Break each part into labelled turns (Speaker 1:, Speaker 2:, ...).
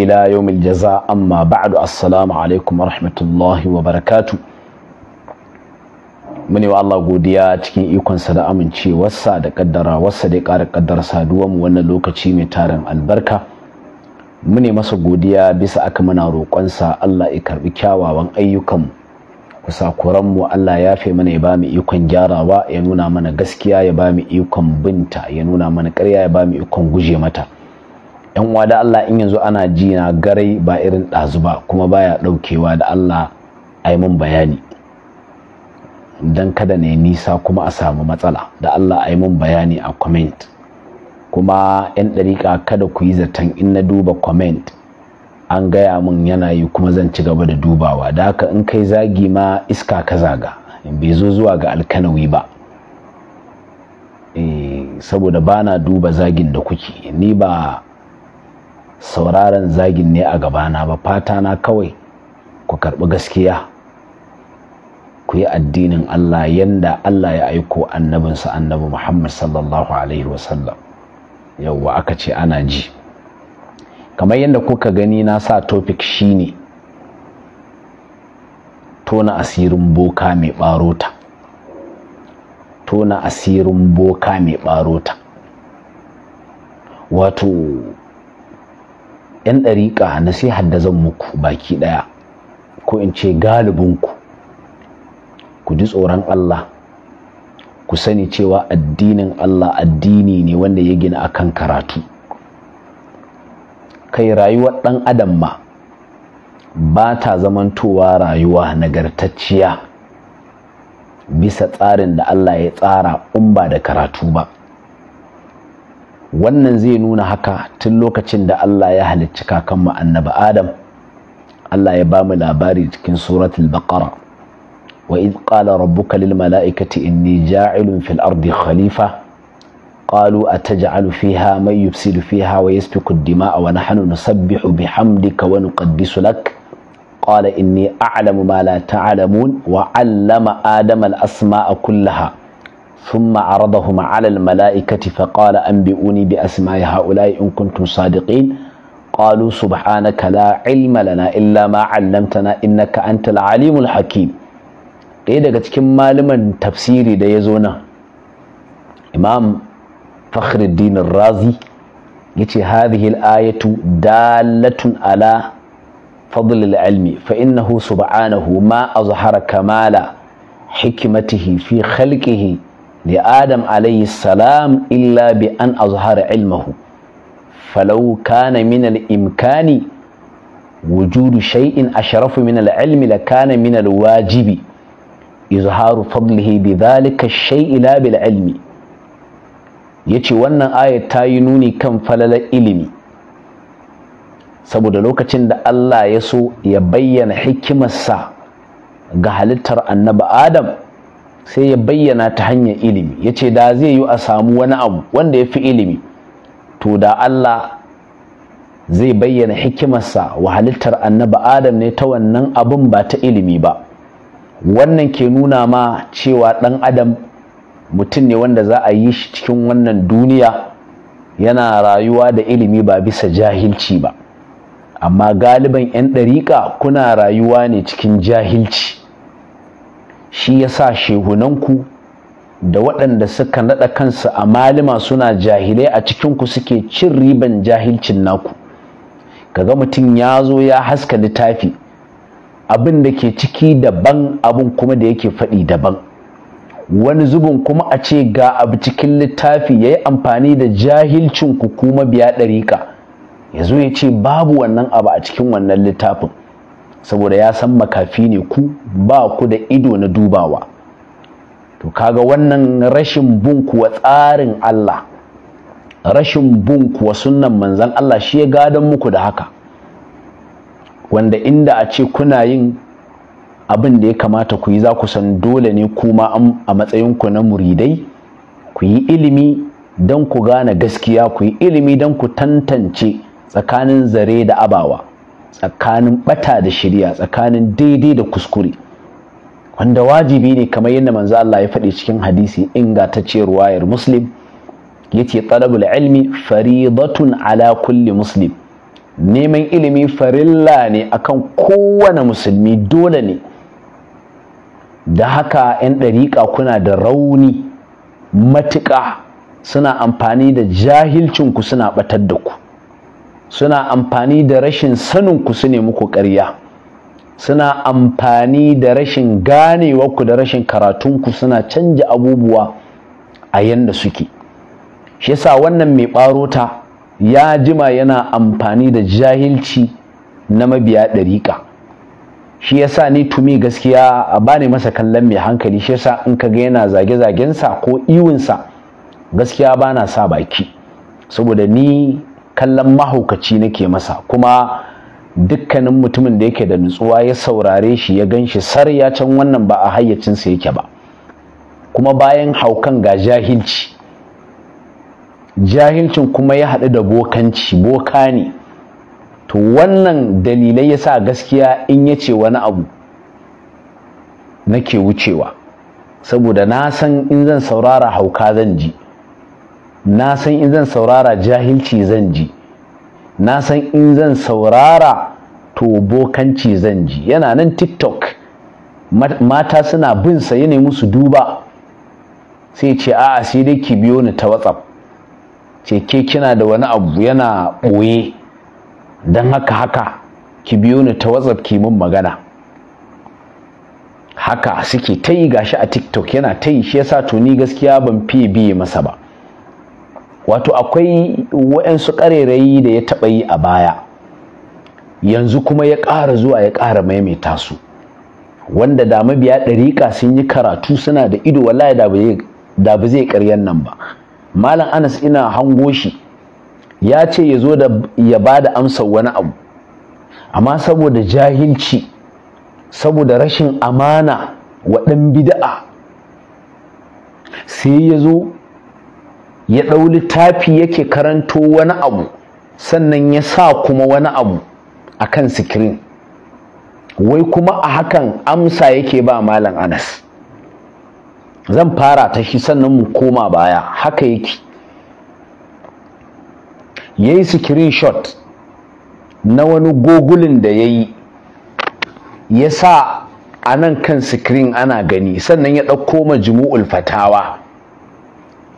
Speaker 1: ila yawmil jaza amma ba'du assalamu alaikum warahmatullahi wabarakatuh mune wa Allah godiya cikin ikon sa da amincewarsa da kaddara wasa da ƙara kaddara saduwar mu wannan lokaci mai tarin albarka mune masa godiya bisa aka muna roƙonsa Allah ya karbi kyawawan ayyukan mu kusakuran mu Allah ya fe mana ya ba mu ikon gyarawa ya nuna mana gaskiya ya ba mu ikon binta ya nuna mana ƙarya ya ba mu ikon guje mata yan wa da Allah in yanzu ana ji na garai ba irin ɗazu ba kuma baya ɗaukewa da Allah a yi mun bayani don kada ne nisa kuma a samu matsala da Allah a yi mun bayani a comment kuma 'yan ɗariƙa kada ku yi zaton in na duba comment an gaya min yana yi kuma zan ci gaba da dubawa da haka in kai zagi ma iska ka zaga bai zo zuwa ga alkanawi ba eh, saboda ba na duba zagin da kuke ni ba sauraron zagin ne a gabana ba fata na kawai ku karɓi gaskiya ku yi addinin Allah yanda Allah ya aiko annabinsa annabi Muhammad sallallahu alaihi wasallam yawwa aka ce ana ji kamar yadda kuka gani na sa topic shine tona asirin boka mai barota tona asirin boka mai barota wato 'yan ɗariƙa nasihar da zan muku baki ɗaya ko in ce galibinku ku ji tsoron Allah ku sani cewa addinin Allah addini ne wanda ya gina akan karatu kai rayuwar ɗan adam ma ba ta zamantowa rayuwa nagartacciya bisa tsarin da Allah ya tsara in ba da karatu ba wannan zai nuna haka tun lokacin da Allah ya halicci kakanmu annabi Adam Allah ya bamu mu labari cikin suratul baqara wa idh qala rabbuka lil mala'ikati inni ja'ilun fil ardi khalifa qalu ataj'alu fiha man yufsidu fiha wa yasfiku ad-dima'a wa nahnu Hamdi, bihamdika wa nuqaddisu lak qala inni a'lamu ma la ta'lamun wa 'allama adama al-asma'a kullaha ثم عرضهما على الملائكة فقال أنبئوني بأسماء هؤلاء إن كنتم صادقين قالوا سبحانك لا علم لنا إلا ما علمتنا إنك أنت العليم الحكيم ɗaya daga cikin malaman tafsiri da ya zo nan imam fakhruddin razi ya ce hadhihi al-ayatu dalatun ala فضل العلم فإنه سبحانه ما أظهر كمال حكمته في خلقه li adam alayhi salam illa bi an azhara ilmahu falau kana min al-imkani wujudu shay'in ashrafu min al-ilmi la kana min al-wajibi izharu fadlihi bi dhalika ash la bil ilmi yace wannan ayat ta yi nuni kan falalar ilimi saboda lokacin da Allah ya so ya bayyana hikimarsa ga halittar annabi Adam sai ya bayyana ta hanyar ilimi ya ce da zai yi a samu wani abu wanda ya fi ilimi to da Allah zai bayyana hikimarsa wa halittar annaba adam ne ta wannan abin ba ta ilimi ba wannan ke nuna ma cewa ɗan adam mutum ne wanda za a yi shi cikin wannan duniya yana rayuwa da ilimi ba bisa jahilci ba amma galiban 'yan ɗariƙa kuna rayuwa ne cikin jahilci shi ya sa shehunanku da waɗanda suka naɗa kansu a malima suna jahilai a cikinku suke cin riban jahilcin naku kaga mutum ya zo ya haska littafi abin da ke ciki daban abin kuma da yake faɗi daban wani zubin kuma a ce ga abu cikin littafi ya yi amfani da jahilcinku kuma biya ɗarika, ya zo ya ce babu wannan abu a cikin wannan littafin saboda ya san makafi ne ku ba ku da ido na dubawa to kaga wannan rashin bin kuwa tsarin Allah rashin bin kuwa sunnan manzan Allah shi ya gadon muku da haka wanda inda a ce kuna yin abin da ya kamata ku yi za ku san dole ne kuma a matsayinku na muridai ku yi ilimi don ku gane gaskiya ku yi ilimi don ku tantance tsakanin zare da abawa tsakanin bata da shirya tsakanin daidai da kuskure wanda wajibi ne kamar yadda manzo Allah ya faɗi cikin hadisi ingantacciyar wayar muslim yace talabul ilmi faridatun ala kulli muslim neman ilimi farilla ne akan kowane musulmi dole ne da haka 'yan dariƙa kuna da rauni matuƙa suna amfani da jahilcinku suna ɓatar da ku suna amfani da rashin sanin ku su ne muku ƙarya suna amfani da rashin ganewarku da rashin karatunku suna canja abubuwa a yadda suke shi yasa wannan mai ɓarota ya jima yana amfani da jahilci na mabiya ɗariƙa shi yasa ni tumi gaskiya a bani masa kallon mai hankali shi yasa in ka ga yana zage-zagensa ko iwinsa gaskiya bana sa baki saboda ni kallon mahaukaci nake masa kuma dukkanin mutumin da yake da nutsuwa ya saurare shi ya gan shi sar ya can wannan ba a hayyacinsa yake ba kuma bayan haukan ga jahilci jahilcin kuma ya haɗu da bokanci boka ne to wannan dalilai ya sa gaskiya in ya ce wani abu nake wucewa saboda na san in zan saurara hauka zan ji na san in zan saurara jahilci zan ji na san in zan saurara to zan ji yana nan tiktok mata suna bin sa ne musu duba sai ce a'a sai dai ki biyo ni ta whatsapp ce ke kina da wani abu yana ɓoye don haka haka ki biyo ni ta whatsapp ki mun magana haka suke ta yi gashi a tiktok yana ta yi shi yasa to ni gaskiya ban fiye biye masa ba wato akwai waɗansu ƙarerayi da ya taɓa yi a baya yanzu kuma ya ƙara zuwa ya ƙara maimaita su wanda da mabiya ɗariƙa sun yi karatu suna da ido wallahi da ba zai ƙaryan nan ba malam anas ina hango shi ya ce ya zo da ya ba da amsa wani abu amma saboda jahilci saboda rashin amana wa ɗan bida'a sai ya zo ya ɗau littafi yake karanto wani abu sannan ya sa kuma wani abu a kan sikirin wai kuma a hakan amsa yake ba malam anas zan fara ta shi sannan mu koma baya haka yake ya yi sikirin shot na wani gogulin da ya yi ya sa a nan kan sikirin ana gani sannan ya ɗauko majmu'ul fatawa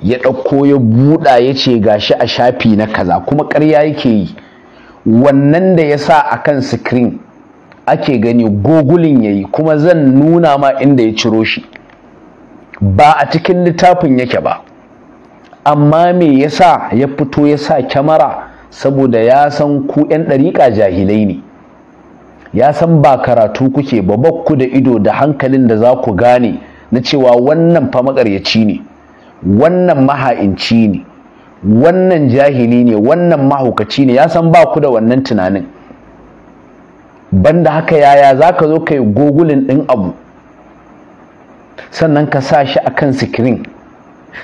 Speaker 1: ya ɗauko ya buɗa ya ce shi a shafi na kaza kuma ƙarya yake yi wannan da ya sa a kan sikirin ake gani gogulin ya yi kuma zan nuna ma inda ya ciro shi ba a cikin littafin yake ba amma me ya sa ya fito ya sa kyamara saboda ya san ku 'yan ɗariƙa jahilai ne ya san ba karatu kuke ba ku da ido da hankalin da za ku gane na cewa wannan fa maƙaryaci ne wannan maha'inci ne wannan jahili ne wannan mahaukaci ne ya san ba ku da wannan tunanin banda haka yaya za ka zo ka yi gogulin ɗin abu sannan ka sa shi a kan sikirin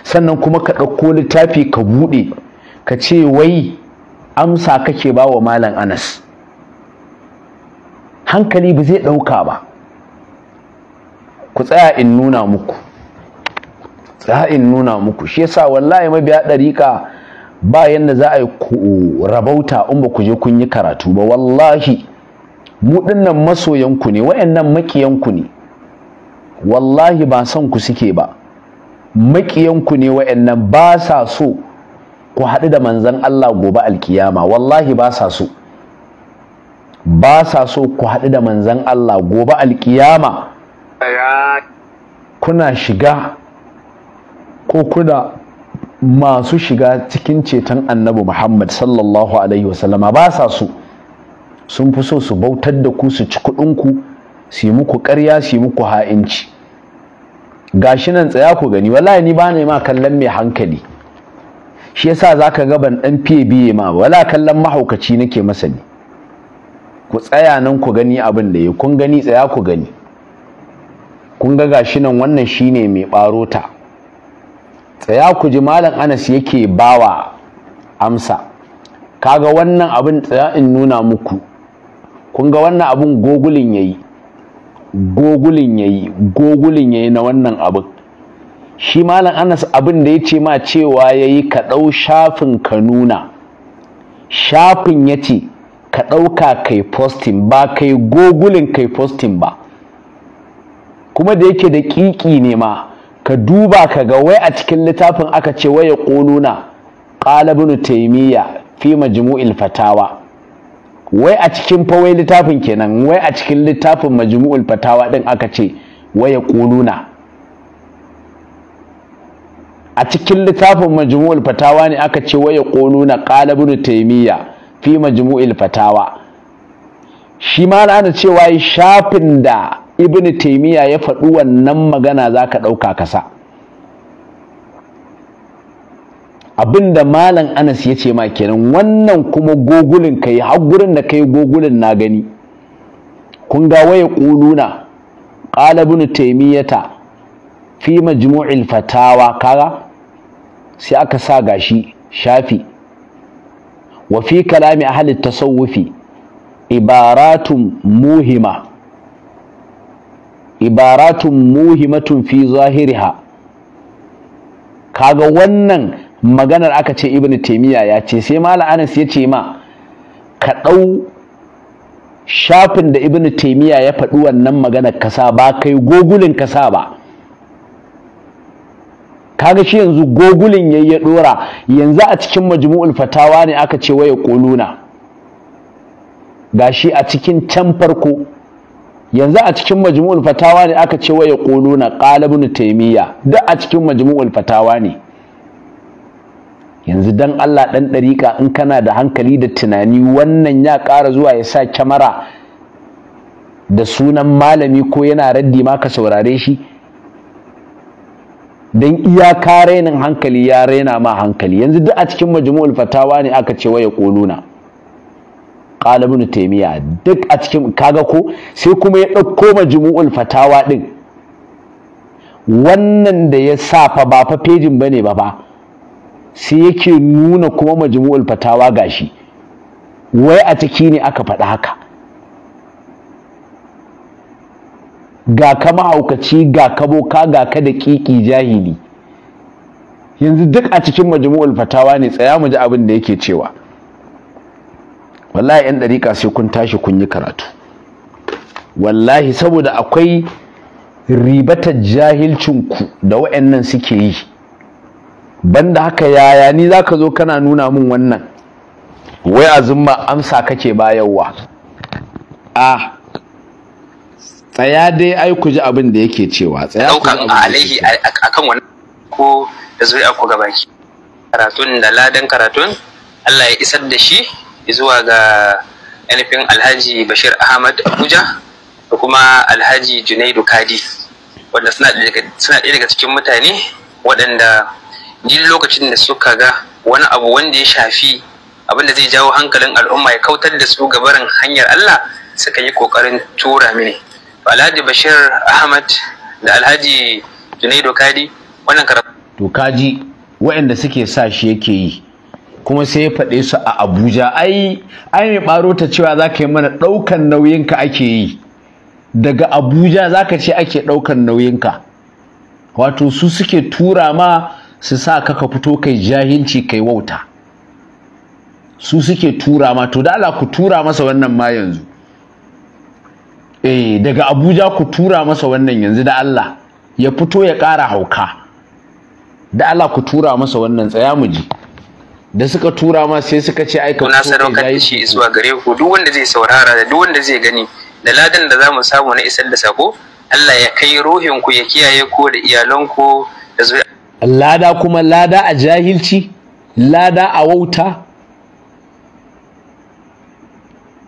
Speaker 1: sannan kuma ka ɗauko littafi ka buɗe ka ce wai amsa kake ba wa malam anas hankali ba zai ɗauka ba ku tsaya in nuna muku za in nuna muku shi yasa wallahi mabiya ɗariƙa ba yanda za a yi rabauta in ba ku je kun yi karatu ba wallahi mu dinnan masoyanku ne wayannan makiyanku ne wallahi ba son ku suke ba makiyanku ne wayannan ba sa so ku haɗu da manzan Allah gobe alkiyama wallahi ba sa so ba sa so ku haɗu da manzan Allah gobe alkiyama kuna shiga ko da masu shiga cikin ceton annabi muhammad sallallahu alaihi wasallama ba sa so sun fi so su bautar da ku su ci kuɗinku su yi muku karya, su yi muku ha'inci gashi nan tsaya ku gani wallahi ni ba ma kallon mai hankali shi yasa zaka ga ban ɗan fiye biye ma wala kallon mahaukaci nake masa ne ku tsaya nan ku gani abin da ya kun gani tsaya ku gani kun ga gashi nan wannan shine mai barota tsaya ku ji malam anas yake bawa amsa kaga wannan abin tsaya in nuna muku kun ga wannan abin gogulin yayi gogulin yayi gogulin yayi na wannan abin shi malam anas abin da ya ce ma cewa yayi ka ɗau shafin ka nuna shafin ya ce ka ɗauka kai posting ba kai gogulin kai posting ba kuma da yake da ƙiƙi ne ma ka duba ka ga wai a cikin littafin aka ce wai ya ƙalabin taimiyya fi majmu'il fatawa wai a cikin fawai littafin kenan wai a cikin littafin majmu'ul fatawa ɗin aka ce wai ya a cikin littafin majmu'ul fatawa ne aka ce waya ƙonuna ƙalabin taimiyya fi majmu'il fatawa shi ma na cewa shafin da ibn taimiya ya faɗi wannan magana za ka ɗauka kasa abinda malam anas ya ce ma kenan wannan kuma gogulin kai yi har gurin da kai gogulin na gani kun ga waya ƙuluna ƙala ibn taimiyata fi majmu'il fatawa kaga sai aka sa gashi shafi wa fi kalami ahli tasawufi ibaratun muhima ibaratun muhimmatun fi zahiriha kaga wannan maganar aka ce Ibn taimiyya ya ce sai ma anas ya ce ma ka ɗau shafin da Ibn taimiyya ya faɗi wannan maganar ka sa, ba kai gogulin ka sa ba kaga shi yanzu gogulin yayi ya ɗora. yanzu a cikin majmu'ul fatawa ne aka ce waya ga gashi a cikin can farko yanzu a cikin majmu'ul fatawa ne aka ce wa yaquluna qala ibn taymiya duk a cikin majmu'ul fatawa ne yanzu dan Allah dan dariƙa in kana da hankali da tunani wannan ya ƙara zuwa ya sa kyamara da sunan malami ko yana raddi ma ka saurare shi dan iyaka rainin hankali ya raina ma hankali yanzu duk a cikin majmu'ul fatawa ne aka ce wa yaquluna qala ibn taymiya duk a cikin kaga ko sai kuma ya dauko majmu'ul fatawa din wannan da ya sa fa ba fa pejin bane ba fa sai yake nuna kuma majmu'ul fatawa gashi wai a ciki ne aka faɗa haka ga ka mahaukaci ga ka boka ga ka da kiki jahili yanzu duk a cikin majmu'ul fatawa ne tsaya mu ji abin da yake cewa wallahi yan dariƙa sai kun tashi kun yi karatu wallahi saboda akwai ribata jahilcinku da wa'annan suke yi banda haka yaya ni za ka zo kana nuna min wannan wai a zumba amsa kake bayarwa a tsaya dai ai ku ji abin da yake cewa tsaya ku ji abin da alaihi
Speaker 2: akan wannan ko da zuri'a ku gabaki karatun da ladan karatun Allah ya isar da shi zuwa ga ainihin alhaji bashir ahmad abuja da kuma alhaji junaidu kadi wanda suna ɗaya daga cikin mutane waɗanda ni lokacin da suka ga wani abu wanda ya shafi abinda zai jawo hankalin al'umma ya kautar da su gabarin hanyar allah suka yi ƙoƙarin tura mini alhaji bashir ahmad da alhaji junaidu kadi wannan
Speaker 1: karatu to kaji waɗanda suke sa shi yake yi kuma sai ya faɗe su a abuja ai ai mai ɓaro ta cewa za ka yi mana ɗaukan nauyinka ake yi daga abuja za ka ce ake ɗaukan nauyinka wato su suke tura ma su sa ka ka fito kai jahilci kai wauta su suke tura ma to da ku tura masa wannan ma yanzu eh daga abuja ku tura masa wannan yanzu da Allah ya fito ya ƙara hauka da Allah ku tura masa wannan tsaya mu ji da suka tura ma sai suka ce ai ka na sadaukar
Speaker 2: da shi zuwa gare ku duk wanda zai saurara da duk wanda zai gani da ladan da zamu samu na isar da sako Allah ya kai ruhin ku ya kiyaye ku da iyalan ku
Speaker 1: da lada kuma lada a jahilci lada a wauta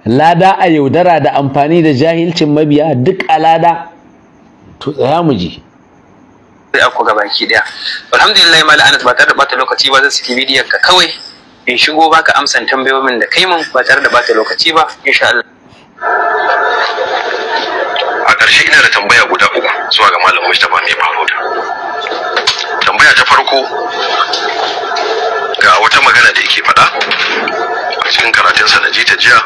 Speaker 1: lada a yaudara da amfani da jahilcin mabiya duk a lada to tsaya mu ji
Speaker 2: a ku gabaki daya alhamdulillah mala anas ba tare da bata lokaci ba zan saki bidiyon ka kawai in shigo baka amsan tambayoyin da kai mun ba tare da bata lokaci ba insha Allah
Speaker 3: a ƙarshe ina da tambaya guda uku zuwa ga malam Mustapha mai faruwa tambaya ta farko ga wata magana da yake faɗa a cikin karatunsa na jita jiya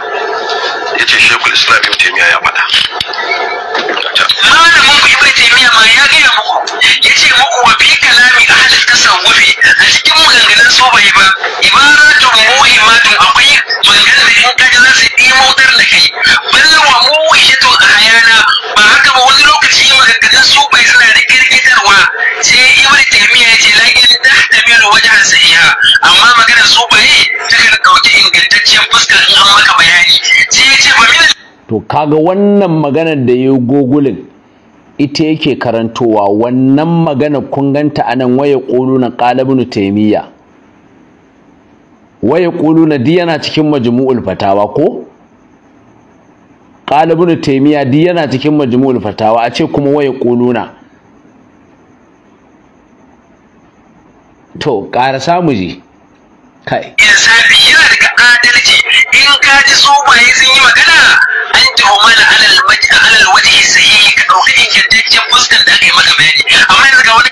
Speaker 3: ya ce shekul islam ibn taymiya ya faɗa Malam malamin ku ibn taymiya ma ya gaya muku yace muku wa fi kalami ahli tasawufi a cikin maganganun su bai ba ibaratun muhimmatun akwai maganganun da in kaji za su dimotar da kai balla wa
Speaker 1: muhimmatun a hayana ba haka ba wani lokaci maganganun su bai suna da kirkitarwa sai ibn taymiya yace lakin tahtamilu wajhan sahiha amma maganar su bai ta kan dauki ingantaccen fuska in an maka bayani sai ce fa min to kaga wannan maganar da ya gogulin ita yake karantowa wannan maganar kun ganta a nan waya ƙuluna ƙala ibn taimiyya waya na duk yana cikin majmu'ul fatawa ko ƙala taimiyya duk yana cikin majmu'ul fatawa a ce kuma waya na to ƙara samu ji
Speaker 2: insafi yana daga adalci in ka ji sufaye sun yi magana an ji umala alal alal wajhi sahihi ka dauki ingantaccen fuskan da aka yi maka bayani amma yanzu ga wani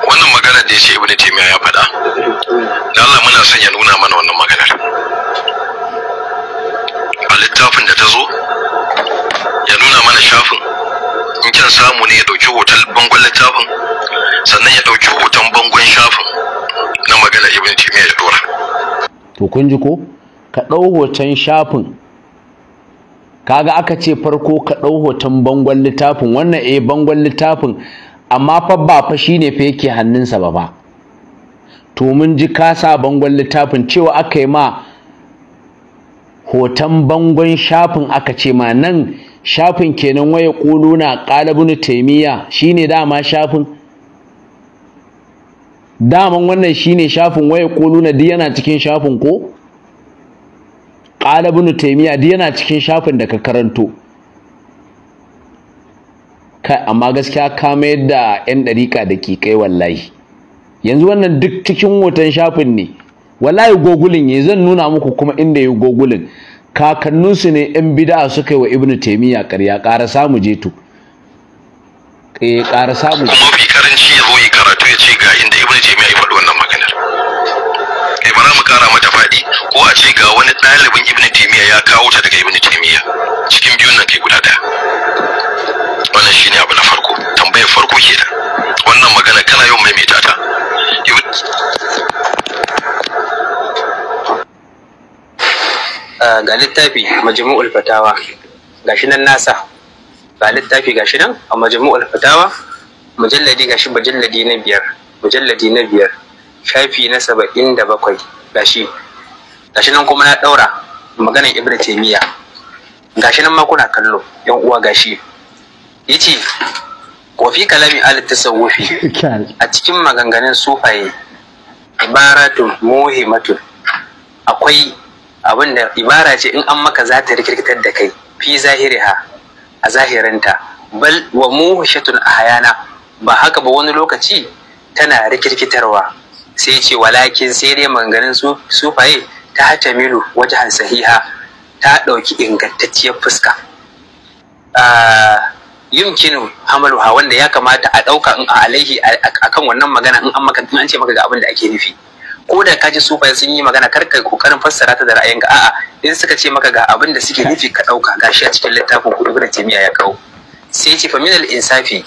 Speaker 3: wannan magana da ya ce ibnu taymiya ya faɗa da Allah muna son ya nuna mana wannan maganar a littafin da ta zo ya nuna mana shafin in kyan samu ne ya ɗauki hoton bangon littafin sannan ya ɗauki hoton bangon shafin magana ibn timiya ya dora
Speaker 1: to kun ji ko ka ɗau hoton shafin kaga aka ce farko ka ɗau hoton bangon littafin wannan eh bangon littafin amma fa ba fa shine fa yake hannunsa ba ba. to mun ji ka sa bangon littafin cewa aka yi ma hoton bangon shafin aka ce ma nan shafin kenan waya ƙulo na ƙalabin shine dama shafin daman wannan shine shafin waya nuna duk yana cikin shafin ko qala ibn taymiya duk yana cikin shafin da ka karanto kai amma gaskiya ka mayar da yan dariƙa da ke kai wallahi yanzu wannan duk cikin hoton shafin ne wallahi gogulin ya zan nuna muku kuma inda yayi gogulin kakanninsu ne yan bid'a suka yi wa ibnu taymiya ƙarya ƙara samu je to eh ƙara samu je
Speaker 3: ko a ce ga wani ɗalibin ibn taymiya ya kawo ta daga ibn taymiya cikin biyun nan kai guda ɗaya wannan shine abu na farko tambayar farko ke da. wannan magana kana yau maimaita ta
Speaker 2: ah, ga littafi majmu'ul fatawa gashi nan nasa ga littafi gashi nan a majmu'ul fatawa mujalladi gashi mujalladi na biyar mujalladi na biyar shafi na saba'in da bakwai gashi gashi nan kuma na daura maganar ibnu taymiya gashi nan ma kuna kallo yan uwa gashi yace kofi fi kalami al-tasawufi a cikin maganganun sufaye ibaratun muhimmatun akwai abin da ibara ce in an maka za ta rikirkitar da kai fi zahiriha a zahirinta bal wa muhishatun a hayana ba haka ba wani lokaci tana rikirkitarwa sai ce walakin sai dai maganganun sufaye ta tamilu wajahan sahiha ta ɗauki ingantacciyar fuska yumkinu hamaluha wanda ya kamata a ɗauka in a alaihi akan wannan magana in an maka in an ce maka ga abin da ake nufi ko da ka ji su sun yi magana kar ka kokarin fassara ta da ra'ayin ga a'a in suka ce maka ga abin da suke nufi ka ɗauka gashi a cikin littafin ku ibn jami'a ya kawo sai ce faminal insafi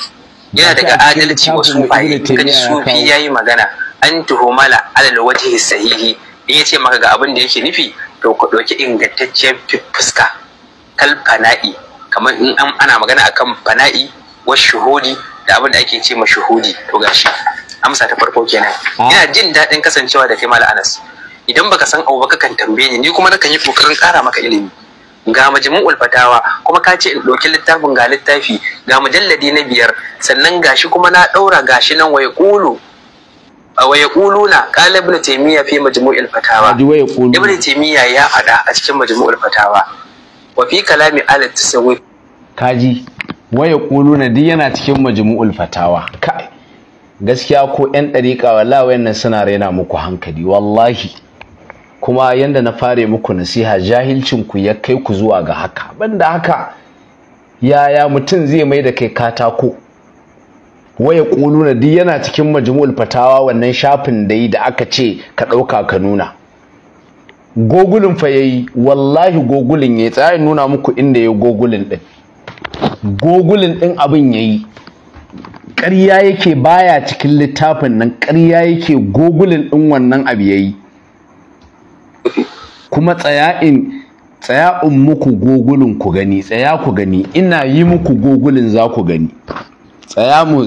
Speaker 2: yana daga adalci wa sufai ka ji sufi yayi magana an tuhumala alal wajhi sahihi in ya ce maka ga abin da yake nufi to ku ɗauki ingantacciyar fuska kal fana'i kamar in ana magana akan fana'i wa shuhudi da abin da ake ce ma shuhudi to gashi amsa ta farko kenan ah. ina jin daɗin kasancewa da kai mala anas idan baka san abu baka kan tambaye ni ni kuma nakan yi kokarin ƙara maka ilimi ga majmu'ul fatawa kuma ka ce in ɗauki littafin ga littafi ga mujalladi na biyar sannan gashi kuma na ɗaura gashi nan wai kulu wa yaquluna qala ibn taymiya fi majmu'il fatawa ibn taymiya ya faɗa a cikin majmu'il fatawa wa fi kalami ala tasawuf
Speaker 1: kaji wa duk yana cikin majmu'ul fatawa kai gaskiya ko yan dariqa wallahi wayannan suna raina muku hankali wallahi kuma yanda na fare muku nasiha jahilcin ku ya kai ku zuwa ga haka banda haka yaya mutum zai mai da kai katako waya ƙununa duk yana cikin majmu'ul fatawa wannan shafin da yi da aka ce ka ɗauka ka nuna gogulin fa yayi wallahi gogulin yayi tsaya nuna muku inda ya gogulin din gogulin din abin yayi ƙarya yake baya cikin littafin nan ƙarya yake gogulin din wannan abu yayi kuma tsaya in muku gogulin ku gani tsaya ku gani ina yi muku gogulin za ku gani tsaya mu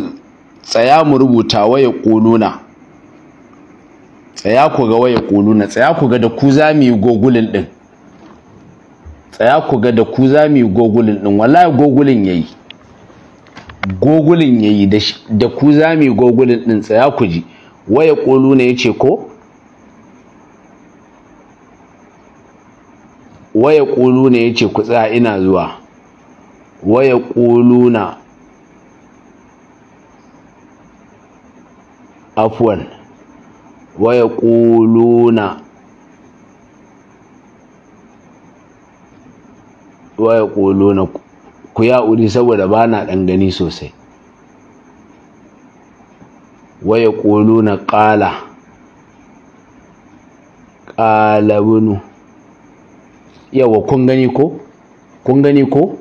Speaker 1: tsaya mu rubuta waya ƙununa tsaya ku ga waya ƙununa tsaya ku ga da ku za mu yi gogulin ɗin tsaya ku ga da ku za mu yi gogulin ɗin wallahi gogulin ya yi gogulin ya yi da ku za mu yi gogulin ɗin tsaya ku ji waya ƙununa ya ce ko waya ƙununa ya ce ku tsaya ina zuwa waya ƙununa afwan wa yaquluna wa yaquluna ku ya uri saboda bana dan gani sosai wa yaquluna qala qala bunu yawa kun gani ko kun gani ko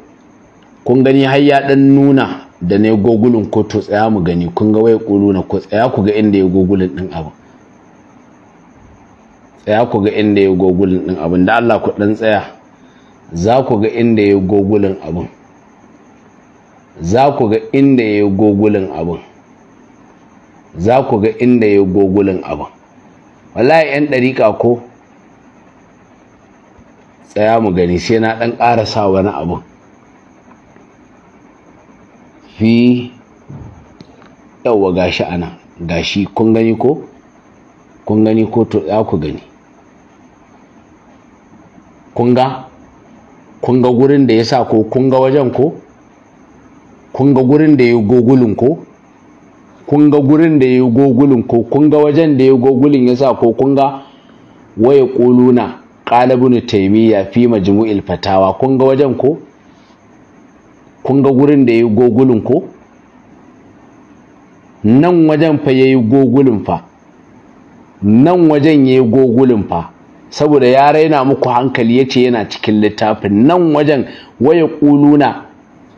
Speaker 1: kun gani har ya dan nuna da ne gogulin ko to tsaya mu gani kun ga wai kulu na ko tsaya ku ga inda ya gogulin din abu tsaya ku ga inda ya gogulin din abin da Allah ku dan tsaya za ku ga inda ya gogulin abin za ku ga inda ya gogulin abin za ku ga inda ya gogulun abu wallahi yan dariƙa ko tsaya mu gani sai na dan sa wani abin fi yauwa gashi ana gashi kun gani ko kun gani ko to za ku gani kun ga kun ga gurin da ya sa ko kun ga wajen ko kun ga gurin da ya yi gogulin ko kun ga gurin da ya yi gogulin ko kun ga wajen da ya yi gogulin ya sa ko kun ga waya ƙuluna ƙalibin taimiyya fi majmu'il fatawa kun ga wajen ko kun ga wurin da ya yi gogulin ko nan wajen fa ya yi gogulin fa nan wajen ya yi gogulin fa saboda ya raina muku hankali ya ce yana cikin littafin nan wajen waya ƙuluna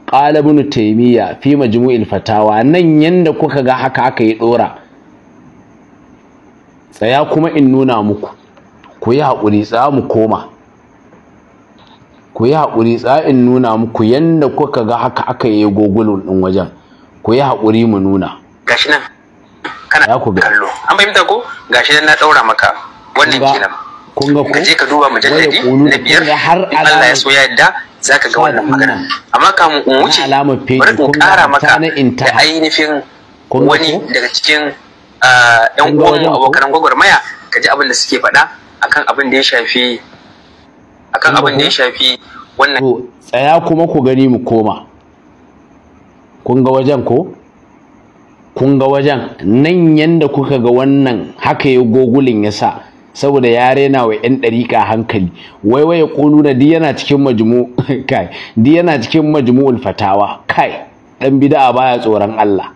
Speaker 1: ƙalabin taimiyya fi majmu'il fatawa nan yadda kuka ga haka aka yi ɗora tsaya kuma in nuna muku ku yi haƙuri tsaya mu koma ku yi haƙuri tsa'in nuna muku yadda kuka ga haka aka yi gogulun ɗin wajen ku yi haƙuri mu nuna gashi nan kana kallo
Speaker 2: an fahimta ko gashi nan na ɗaura maka wannan kenan kun ga ko kaje ka duba mujalladi na biyar har Allah ya so ya yadda zaka ga wannan magana amma
Speaker 1: kamun in wuce bari in ƙara maka da
Speaker 2: ainihin wani daga cikin yan ah, uwan abokan gwagwarmaya kaji abin da suke faɗa akan abin da ya shafi akan abin da ya shafi wannan
Speaker 1: tsaya kuma ku gani mu koma kun ga wajen ko kun ga wajen nan yanda kuka ga wannan haka ya gogulin ya sa saboda ya rena wa 'yan dariƙa hankali wai wai kunu da di yana cikin majmu kai di yana cikin majmu fatawa kai ɗan bida'a baya tsoron Allah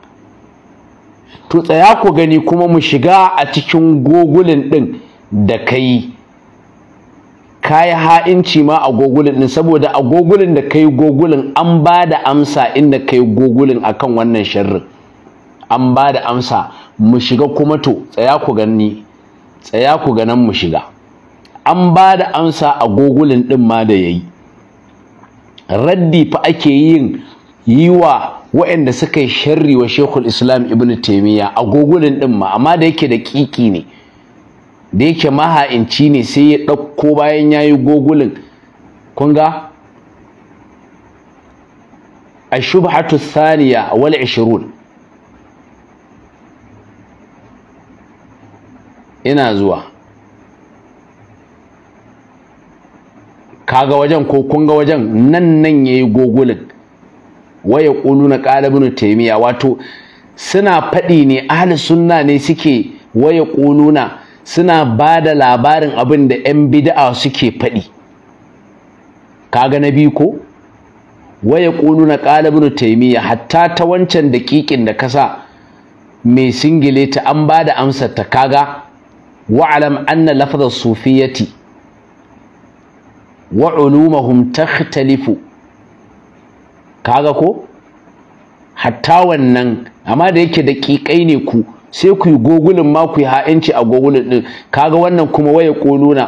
Speaker 1: to tsaya ku gani kuma mu shiga a cikin gogulin ɗin da kai ka yi ha'inci ma a gogulin ɗin saboda a gogulin da kai yi gogulin an ba da amsa inda kai yi gogulin a kan wannan sharrin an ba da amsa mu shiga kuma to tsaya ku ganni tsaya ku ganan mu shiga an ba da amsa a gogulin ɗin ma da yayi raddi fa ake yin yi wa waɗanda suka yi sharri wa shekul islam ibn taimiyya a gogulin ɗin ma amma da yake da kiki ne da yake maha'inci ne sai ya ɗauko bayan ya yi gogulin kun ga a shubhatu Saniya wal ashirun ina zuwa kaga wajen ko kun ga wajen nan nan ya yi gogulin waya ƙulu na ƙalibin taimiya wato suna faɗi ne ahli sunna ne suke waya na suna ba da labarin abin da 'yan bida'a suke faɗi kaga na biyu ko waya na ƙalibin taimiyya hatta ta wancan daƙiƙin da kasa mai singile ta an ba da amsar ta kaga wa'alam anna lafazar sufiyati wa ulumahum takhtalifu kaga ko hatta wannan amma da yake daƙiƙai ne ku sai ku yi gogulin ma ku yi ha'inci a gogulin din kaga wannan kuma ko koluna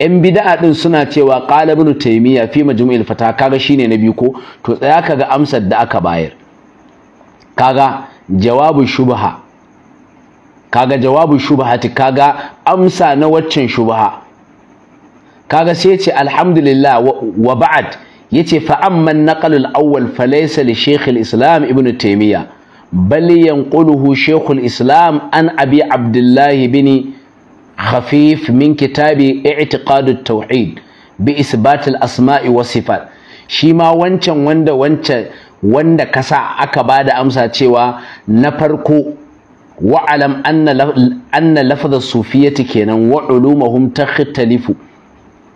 Speaker 1: yan bida'a ɗin suna cewa qala ibn taymiya fi majmu'il fata kaga shine na biyu ko to tsaya kaga amsar da aka bayar kaga jawabu shubha kaga jawabu shubhati kaga amsa na waccan shubha kaga sai ce alhamdulillah wa ba'd yace fa amman naqalul awwal falaisal li shaykh islam ibn taimiyya. bal yanquluhu shaykhul islam an abi abdullahi bin khafif min kitabi i'tiqad at-tauhid bi isbat asmai was sifat shi ma wancan wanda wancan wanda kasa aka bada amsa cewa na farko wa'alam anna lafazar sufiyati kenan wa ulumuhum takhtalifu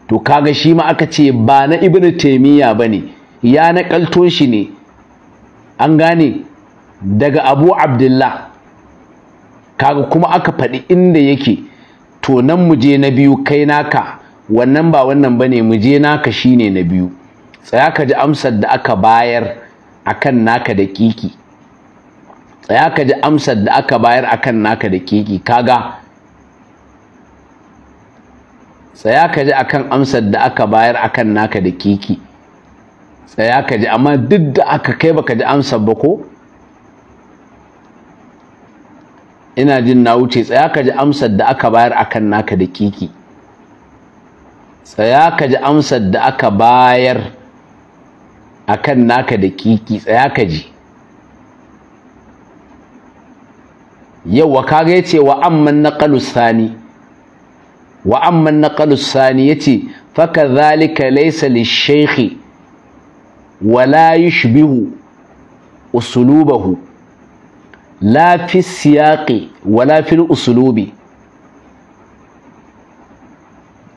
Speaker 1: to kaga shi ma aka ce ba na ibn taymiya bane ya nakalto shi ne an gane daga abu abdullah kaga kuma aka faɗi inda yake to nan mu je na biyu kai naka wannan ba wannan bane mu je naka shine na biyu tsaya ka ji amsar da aka bayar akan naka da kiki tsaya ka ji amsar da aka bayar akan naka da kiki kaga tsaya ka ji akan amsar da aka bayar akan naka da kiki tsaya ka ji amma duk da aka kai baka ji amsar ba ko ina jin na wuce tsaya ka ji amsar da aka bayar a kan naka da kiki tsaya ka ji amsar da aka bayar a kan naka da kiki tsaya ka ji yawwa kaga ce wa amman naqalu sani wa amman naqalu sani yace fa kadhalika laysa laisa shaykh wala yushbihu usulubahu la fi siyaqi wala fil usulubi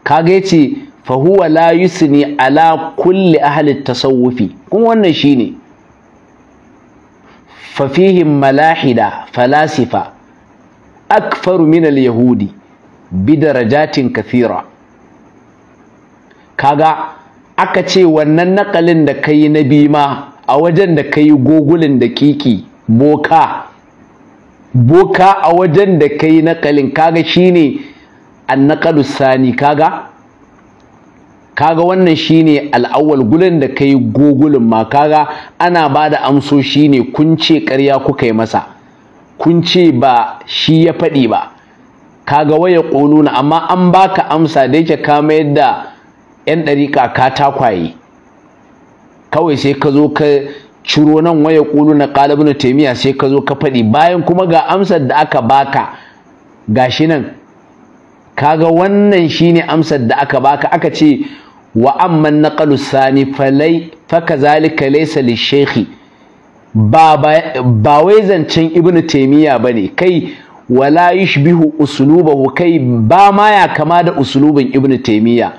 Speaker 1: kage ce fa huwa la yusni ala kulle ahli tasawufi kuma wannan shine fa fihim malahida falasifa akfaru min yahudi bi darajatin kathira kaga aka ce wannan naƙalin da kai na bima a wajen da kai gogulin da kiki boka boka a wajen da kai nakalin kaga shine annaqadu sani kaga kaga wannan shine al'awwal gulan da kai gogulun ma kaga ana bada amso shine kun ce ƙarya kuka yi masa kun ce ba shi ya faɗi ba kaga waya ƙonuna amma an baka amsa da yake ka mayar da 'yan ɗariƙa ka takwaye kawai sai ka zo ka ciro nan waya kulu na qalibun taimiya sai ka zo ka faɗi bayan kuma ga amsar da aka baka shi nan kaga wannan shine amsar da aka baka aka ce wa amman naqalu sani falai fakazalika laysa lishaykhi ba ba wai zancen ibnu taimiya bane kai wala yushbihu uslubahu kai ba ma ya kama da uslubin ibnu Taimiyya,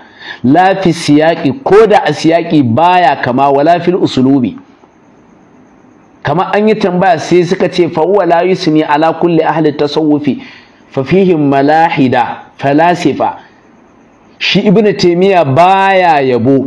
Speaker 1: la fi siyaqi ko da a siyaqi baya kama wala fil uslubi Kama an yi tambaya sai suka ce fa huwa la yusni ala kulli ahli tasawufi fa fihim malahida falasifa shi ibnu taymiya baya yabo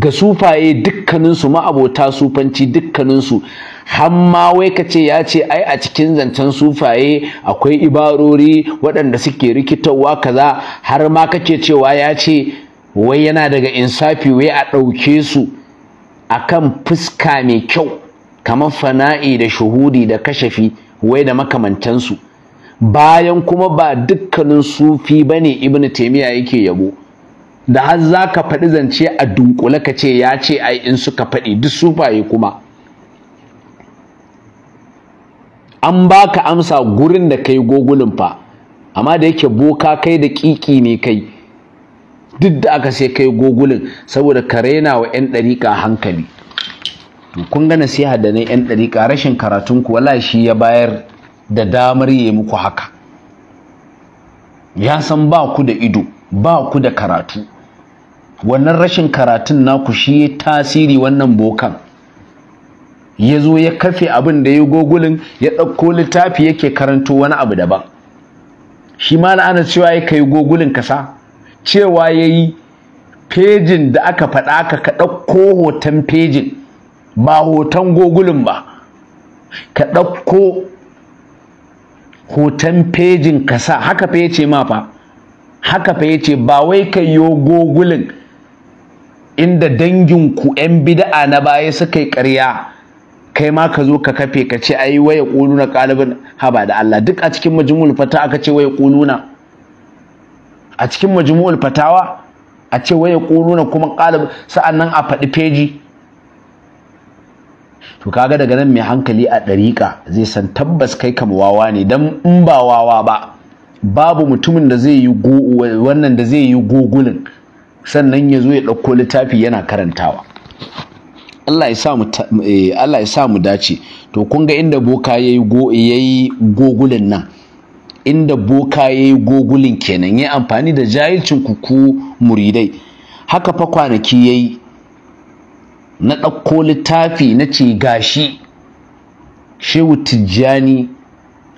Speaker 1: ga sufaye dukkaninsu ma'abota sufanci dukkaninsu hamma wai ka ce ya ce ai a cikin zancen sufaye akwai ibarori waɗanda suke rikitarwa kaza har ma kake cewa ya ce wai yana daga insafi wai a ɗauke su akan fuska mai kyau kamar fana'i da shuhudi da kashafi wai da makamantansu bayan kuma ba dukkanin sufi bane ibnu taymiya yake yabo da har zaka ka faɗi zance a dunkule ka ce ya ce ai in suka faɗi duk sufaye kuma an baka amsa gurin da kai gogulin fa amma da yake boka kai da kiki ne kai duk da aka sai kai gogulin saboda ka raina wa 'yan ɗariƙa hankali to kun ga nasiha da na 'yan ɗariƙa rashin karatun ku wala shi ya bayar da damar yi muku haka ya san ba ku da ido ba ku da karatu wannan rashin karatun naku shi ya tasiri wannan bokan ya zo ya kafe abin da ya gogulin ya ɗauko littafi yake karanto wani abu daban shi ma la'ana cewa ya kai gogulin kasa cewa ya yi fejin da aka faɗa ka ka ɗauko hoton fejin ba hoton gogulin ba ka ɗauko hoton fejin ka sa haka fa ya ce ma fa haka fa ya ce ba wai ka yo gogulin inda danginku 'yan bida'a na baya suka yi ƙarya kai ma ka zo ka kafe ka ce ai waya ƙuluna ƙalibin haba da Allah duk a cikin majmul fata aka ce waya ƙuluna a cikin majmu'ul fatawa a ce waya ƙununa kuma ƙalib nan a faɗi feji to kaga daga nan mai hankali a ɗariƙa zai san tabbas kai kama wawa ne don in ba wawa ba babu mutumin da zai yi wannan da zai yi gogulin sannan ya zo ya ɗauko littafi yana karantawa Allah ya sa mu eh, dace to kun ga inda boka ya yi gogulin nan inda boka ya yi gogulin kenan ya amfani da jahilcin kuku muridai haka fa kwanaki ya yi na ɗauko littafi na ce gashi shehu tijjani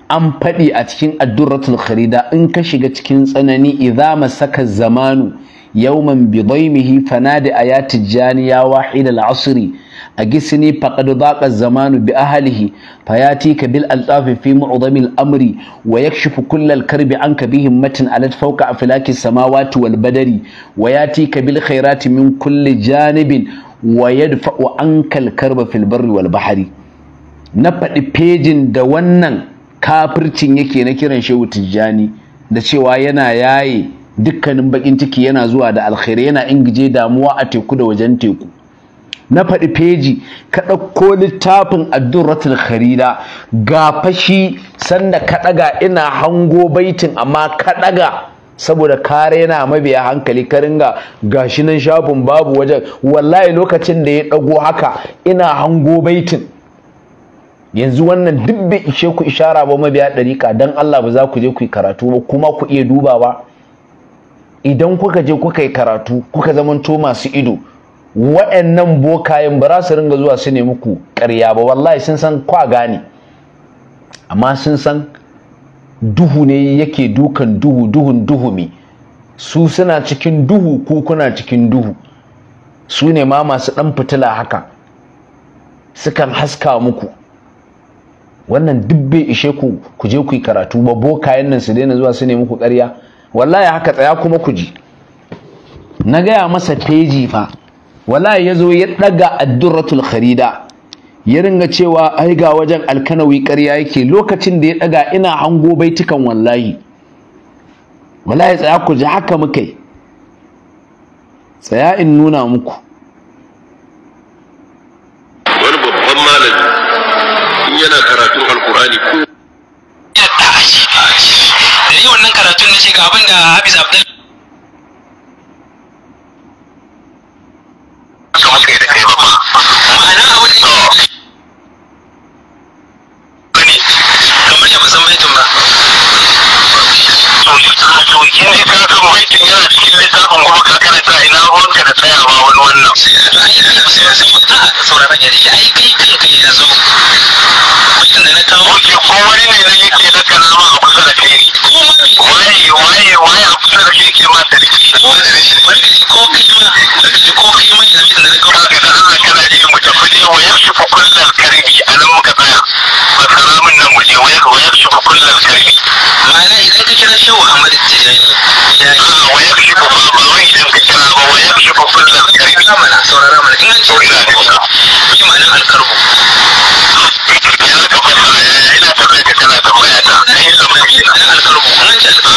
Speaker 1: an faɗi a cikin adduratul kharida in ka shiga cikin tsanani idza masaka zamanu yawman bi daimihi fanadi ya tijjani ya wahid al-asri agisni faqad baqa az-zamanu bi ahlihi fayatika bil altafi fi mu'dami al-amri wa yakshifu kull al-karbi anka bi himmatin alat fawqa aflaki samawati wal badari wa yatika bil khairati min kulli janibin wa yadfa'u anka al-karba fil barri wal bahri na faɗi fejin da wannan kafircin yake na kiran shehu tijjani da cewa yana yaye dukkanin bakin ciki yana zuwa da alkhairi yana ingije damuwa a teku da wajen teku na faɗi feji ka ɗauko littafin addurratul kharida ga fashi sanda ka ɗaga ina hango baitin amma ka ɗaga saboda kare yana mabiya hankali karinga ga gashi nan shafin babu wajen wallahi lokacin da ya ɗago haka ina hango baitin yanzu wannan dubbe bai ishe ku ishara ba mabiya ɗarika don Allah ba za ku je ku yi karatu ba kuma ku iya duba ba idan kuka je kuka yi karatu kuka zamanto masu ido waɗannan bokayen ba za su ringa zuwa su ne muku ƙarya ba wallahi sun san kwa gane amma sun san duhu ne yake dukan duhu duhun duhu duhumi su suna cikin duhu ko kuna cikin duhu su ne ma masu ɗan fitila haka sukan haska muku wannan duk bai ishe ku ku je ku yi karatu ba bokayen nan su daina zuwa su ne muku ƙarya wallahi haka tsaya kuma ku ji na gaya masa feji fa wallahi ya zo ya ɗaga addurratul kharida ya ringa cewa ai ga wajen alkanawi ƙarya yake lokacin da ya ɗaga ina hango baitukan wallahi wallahi tsaya ku ji haka muka yi tsaya in nuna muku wani
Speaker 3: babban malami in yana karatun alkurani ko
Speaker 4: da yi wannan karatun na ce ga abin da Hafiz Abdul ba kuma ina wani wannan ka
Speaker 3: saurara
Speaker 2: na kawo ko wani ne waye waye waye a kusa da kai ke ma da rikici wanda shi ko kima da shi ko kima da shi da kuma ga da Allah kana ji mu tafi ne wa yakshu kullal karibi anan muka tsaya ba karamin nan mu je wa yakshu kullal karibi ma'ana idan ka kira shehu Ahmad Tijani ya wa yakshu ba ba wai idan ka kira ba wa yakshu kullal karibi
Speaker 3: mana saurara mana in an ce ki ma'anar alkarbu ina tabbata kana tabbata ina tabbata kana tabbata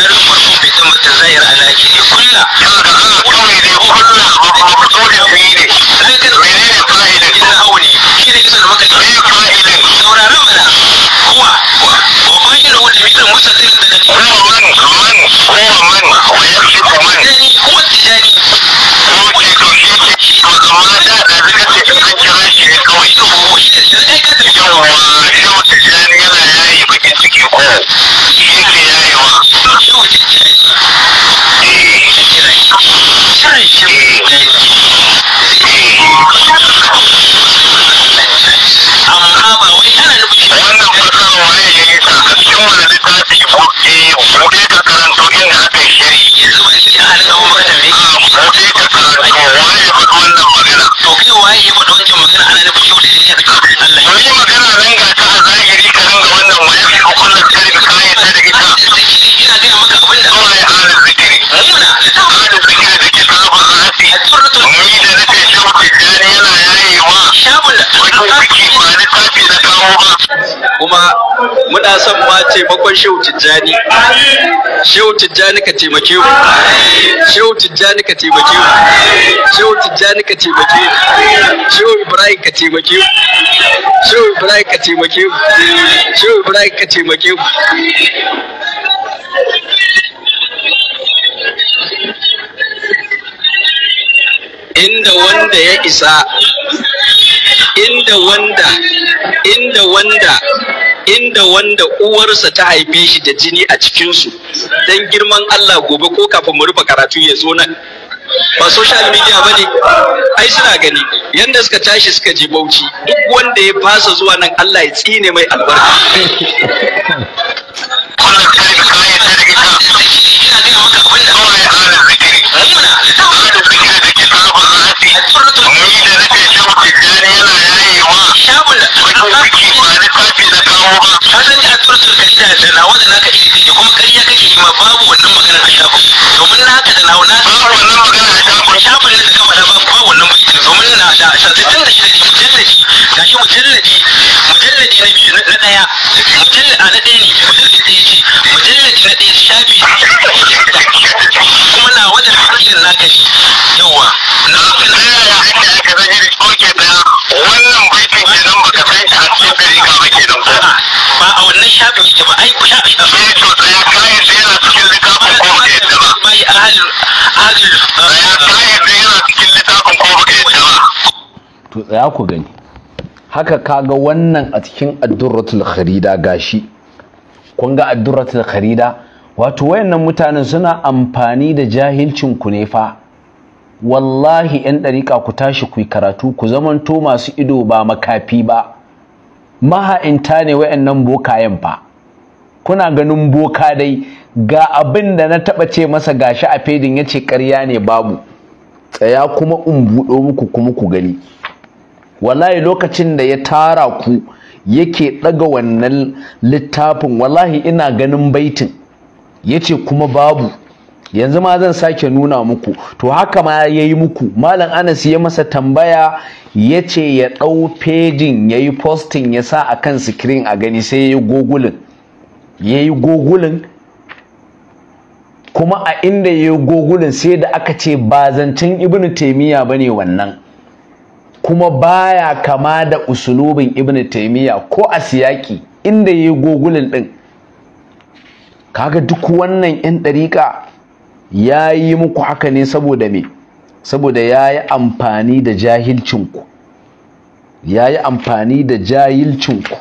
Speaker 3: لا نفرق بذمة الزائر على كلها. كله
Speaker 2: muna son ma taimakon shehu tijjani shehu tijjani ka taimake mu shehu tijjani ka taimake mu shehu tijjani ka taimake mu shehu ibrahim ka taimake mu shehu ibrahim ka taimake mu shehu ibrahim ka taimake mu
Speaker 1: inda wanda ya isa
Speaker 2: inda wanda inda wanda inda wanda uwarsa ta haife shi da jini a cikinsu don girman Allah gobe ko kafin mu rufe karatu ya zo nan ba social media ba ne ai suna gani yanda suka tashi suka je bauchi duk wanda ya fasa zuwa nan Allah ya tsine mai albarka
Speaker 4: kawo ba ka san da asirtul kalida da nawa da naka iri take kuma ƙarya kake yi ma babu wannan maganar a shafin domin naka da nawa na san wannan maganar a shafin shafin da ka faɗa ba babu wannan bayyana domin na da 66 da shi
Speaker 1: za ku gani haka kaga wannan a cikin addurratul kharida gashi kun ga addurratul kharida wato wayannan mutanen suna amfani da jahilcin ku ne fa wallahi yan dariƙa ku tashi ku karatu ku zamanto masu ido ba makafi ba maha'inta ne wayannan bokayen fa kuna ganin boka dai ga abin da na taɓa ce masa gashi a fedin ya ce ƙarya ne babu tsaya kuma in buɗo muku kuma ku gani wallahi lokacin da ya tara ku yake ɗaga wannan littafin wallahi ina ganin baitin ya ce kuma babu yanzu ma zan sake nuna muku to haka ma ya yi muku malam anas ya masa tambaya ya ce ya ɗau fejin ya yi postin ya sa a kan sikirin a gani sai ya yi gogulin ya gogulin kuma a inda ya yi gogulin sai da aka ce ba zancen ibnu taimiyya ba ne wannan kuma baya kama da usulubin ibn taimiyya ko a siyaki inda ya yi gogulin ɗin kaga duk wannan 'yan ɗariƙa ya yi muku haka ne saboda me saboda ya yi amfani da jahilcinku ya yi amfani da jahilcinku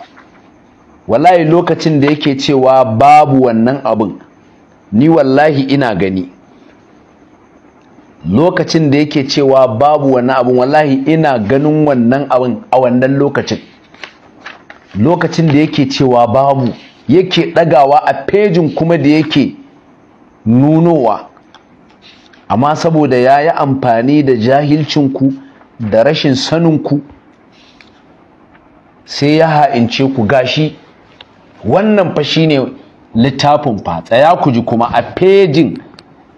Speaker 1: wallahi lokacin da yake cewa babu wannan abin ni wallahi ina gani lokacin da yake cewa babu wani abin wallahi ina ganin wannan abin a wannan lokacin lokacin da yake cewa babu yake ɗagawa a fejin kuma da yake nunowa amma saboda ya yi amfani da jahilcinku da rashin saninku sai ya ha'ince ku gashi wannan fa ne littafin fa tsaya ku ji kuma a fejin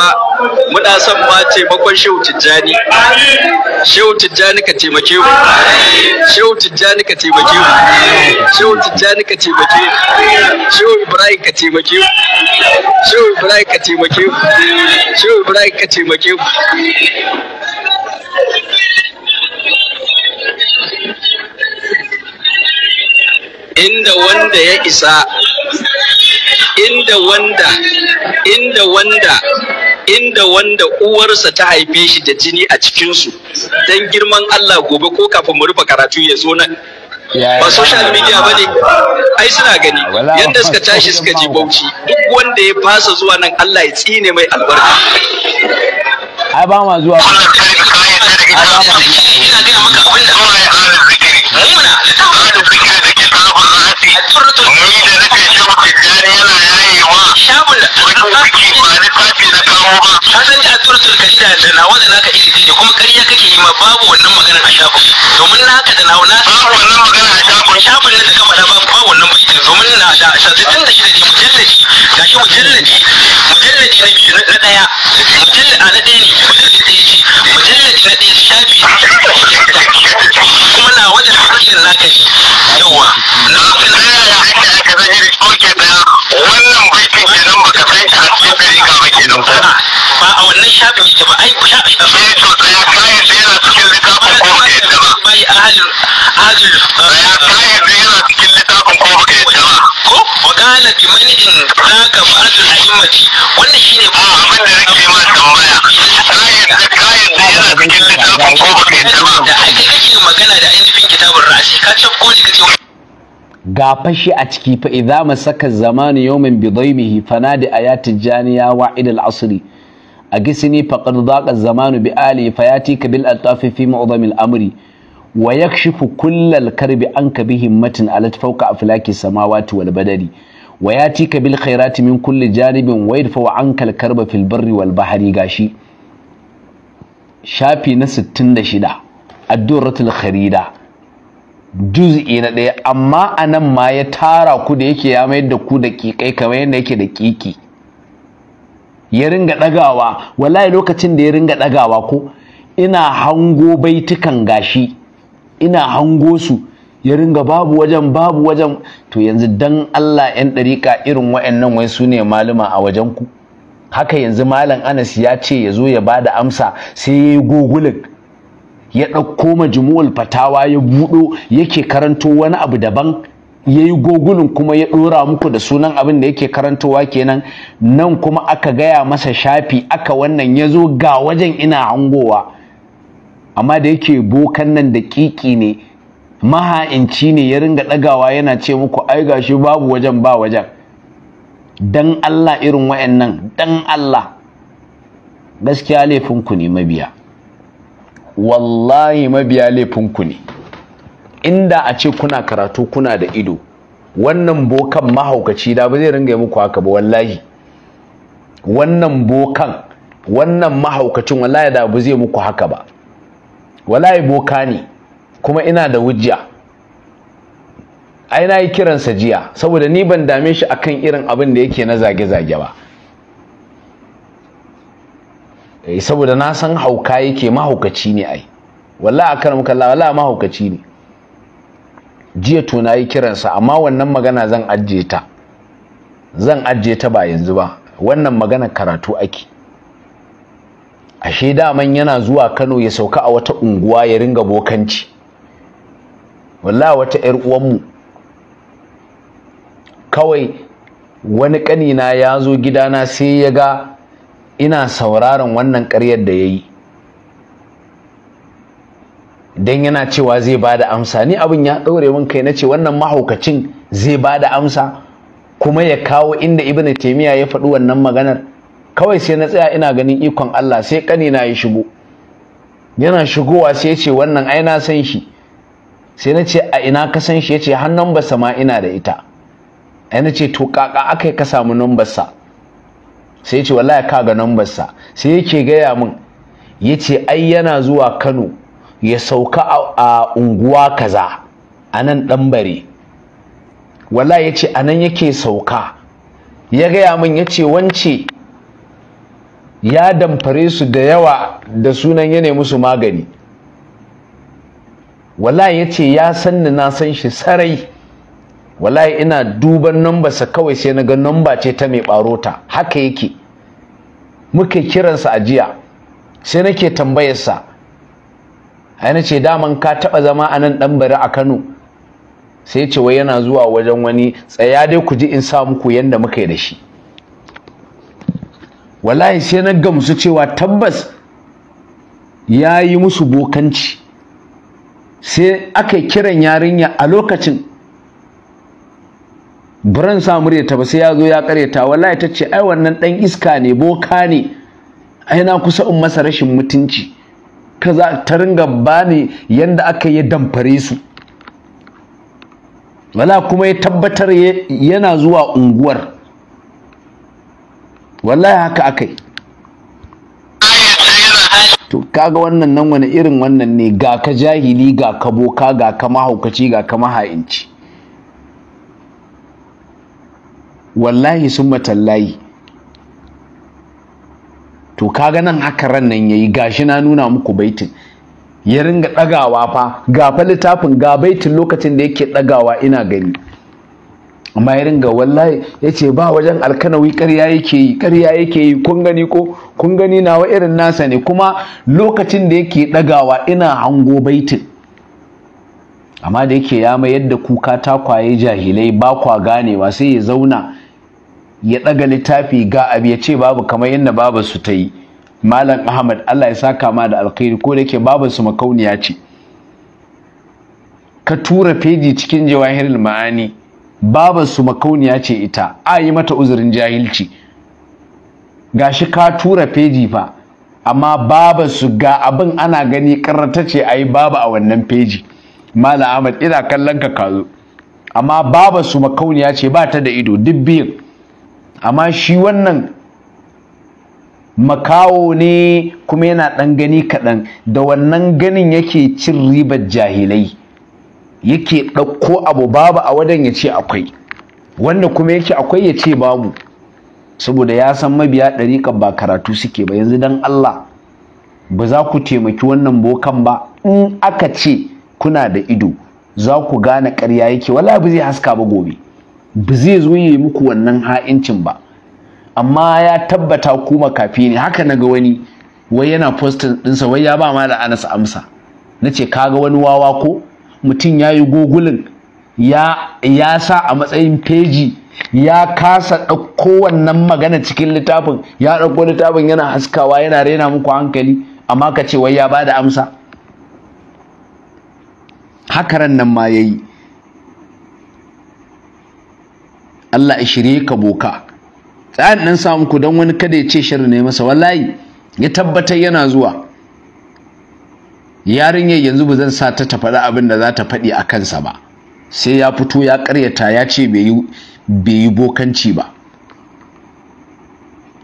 Speaker 2: kuma muna son ma taimakon shehu tijjani shehu tijjani ka taimake mu shehu tijjani ka taimake mu shehu tijjani ka taimake mu shehu ibrahim ka taimake mu shehu ibrahim ka taimake mu shehu ibrahim ka taimake mu inda wanda ya isa inda wanda inda wanda inda wanda uwarsa ta haife shi da jini a cikinsu don girman Allah gobe ko kafin mu rufe karatu ya zo nan
Speaker 4: ba social media ba ne
Speaker 2: ai suna gani yadda suka tashi suka ji bauchi duk wanda ya fasa zuwa nan Allah ya tsine mai albarka
Speaker 1: ai ba ma zuwa ba ma zuwa
Speaker 3: shamun da ka san da turtul kalida da nawa da naka iri ne kuma ƙarya kake yi ma babu wannan maganar
Speaker 2: a shafin domin naka da nawa na babu wannan maganar a shafin da ta faɗa babu babu wannan baitin domin na da sittin da shida ne mujalladi gashi mujalladi mujalladi na biyu na ɗaya mujalladi a na ɗaya ne mujalladi ɗaya ce mujalladi na ɗaya shafi kuma na wajen irin naka ne yawwa na maganar
Speaker 4: musa ba wannan shafin yake kusa a da ba da wannan shine ba abin da da
Speaker 3: kayan da magana da ainihin kitabun
Speaker 1: ra'asi ka ko ga fashi a ciki fa idza masaka zamanu yawmin bi dhaymihi fanadi ayati janiya wa idal asri fa faqad daqa zamanu bi ali fayatika bil altafi fi mu'dham al amri wa yakshifu kull al karbi anka bi himmatin alat fawqa aflaki samawati wal badari wa yatika bil khairati min kulli janibin wa yadfa anka al karba fil barri wal bahri gashi shafi na 66 addu'ratul kharida juz'i na ɗaya amma a nan ma ya tara ku da yake ya mayar da ku da ƙiƙai kamar yadda yake da ƙiƙi ya ringa ɗagawa wallahi lokacin da ya ringa ɗagawa ko ina hango baitukan gashi ina hango su ya ringa babu wajen babu wajen to yanzu dan Allah 'yan ɗariƙa irin nan wai su ne maluma a wajen ku haka yanzu malam Anas ya ce ya zo ya bada amsa sai ya yi gogulin ya ɗauko majmu'ul fatawa ya buɗo yake karanto wani abu daban ya yi gogulin kuma ya ɗora muku da sunan abin da yake karantowa kenan nan kuma aka gaya masa shafi aka wannan ya zo ga wajen ina hangowa amma da yake bokan nan da kiki ne maha'inci ne ya ringa ɗagawa yana ce muku ai gashi babu wajen ba wajen dan Allah irin wa'annan dan Allah gaskiya laifinku ne mabiya wallahi mabiya laifinku ne inda a ce kuna karatu kuna da ido wannan bokan mahaukaci da ba zai ringa muku haka ba wallahi wannan bokan wannan mahaukacin wallahi da ba zai muku haka ba wallahi boka ne kuma ina da wujja ai na yi kiransa jiya saboda ni ban dame shi akan irin abin da yake na zage-zage ba Eh, saboda na san hauka yake mahaukaci ne ai walla a muka kalla walla mahaukaci ne jiya to nayi kiransa amma wannan magana zan ajje ta zan ajje ta ba yanzu ba wannan magana karatu ake ashe daman yana zuwa Kano ya sauka a wata unguwa ya ringa bokanci walla wata ƴar uwanmu kawai wani kanina ya zo gidana sai ya ga ina sauraron wannan karyar da ya yi don yana cewa zai ba da amsa ni abin ya ɗaure min kai na ce wannan mahaukacin zai ba da amsa kuma ya kawo inda ibn taimiyya ya faɗi wannan maganar kawai sai na tsaya ina ganin ikon Allah sai ƙanina ya shigo yana shigowa sai ya ce wannan ai na san shi sai na ce a ina ka san shi ya ce har nan ba ina da ita ai na ce to kaka aka ka samu numbarsa sai ya ce wallahi ka ga nambarsa sai yake gaya min ya ce ai yana zuwa kano ya sauka a unguwa kaza Anan nan ɗanbare wallahi ya ce a yake sauka ya gaya min ya ce wance ya damfare su da yawa da sunan ya musu magani wallahi ya ce ya sanni na san shi sarai wallahi ina duban number sa kawai sai na ga ce ta mai baro ta haka yake muke kiransa a jiya sai nake tambayarsa ai nace daman ka taba zama a nan dan bari a Kano sai ce wai yana zuwa wajen wani tsaya dai ku ji in sa muku yanda muka da shi wallahi sai na gamsu cewa tabbas ya yi musu bokanci sai aka kiran yarinya a lokacin buran samu ta ba sai ya zo ya karyata wallahi ta ce ai wannan ɗan iska ne boka ne ai na kusa in masa rashin mutunci kaza ta ringa bani yanda aka yi damfare su wala kuma ya tabbatar yana zuwa unguwar wallahi haka akai to kaga wannan nan wani irin wannan ne ga ka jahili ga ka boka ga ka mahaukaci ga ka maha'inci wallahi sun matallayi to kaga nan haka ran nan yayi gashi na nuna muku baitin ya ringa ɗagawa fa ga fa littafin ga baitin lokacin da yake ɗagawa ina gani amma ya ringa wallahi yace ba wajen alkanawi ƙarya yake yi ƙarya yake yi kun gani ko kun gani nawa irin nasa ne kuma lokacin da yake ɗagawa ina hango baitin amma da yake ya mayar da kuka ta kwaye jahilai ba kwa ganewa sai ya zauna ya ɗaga littafi ga abu ya ce babu kamar yadda babu su ta yi malam ahmad allah ya saka ma da alkhairi ko da yake babu su makauniya ce ka tura feji cikin jawahir ma'ani babu su makauniya ce ita a yi mata uzurin jahilci Ga shi ka tura feji fa amma babu su ga abin ana gani karrata ce a yi babu a wannan feji mala ahmad ina kallon ka kazo amma baba su makauniya ce ba ta da ido duk biyun amma shi wannan makawo ne kuma yana ɗan gani kaɗan da wannan ganin yake cin ribar jahilai yake ɗauko abu babu a wadan ya ce akwai wanda kuma yake akwai ya ce babu saboda ya san mabiya ɗariƙar ba karatu suke ba yanzu don Allah ba za ku taimaki wannan bokan ba in aka ce kuna da ido za ku gane ƙarya yake wala ba zai haska ba gobe ba zai zo yi muku wannan ha'incin ba amma ya tabbata ku makafi ne haka naga wani wai yana postin ɗinsa wai ya ba ma da anas amsa na ce kaga wani wawa ko mutum ya yi gogulin ya, sa a matsayin feji ya kasa ɗauko wannan magana cikin littafin ya ɗauko littafin yana haskawa yana rena muku hankali amma ka ce wai ya ba da amsa hakaran nan ma ya yi Allah ya shirye ka boka tsayan ɗan samu ku don wani kada ya ce shirin ne masa wallahi ya tabbatar yana zuwa yarinyar yanzu ba zan sa ta ta faɗi abin da za ta faɗi a kansa ba sai ya fito ya ƙaryata ya ce bai yi bokanci ba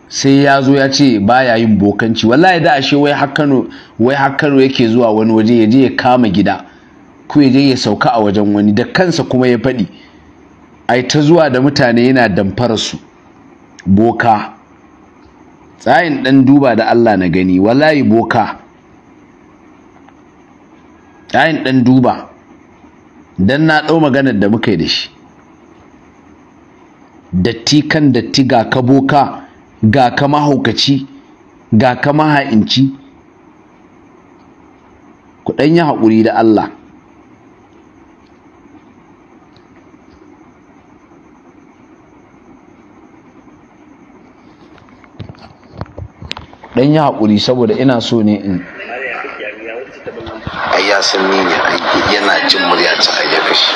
Speaker 1: sai ya zo ya ce baya yin bokanci wallahi da ashe wai hakkano wai hakkano yake zuwa wani waje ya je ya kama gida ko ya je ya sauka a wajen wani da kansa kuma ya faɗi ai ta zuwa da mutane yana damfara su boka tsayin ɗan duba da Allah na gani wallahi boka tsayin ɗan duba dan na ɗau maganar da muka yi da shi datti kan datti ga ka boka ga ka mahaukaci ga ka maha'inci ku ɗan yi haƙuri da Allah dan yi haƙuri saboda ina so ne in ai ya san ni ne yana jin murya ta ai ya kashi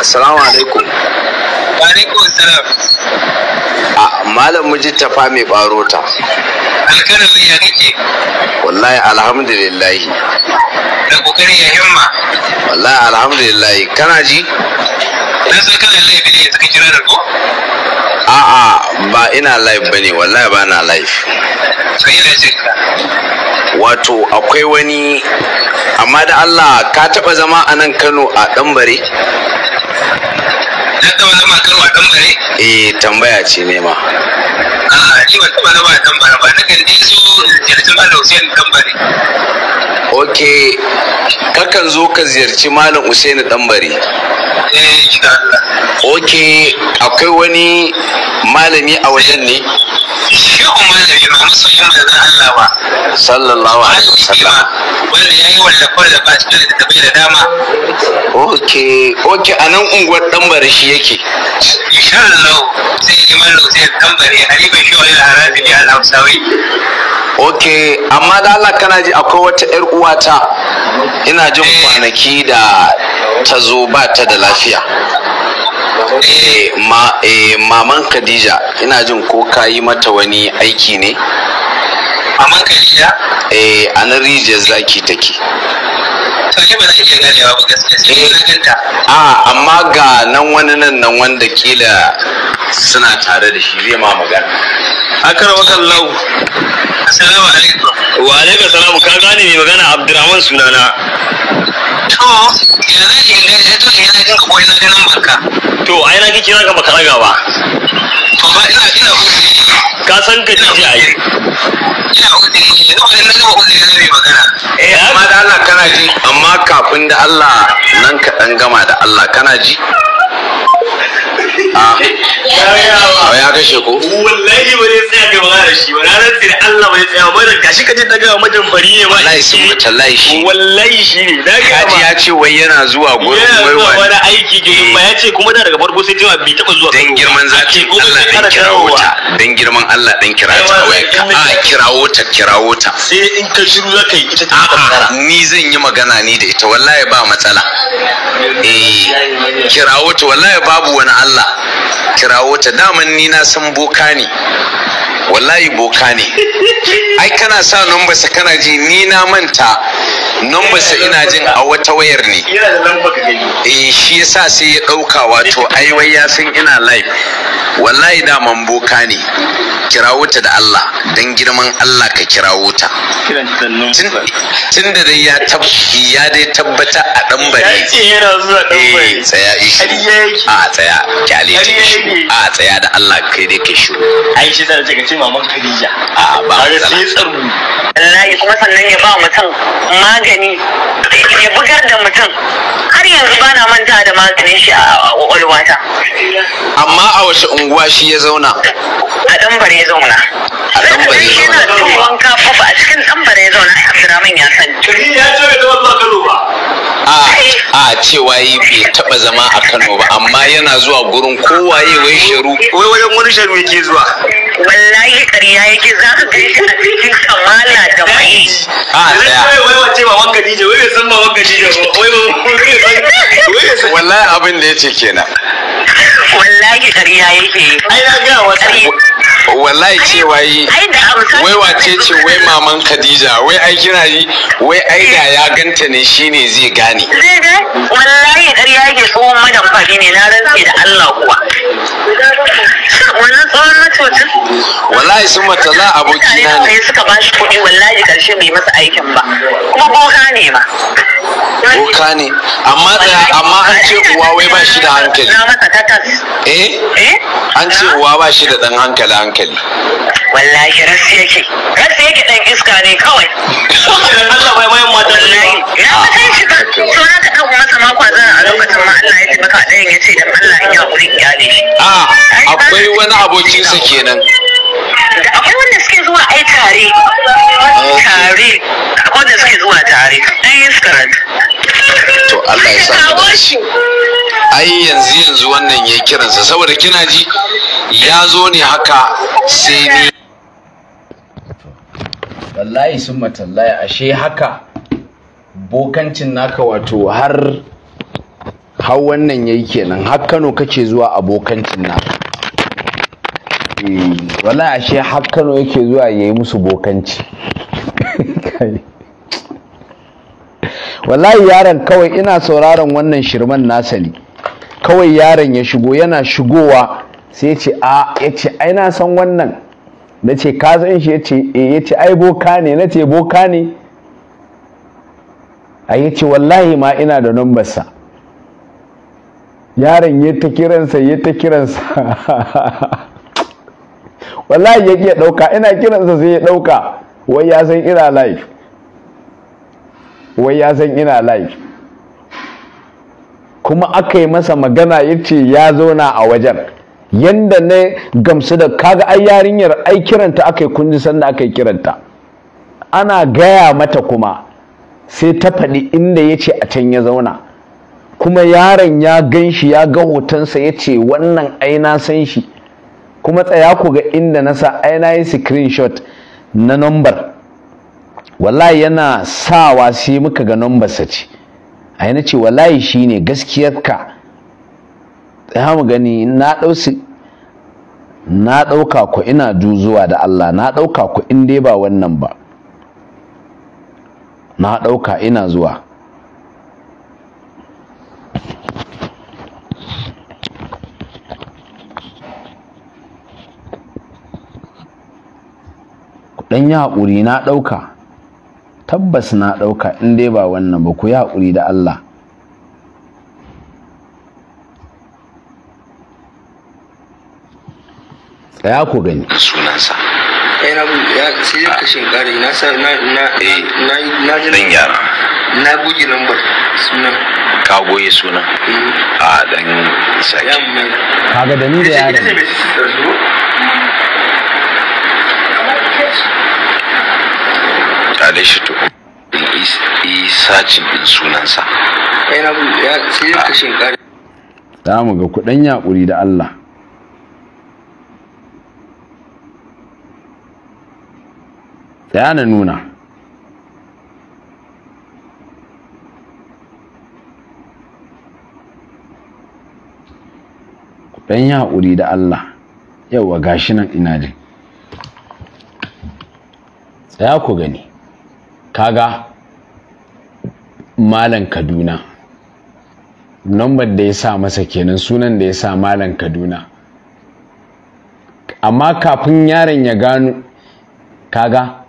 Speaker 1: Assalamu alaikum. Wa alaikum assalam malam mujittafa mai barota
Speaker 4: alkarin ya kake
Speaker 1: wallahi alhamdulillah da kokarin ya himma wallahi alhamdulillah kana ji na san kana laifi ne suka kira da ko a'a ba ina live bane wallahi ba na live sai ina jinka wato akwai wani amma da Allah ka taba zama a nan Kano a Dambare zama makar wa dan bare eh tambaya ce ne ma ah, a ni ba taba na ba dan bare ba na kan ji su jirgin Malam Hussein dan bare ok kakan zo ka ziyarci malam usaini ɗanbari eh, ok akwai wani malami a wajen ne sallallahu alaihi wasallam wanda yayi wallafa da da dama anan unguwar dambare shi yake insha sai ne ok amma da Allah kana ji akwai wata yar uwa uwata ina jin kwanaki da ta zo ba ta da lafiya e, maman khadija ina jin ko ka yi mata wani aiki ne maman khadija eh anan rijiyar zaki take eh, amma ga nan wani nan nan wanda kila suna tare da shi zai ma magana akar wakan lau assalamu alaikum wa alaikar salamu ka gane mai
Speaker 3: magana abdurrahman sunana
Speaker 4: to yanzu ne yi gani sai to ya zai ka na
Speaker 3: ganin barka to ai na kira ka baka raga ba to ba
Speaker 1: ina ina uzuri ka san ka ji ai ina uzuri ne ina wani na uzuri na mai magana eh amma da Allah kana ji amma kafin da Allah nan ka dan gama da Allah kana ji ah. ya kashe ko wallahi ba zai tsaya ga magana shi ba ranar sai Allah bai tsaya ba da gashi ka ji daga mijin fari ne ma wallahi sun mutu laishi. wallahi shi ne kaji ya ce wai yana zuwa gurin wai wani wani
Speaker 3: aiki ba eh. ya ce kuma da daga farko sai jima taba zuwa dan girman zaki Allah dan kirawo ta
Speaker 1: dan girman Allah dan kira ta wai a kirawo ta kirawo ta sai in ka shiru yi ita ta ni zan yi magana ni da ita wallahi ba matsala
Speaker 4: eh
Speaker 1: kirawo ta wallahi babu wani Allah kirawo ta daman ni na san boka ne wallahi boka ne ai kana sa numbarsa kana ji ni na manta numbarsa ina jin a wata wayar ne eh shi yasa sai ya ɗauka wato ai wai ya san ina live wallahi man boka ne Kira wuta da Allah dan girman Allah ka kira wuta tunda da dai ya ya dai tabbata a dan bare ya ce yana zuwa dan eh, bare tsaya ishi a tsaya kyale a tsaya da Allah kai dai ke shi ai
Speaker 3: shi da ce ce maman Khadija a ba sai tsaro wallahi kuma sannan ya ba mutum magani ya bugar da mutum har yanzu ba na manta da maganin shi
Speaker 1: a kwakwalwata amma a wace unguwa shi ya zauna
Speaker 4: a dan
Speaker 5: bare zauna a dan bare zauna yana cikin wanka fafa a cikin dan bare zauna abdurrahman
Speaker 3: ya san kadi ya ce bai taɓa zuwa kano ba
Speaker 1: a a cewa yi bai taɓa zama a kano ba amma yana zuwa gurin kowaye wai sharu wai wajen wani sharu yake zuwa wallahi yi ƙarya yake za ka gan shi a
Speaker 3: cikin kamala da mai a tsaya wai wai wace maman Khadija wai bai san maman Khadija ba wai ba wallahi abin
Speaker 6: da yace kenan
Speaker 3: wallahi ƙarya yake ai na ga wata
Speaker 1: wallahi ce wayi wai wace ce wai maman Khadija wai ai kina yi wai ai da ya ganta ne shine zai gane
Speaker 5: wallahi ƙarya yake tsohon madan fari ne na rantse da Allah kuwa wannan tsohon mutum
Speaker 1: wallahi sun mata za aboki na ne suka ba shi kuɗi wallahi karshe bai masa aikin ba kuma boka ne ma boka ne amma tsaya amma an ce uwa wai ba shi da hankali eh? eh an ce uwa ba shi da dan hankali hankali
Speaker 4: wallahi rasu yake rasu yake dan iska ne kawai Allah bai mai mata wallahi ya san shi ba so na ka dan
Speaker 1: masa makwa zan a lokacin ma Allah ya taimaka dan ya ce dan Allah ya hakuri iyali a ah, akwai wani abokinsa kenan
Speaker 5: akwai wanda suke zuwa ai tare
Speaker 3: tare wanda suke
Speaker 1: zuwa tare an yi karatu to Allah ya
Speaker 5: sa
Speaker 1: ai yanzu yanzu wannan ya kiransa saboda kina ji ya zo ne haka sai ni wallahi sun matallahi ashe haka bokancin naka wato har har wannan yayi kenan har Kano kake zuwa abokancin naka wala ashe har kano yake zuwa ya yi musu bokanci wallahi yaron kawai ina sauraron wannan shirman nasali kawai yaron ya shigo yana shigowa sai ce a ya ce aina san wannan na ce ka san shi ya ce eh, ai boka ne na ce boka ne a ya ce wallahi ma ina da numbarsa yaron ya ta kiransa ya ta kiransa wallahi ya iya ɗauka ina kiransa sai ya ɗauka wai ya san ina live wai ya san ina live kuma aka yi masa magana ya ce ya zauna a wajen yanda ne gamsu da kaga ai yarinyar ai kiranta aka yi kundi sanda aka yi kiranta ana gaya mata kuma sai ta faɗi inda yace a can ya zauna kuma yaron ya ganshi ya ga hotonsa ya ce wannan ai na san shi kuma tsaya ku ga inda na sa ai na yi screenshot na number wallahi yana sawa sai muka ga number sa ce ai na ce wallahi shine gaskiyarka za mu gani na ɗausi na ɗauka ku ina juzuwa da Allah na ɗauka ku in dai ba wannan ba na ɗauka ina zuwa dan yi haƙuri na ɗauka tabbas na ɗauka in dai ba wannan ba ku yi haƙuri da Allah tsaya ku gani sunansa eh, sai dai kashin ƙari na sa na na eh. na na yara na goge lambar sunan ka goye sunan eh. a ah, dan sake kaga da ni da yara kale shi to yi sacin din sunansa ta mu ga kudin yaƙuri da Allah ta na nuna kudin yaƙuri da Allah yau wa gashi nan ina jin tsaya ku gani kaga malam kaduna nambar da ya sa masa kenan sunan da ya sa malam kaduna amma kafin yaron ya gano kaga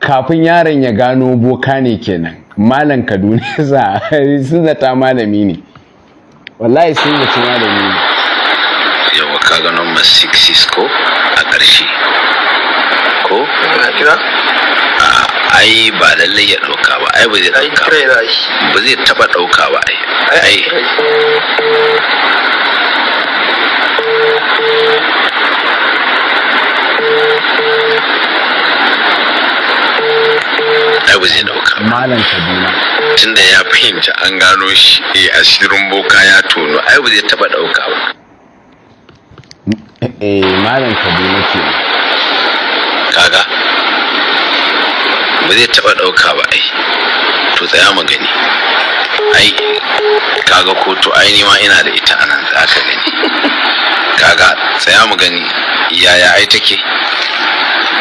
Speaker 1: kafin yaron ya gano boka ne kenan malam kaduna sa su zata malami ne wallahi sun zata malami ne yawa kaga nomba 6 ko a ƙarshe ko? kira? ai ba lallai ya ɗauka ba ai ba zai ɗauka ba zai taɓa ɗauka ba ai ai ba zai ɗauka malam kaduna tunda ya fahimta an gano shi a eh, asirin boka ya tono ai ba zai taɓa ɗauka ba eh malam kaduna ke kaga ba zai taɓa ɗauka ba ai to tsaya mu gani ai kaga ko to ai Nima ma ina da ita anan za ka gani kaga tsaya mu gani yaya ai take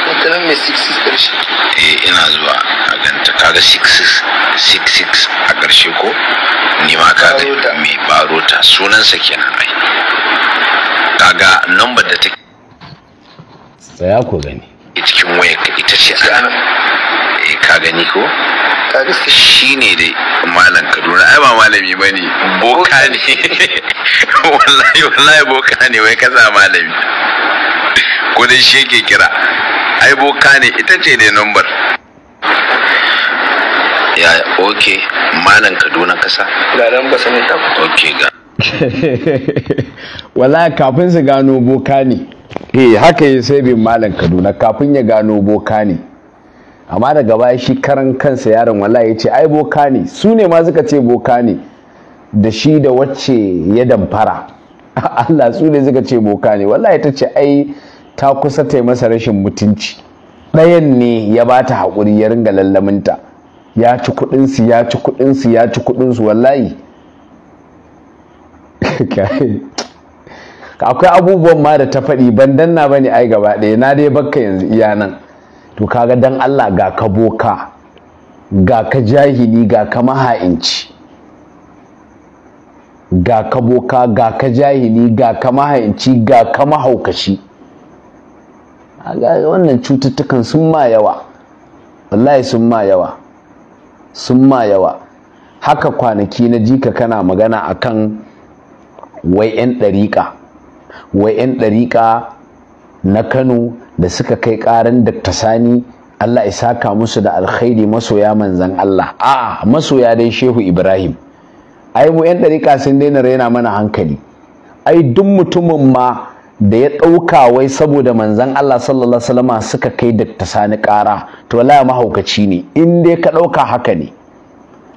Speaker 1: watanin mai 66 karshe eh ina zuwa a ganta kaga six a ƙarshe ko ni ma kaga mai barota sunansa kenan ai kaga number da take tsaya ku gani cikin wayar ita ce anan Eh, ka gani ko shi ne dai malam kaduna ai ba malami ba ne boka ne wallahi wallahi boka ne wai kasa malami ko dai shi yake kira ai boka ne ita ce dai numbar ya ok malam kaduna kasa ga dan ba sanin ta ok ga wallahi kafin su gano boka ne eh haka sai bin malam kaduna kafin ya gano boka ne amma daga baya shi karan kansa yaron wallahi ya ce ai boka ne su ne ma suka ce boka ne da shi da wacce ya damfara Allah su ne suka ce boka ne wallahi ta ce ai ta kusa ta masa rashin mutunci ɗayan ne ya ba ta haƙuri ya ringa lallaminta ya ci kuɗinsu ya ci kuɗinsu ya ci kuɗinsu wallahi akwai abubuwan ma da ta faɗi ban danna bane ai gaba ɗaya na dai bakka yanzu iya nan to kaga dan Allah ga ka boka ga ka jahili ga ka maha'inci ga ka boka ga ka jahili ga ka maha'inci ga ka mahaukaci wannan cututtukan sun ma yawa wallahi sun ma yawa sun ma yawa haka kwanaki na jika kana magana akan wai 'yan ɗariƙa wai 'yan ɗariƙa na kano da suka kai ƙaran Dr. Sani Allah ya saka musu da alkhairi masoya manzan Allah a'a masoya dai Shehu Ibrahim ai mu 'yan dariƙa sun daina raina mana hankali ai duk mutumin ma da ya ɗauka wai saboda manzan Allah sallallahu alaihi suka kai Dr. Sani ƙara to wallahi mahaukaci ne in dai ka ɗauka haka ne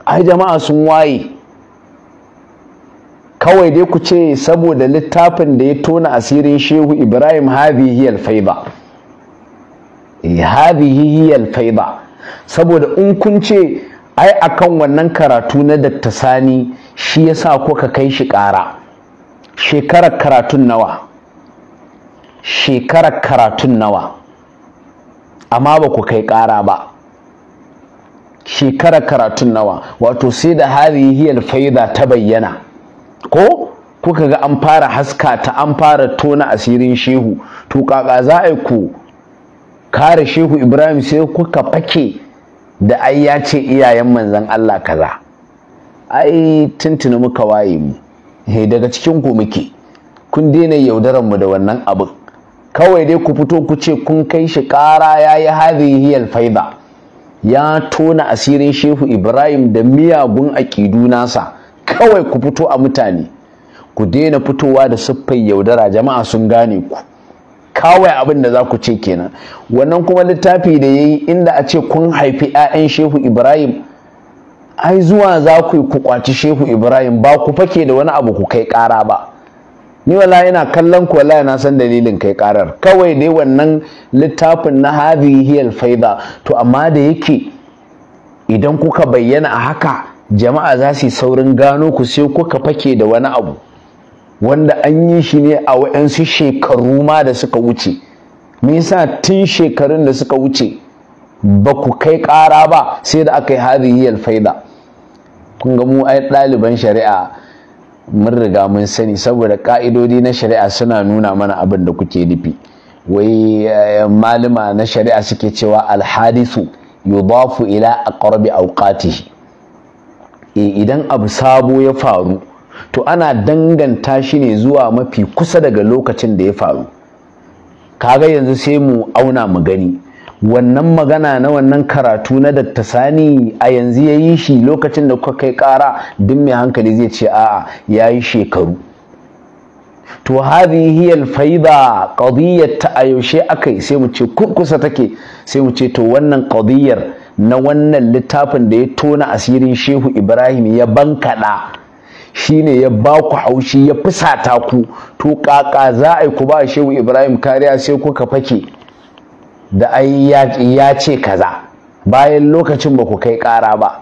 Speaker 1: ai jama'a sun waye kawai dai ku ce saboda littafin da ya tona asirin shehu ibrahim habihi faiba Eh, hadihi hiya alfaida saboda in kun ce ai akan wannan karatu na Dr. sani shi yasa kuka kai shi ƙara shekarar karatun nawa shekarar karatun nawa amma ba ku kai ƙara ba shekarar karatun nawa wato sai da hiya faida ta bayyana ko kuka ga an fara haska ta an fara tona asirin shehu to kaka za a yi ku kare shehu ibrahim sai kuka fake da ai ya ce iyayen manzan allah kaza ai tuntuni muka waye mu daga cikin ku muke kun daina yaudaran mu da wannan abin kawai dai ku fito ku ce kun kai shi kara ya yi hadhihi alfaida ya tona asirin shehu ibrahim da miyagun aƙidu nasa kawai ku fito a mutane ku daina fitowa da siffar yaudara jama'a sun gane ku kawai abin da za ku ce kenan wannan kuma littafi da ya yi inda a ce kun haifi 'ya'yan shehu ibrahim ai zuwa za ku ku kwaci shehu ibrahim ba ku fake da wani abu ku kai kara ba ni wala ina kallon ku wala na san dalilin kai karar. kawai dai wannan littafin na hadhihi al-faida to amma da yake idan kuka bayyana a haka jama'a za su yi saurin gano ku sai kuka fake da wani abu wanda an yi shi ne a wa'yansu shekaru ma da suka wuce me yasa tun shekarun da suka wuce ba ku kai ƙara ba sai da aka yi hadhihi alfaida kun ga mu ai ɗaliban shari'a mun riga mun sani saboda ƙa'idodi na shari'a suna nuna mana abin da kuke nufi wai eh, malama na shari'a suke cewa alhadisu yudafu ila aqrabi awqatihi eh, idan abu sabo ya faru to ana danganta shi ne zuwa mafi kusa daga lokacin da ya faru kaga yanzu sai mu auna mu gani wannan magana na wannan karatu na dakta sani a yanzu ya yi shi lokacin da kuka kai ƙara duk mai hankali zai ce a'a ya yi shekaru to hadhihi hiya alfaida qadiyar ta a yaushe akai sai mu ce kurkusa take sai mu ce to wannan qadiyar na wannan littafin da ya tona asirin shehu ibrahim ya bankada shine ya ba ku haushi ya fusata ku to kaka za a yi ku ba shehu ibrahim kariya sai kuka fake da ai ya ce kaza bayan lokacin ba ku kai kara ba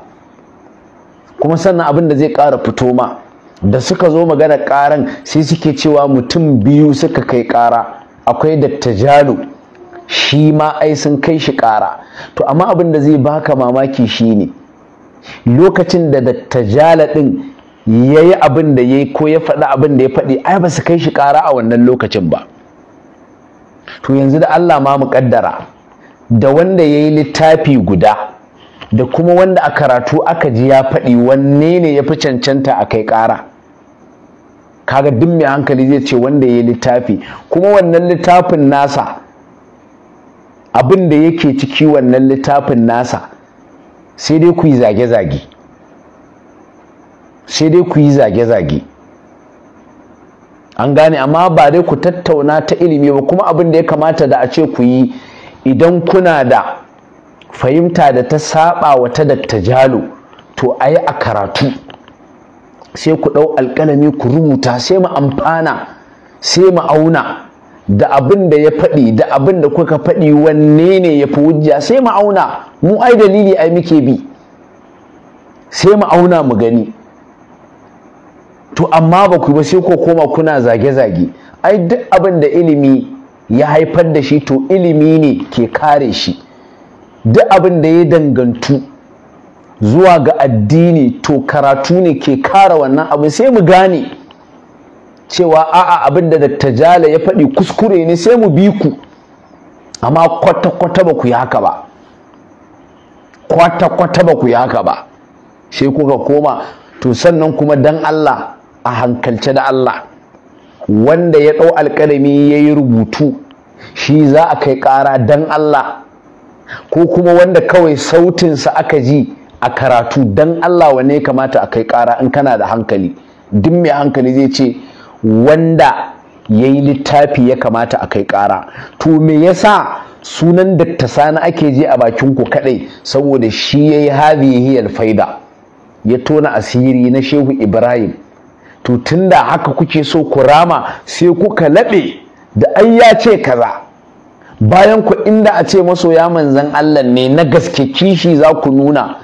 Speaker 1: kuma sannan abin da zai kara fito ma da suka zo magana karan sai suke cewa mutum biyu suka kai kara akwai dattajalu jalo shi ma ai sun kai shi kara to amma abin da zai baka mamaki shine lokacin da da jala Yayi yi abin da ya yi ko ya faɗi abin da ya faɗi ai ba su kai shi ƙara a wannan lokacin ba to yanzu da Allah ma mu ƙaddara da wanda ya yi littafi guda da kuma wanda a karatu aka ji ya faɗi wanne ne ya fi cancanta a kai ƙara kaga duk mai hankali zai ce wanda ya yi littafi kuma wannan littafin nasa abin da yake ciki wannan littafin nasa sai dai ku yi zage-zage sai dai ku yi zage-zage an gane amma ba dai ku tattauna ta ilimi ba kuma abin da ya kamata da a ce ku yi idan kuna da fahimta da ta saba wata dakta jalo to a yi a karatu sai ku ɗau alkalami ku rubuta sai mu amfana sai mu auna da abin da ya faɗi da abin da kuka faɗi wanne ne ya fi wujja sai mu auna mu ai dalili ai muke bi sai mu auna mu gani to amma ba ku ba sai ko koma kuna zage-zage ai duk abin da ilimi ya haifar da shi to ilimi ne ke kare shi duk abin da ya dangantu zuwa ga addini to karatu ne ke kara wannan abin sai mu gane cewa a'a abin da Dr. Jala ya faɗi kuskure ne sai mu bi ku amma kwata-kwata ba ku yi haka ba kwata-kwata ba ku yi haka ba sai kuka koma to sannan kuma dan Allah a hankalce da Allah wanda ya ɗau alƙalami ya yi rubutu shi za a kai ƙara don Allah ko kuma wanda kawai sautinsa aka ji a karatu don Allah wane ya kamata a kai ƙara in kana da hankali duk mai hankali zai ce wanda ya yi littafi ya kamata a kai ƙara to me yasa sunan dakta sani ake je a bakin ku kadai saboda shi ya yi hadhihi alfaida ya tona asiri na shehu ibrahim to tunda haka kuke so ku rama sai kuka laɓe da ai ya ce kaza bayan ku inda a ce masoya manzan Allah ne na gaske kishi za ku nuna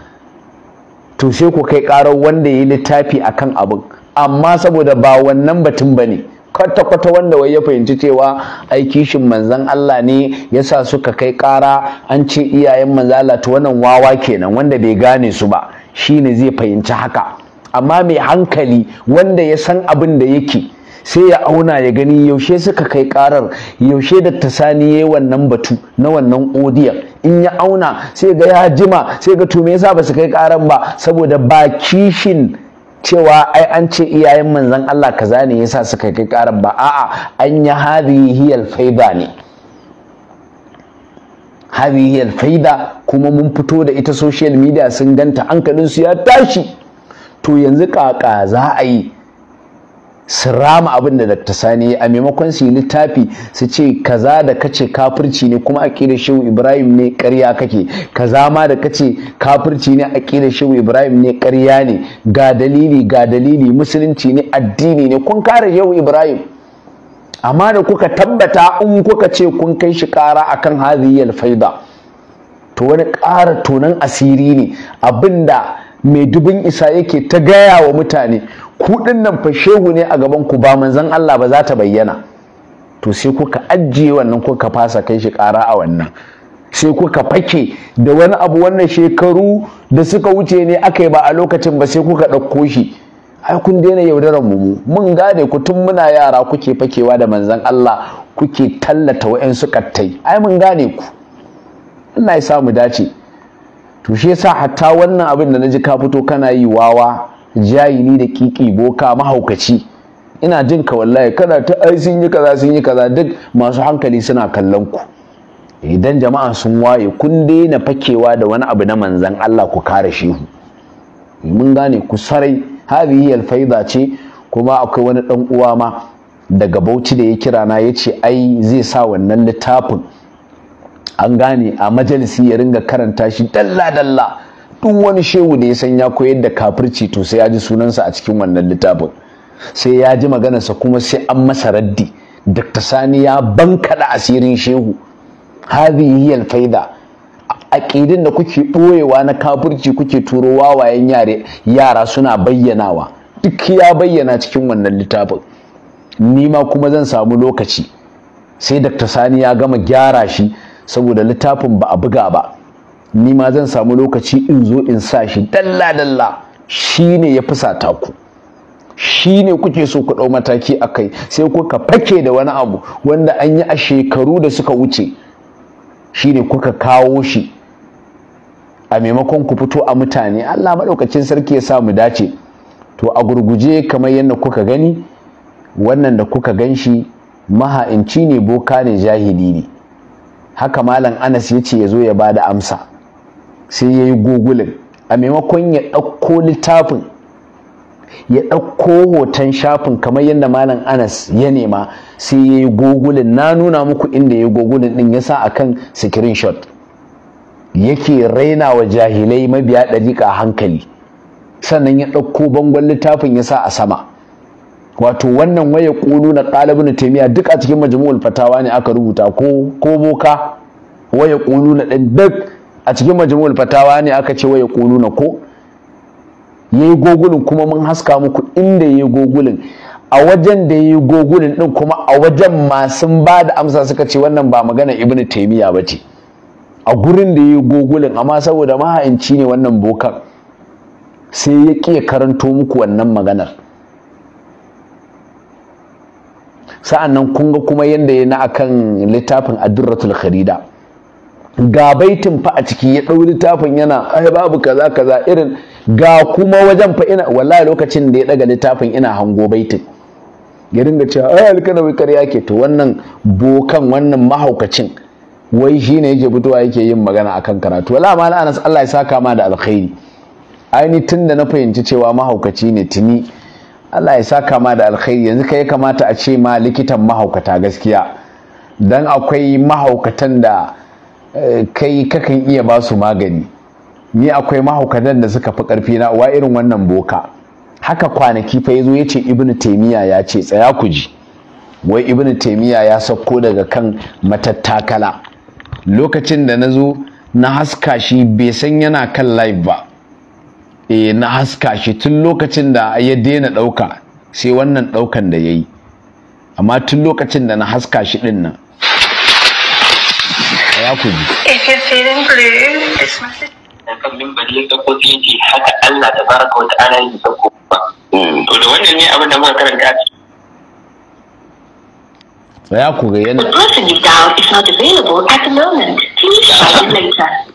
Speaker 1: to sai ku kai ƙarar wanda ya yi littafi a kan abin amma saboda ba wannan batun ba ne kwata-kwata wanda wai ya fahimci cewa ai kishin manzan Allah ne ya sa suka kai ƙara an ce iyayen manzala to wannan wawa kenan wanda bai gane su ba shine zai fahimci haka amma mai hankali wanda ya san abin da yake sai ya auna ya gani yaushe suka kai karar yaushe da tasani yayi wannan batu na wannan odiya in ya auna sai ga ya jima sai ga tume me yasa ba su kai karar ba saboda ba kishin cewa ai an ce iyayen manzon Allah kaza ne yasa suka kai karar ba a'a an yi hadhihi faida ne hadhihi kuma mun fito da ita social media sun ganta hankalin su ya tashi to yanzu kaka za a yi su rama abin da Dr. Sani a maimakon su yi littafi su ce kaza da kace kafirci ne kuma a aqidar Shehu Ibrahim ne ƙarya kake kaza ma da kace kafirci ne a aqidar Shehu Ibrahim ne ƙarya ne ga dalili ga dalili musulunci ne addini ne kun kare Shehu Ibrahim amma da kuka tabbata in kuka ce kun kai shi ƙara akan hadhihi al-faida to wani ƙara tonan asiri ne abinda mai dubin isa yake ta gaya wa mutane kuɗin nan fa shehu ne a gaban ku ba manzan Allah ba za ta bayyana to sai kuka ajiye wannan kuka fasa kai shi ƙara a wannan sai kuka fake da wani abu wannan shekaru da suka wuce ne aka yi ba a lokacin ba sai kuka ɗauko shi ai kun daina yaudarar mu mun gane ku tun muna yara kuke fakewa da manzan Allah kuke tallata wa'yansu kattai ai mun gane ku Allah ya samu dace to shi yasa hatta wannan abin da na ji ka fito kana yi wawa jahili da kiki boka mahaukaci ina jin ka wallahi kana ta ai sun yi kaza sun yi kaza duk masu hankali suna kallon ku idan jama'a sun waye kun daina fakewa da wani abu na manzan Allah ku kare shehu mun gane ku sarai hadhihi alfaida ce kuma akwai wani dan uwa ma daga Bauchi da ya kira na yace ai zai sa wannan littafin an gane a majalisi ya ringa karanta shi dalla-dalla duk wani shehu da ya san ya koyar da kafirci to sai ya ji sunansa a cikin wannan littafin sai ya ji maganarsa kuma sai an masa raddi Dr. Sani ya bankaɗa asirin shehu hadhihi alfaida a aqidin da kuke boyewa na kafirci kuke turo wawayen yare yara suna bayyanawa duk ya bayyana cikin wannan littafin ni ma kuma zan samu lokaci sai Dr. Sani ya gama gyara shi saboda littafin ba a buga ba ni ma zan samu lokaci in zo in sa shi dalla dalla ne ya fusata ku ne kuke so ku ɗau mataki a kai sai kuka fake da wani abu wanda an yi a shekaru da suka wuce shine kuka kawo shi a maimakon ku fito a mutane Allah maɗaukacin sarki ya sa mu dace to a gurguje kamar yadda kuka gani wannan da kuka gan shi maha'inci ne boka ne jahili ne haka malam anas ya ce ya zo ya ba da amsa sai ya yi gugulin, a maimakon ya ɗauko littafin ya ɗauko hoton shafin kamar yadda malam anas ya nema sai ya yi gugulin, na nuna muku inda ya yi gogulin ɗin ya sa a kan shot. yake raina wa jahilai mabiya ɗariƙa hankali sannan ya ɗauko bangon littafin ya sa a sama wato wannan waya ƙulu na ƙalibin taimiya duk a cikin majmu'ul fatawa ne aka rubuta ko ko boka waya ƙulu na ɗin duk a cikin majmu'ul fatawa ne aka ce waya ƙulu na ko yayi gogulin kuma mun haska muku inda yayi gogulin a wajen da yayi gogulin ɗin kuma a wajen masu ba da amsa suka ce wannan ba magana ibnu taimiya ba ce a gurin da yayi gogulin amma saboda maha'inci ne wannan bokan sai ya ƙi karanto muku wannan maganar sa'annan kun ga kuma yadda ya na akan littafin adurratul kharida ga baitin fa a ciki ya ɗau littafin yana ai babu kaza kaza irin ga kuma wajen fa ina wallahi lokacin da ya ɗaga littafin ina hango baitin ya dinga cewa ai alkana karya ke to wannan bokan wannan mahaukacin wai shi ne yake fitowa yake yin magana akan karatu wala ma anas Allah ya saka ma da alkhairi aini tunda na fahimci cewa mahaukaci ne tuni Allah ya sa kama da alkhairi yanzu kai kamata a ce ma likitan mahaukata gaskiya dan akwai mahaukatan da eh, kai kakan iya ba su magani ni akwai mahaukatan da suka fi karfi na wa irin wannan boka haka kwanaki fa yazo yace ibnu taymiya ya ce tsaya ku ji wai ibnu taymiya ya sauko daga kan matattakala lokacin da nazo na haska shi bai san yana kan live ba e, na haska shi tun lokacin da ya daina ɗauka sai wannan ɗaukan da ya yi amma tun lokacin da na haska shi ɗin nan ya ku ji
Speaker 3: not available at the moment. Please it later.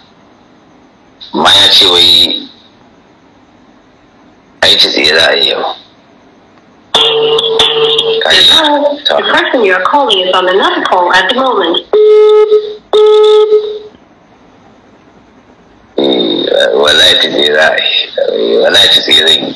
Speaker 1: ma ce wai
Speaker 4: ai tsaye za a yi yau
Speaker 3: The person you are calling is on another call at the moment.
Speaker 4: Eh, well, I just za that. yi, wallahi ta ce zan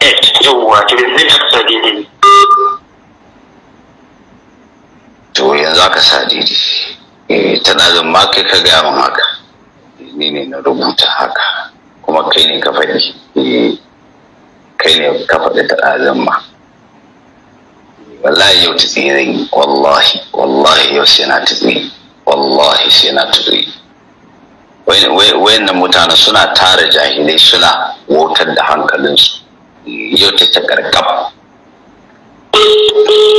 Speaker 3: 8 yawwa to zai haka daidai
Speaker 1: to yanzu aka sa daidai eh, tana zan ma kai ka gaya min haka ni ne na rubuta haka kuma kai ne ka faɗi eh, kai ne ka faɗi tana zan ma wallahi yau ta tsirin wallahi wallahi yau sai na ta tsirin wallahi sai na ta tsirin wayannan mutane suna tara jahilai suna wautar da hankalinsu யோசிச்சுக்கிறக்கம் Thank you.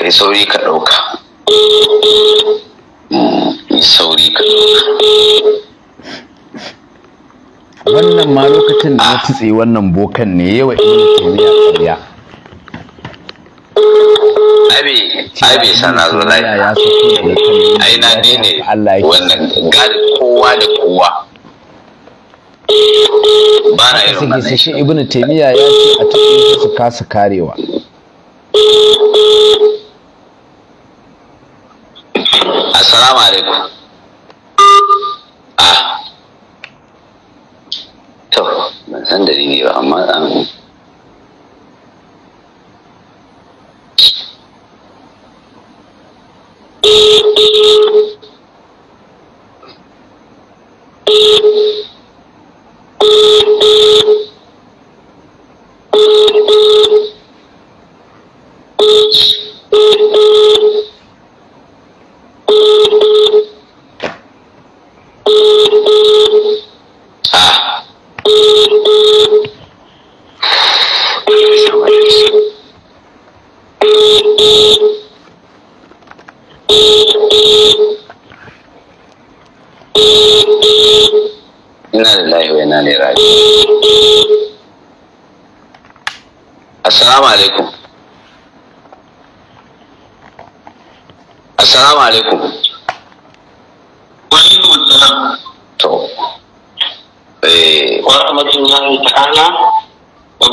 Speaker 1: kai sauri ka ɗauka mm, sauri ka wannan ma lokacin da ya ah. tutse wannan bokan ne yawa ibn taymiya ƙarya abi abi sana zo lafiya ai na ne ne wannan gari kowa da kowa ba na irin wannan shi ibn taymiya ya ce a cikin su kasa karewa assalamu alaikum ah
Speaker 4: to ban san da dalili ba amma an Thank you.
Speaker 1: assalamu alaikum assalamu alaikum
Speaker 3: to eh wa rahmatullahi ta'ala wa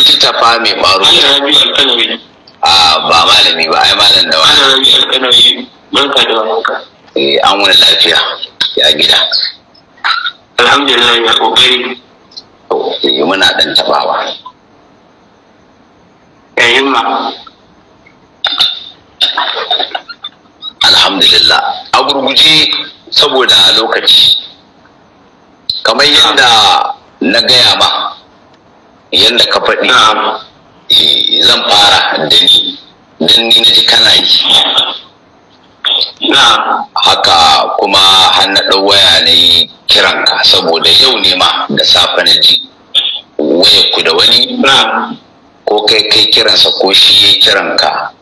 Speaker 1: a ah, ba malami ba da da wanka eh, an wani lafiya ya gida
Speaker 3: alhamdulillah ya kokari yi eh, muna dan tabawa
Speaker 1: eh ma alhamdulillah a gurguji saboda lokaci kamar yadda na gaya ba yadda ka faɗi eh, zan fara da ni don ni na ji kana yi haka kuma hannadin waya ne kiranka saboda yau ne ma da safe na ji wayar ku da wani ko kai kai kiransa ko shi ya kiran ka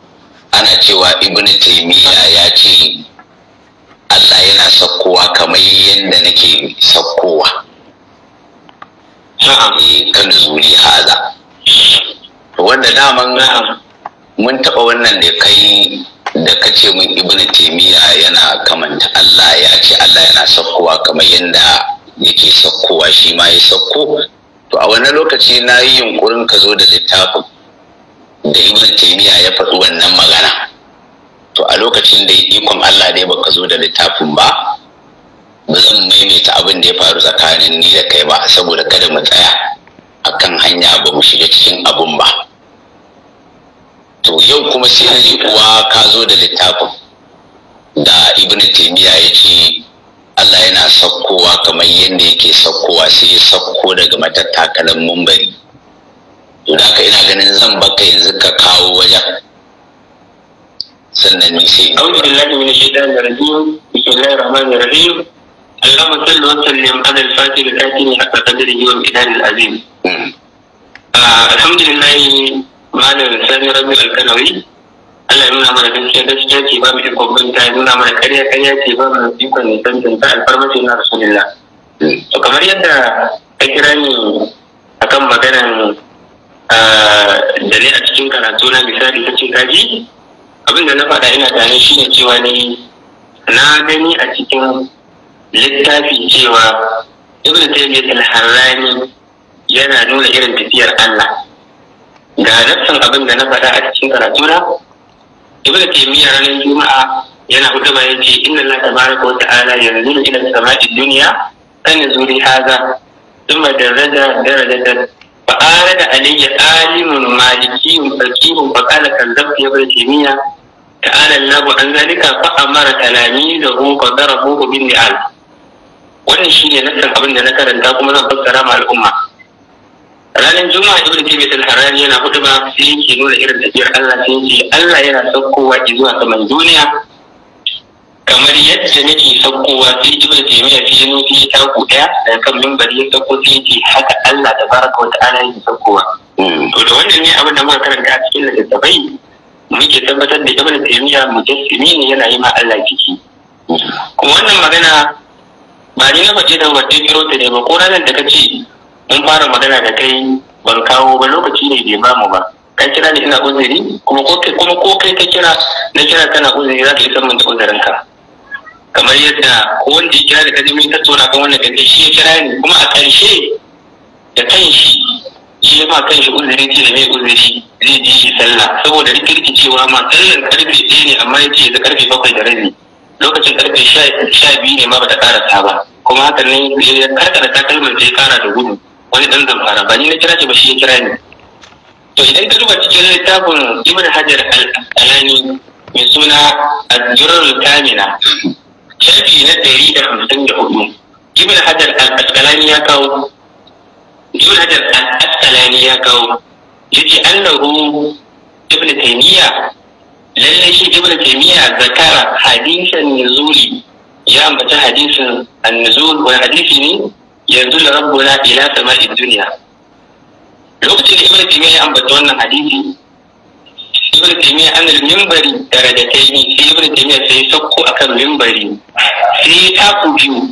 Speaker 1: ana cewa ibnu taymiya ya ce Allah yana sakkowa kamar yadda nake sakkowa eh, kan zuri haza wanda daman mun taɓa wannan da kai da kace mun min yana kamanta Allah ya ce Allah yana sakkowa kamar yadda yake sakkowa shi ma ya sakko to a wani lokaci na yi yunkurin ka zo da littafin da ibn taimiyya ya faɗi wannan magana to a lokacin da ikon allah dai baka zo da littafin ba ba zan maimaita abin da ya faru tsakanin ni da kai ba saboda kada mu tsaya a kan hanya ba mu shiga cikin abun ba to yau kuma sai na ji uwa ka zo da littafin da ibn taimiyya ya ce Allah yana saukowa kamar yadda yake saukowa sai ya sauko daga matattakalin mumbari. Duna ka ina ganin zan baka yanzu ka kawo wajen. Sannan ni sai. Aungi da lafi mini shi dan garaji, ike lai rama da rari.
Speaker 3: Allah ma sallu wasu sallim ala alfati da kafi ne a ƙasa da wa mutane da azim. Alhamdulillah, malam sani rabi alkanawi. Allah ya nuna mana gaskiya gaskiya ce ba mu ikon binta ta nuna mana ƙarya ƙarya ce ba mu ikon nisan ta alfarmaci na rasulullah to kamar yadda ka kira ni akan maganan ah, da ne a cikin karatu na misali ta ce kaji abin da na faɗa ina tare shi ne cewa ne na gani a cikin littafi cewa ibn taymiyyah al-harrani yana nuna irin tafiyar Allah ga nassan abin da na faɗa a cikin karatu na ibn taymiya ranar juma'a yana hudaba yace inna allaha tabaraka wa ta'ala yanzuru ila samai dunya kan zuri haza thumma daraja darajatan fa arada alayya alimun malikiyun fakihun fa qala kadhabta ibn taymiya ta'ala allahu an zalika fa amara talamizahu fa darabuhu bin ni'al wannan shine nasan abin da na karanta kuma zan fassara ma al'umma ranar juma'a ibn taymiyyah al-harani yana ba sai yake nuna irin tafiyar Allah sun ce Allah yana saukowa zuwa saman duniya kamar yadda nake saukowa sai ibn taymiyyah fi nufi ta ku daya daga kan minbari ya sauko sai yake haka Allah baraka wa ta'ala yake saukowa hmm. to da wannan ne abin da muka karanta a cikin littattafai muke tabbatar da ibn taymiyyah mujassimi ne yana yi ma Allah jiki hmm. kuma wannan magana ba ni na faɗi da wadda biro ta ne ba ko ranar da ka ce in fara magana da kai ban kawo ba lokaci ne bai ba mu ba ka kira ni ina uzuri kuma ko kai kuma ko kai ka kira na kira kana uzuri za ka isar min da uzurin ka kamar yadda ko wanda ya kira da kaji mun tattauna kan wannan kaje shi ya kira ni kuma a karshe da kanshi shi ya ma shi uzuri ce da mai uzuri zai ji shi sallah saboda cewa ma sallar karfe ɗaya ne amma ya ce da karfe bakwai da rabi lokacin karfe sha biyu ne ma ta karasa ba kuma hakan ne ya karkata takalmar da ya kara da gudu wani ɗan zamfara ba ni na kira shi ba shi ya kira ni to idan ka duba cikin littafin ibn hajar al-asqalani mai suna ad-durrul kamina shafi na ɗari da hamsin da hudu ibn hajar al-asqalani ya kawo ibn hajar al-asqalani ya kawo yace annahu ibn taymiya lalle shi ibn taymiya zakara hadisan nuzuli ya ambaci hadisin an-nuzul wa hadisi ne yanzu da na ila in duniya lokacin da ibnu taymiya ya ambata wannan hadisi ibnu taymiya an al ta yi sai ibnu ya sai sakko akan mimbari. sai ya taku biyu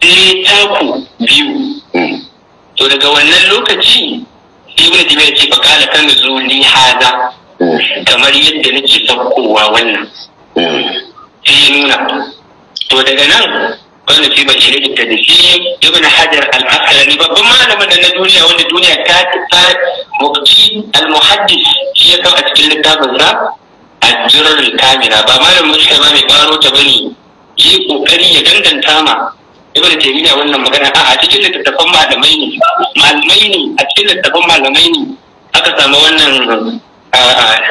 Speaker 3: sai ya taku biyu hmm. to daga wannan lokaci ibnu ya ce faqala kan zuli haza. Hmm. kamar yadda nake sakkowa wannan hmm. sai ya nuna to daga nan wanda fi mashirin da nufi ibn hajar al-asqalani babban malamin da na duniya wanda duniya ta ta mukti al-muhaddis shi ya kawo a cikin littafin sa ajrar kamila ba malamin mushka ba mai baro ta bane yi kokari ya danganta ma ibn taymiya wannan magana a a cikin littattafan malamai ne malamai ne a cikin littattafan malamai ne aka samu wannan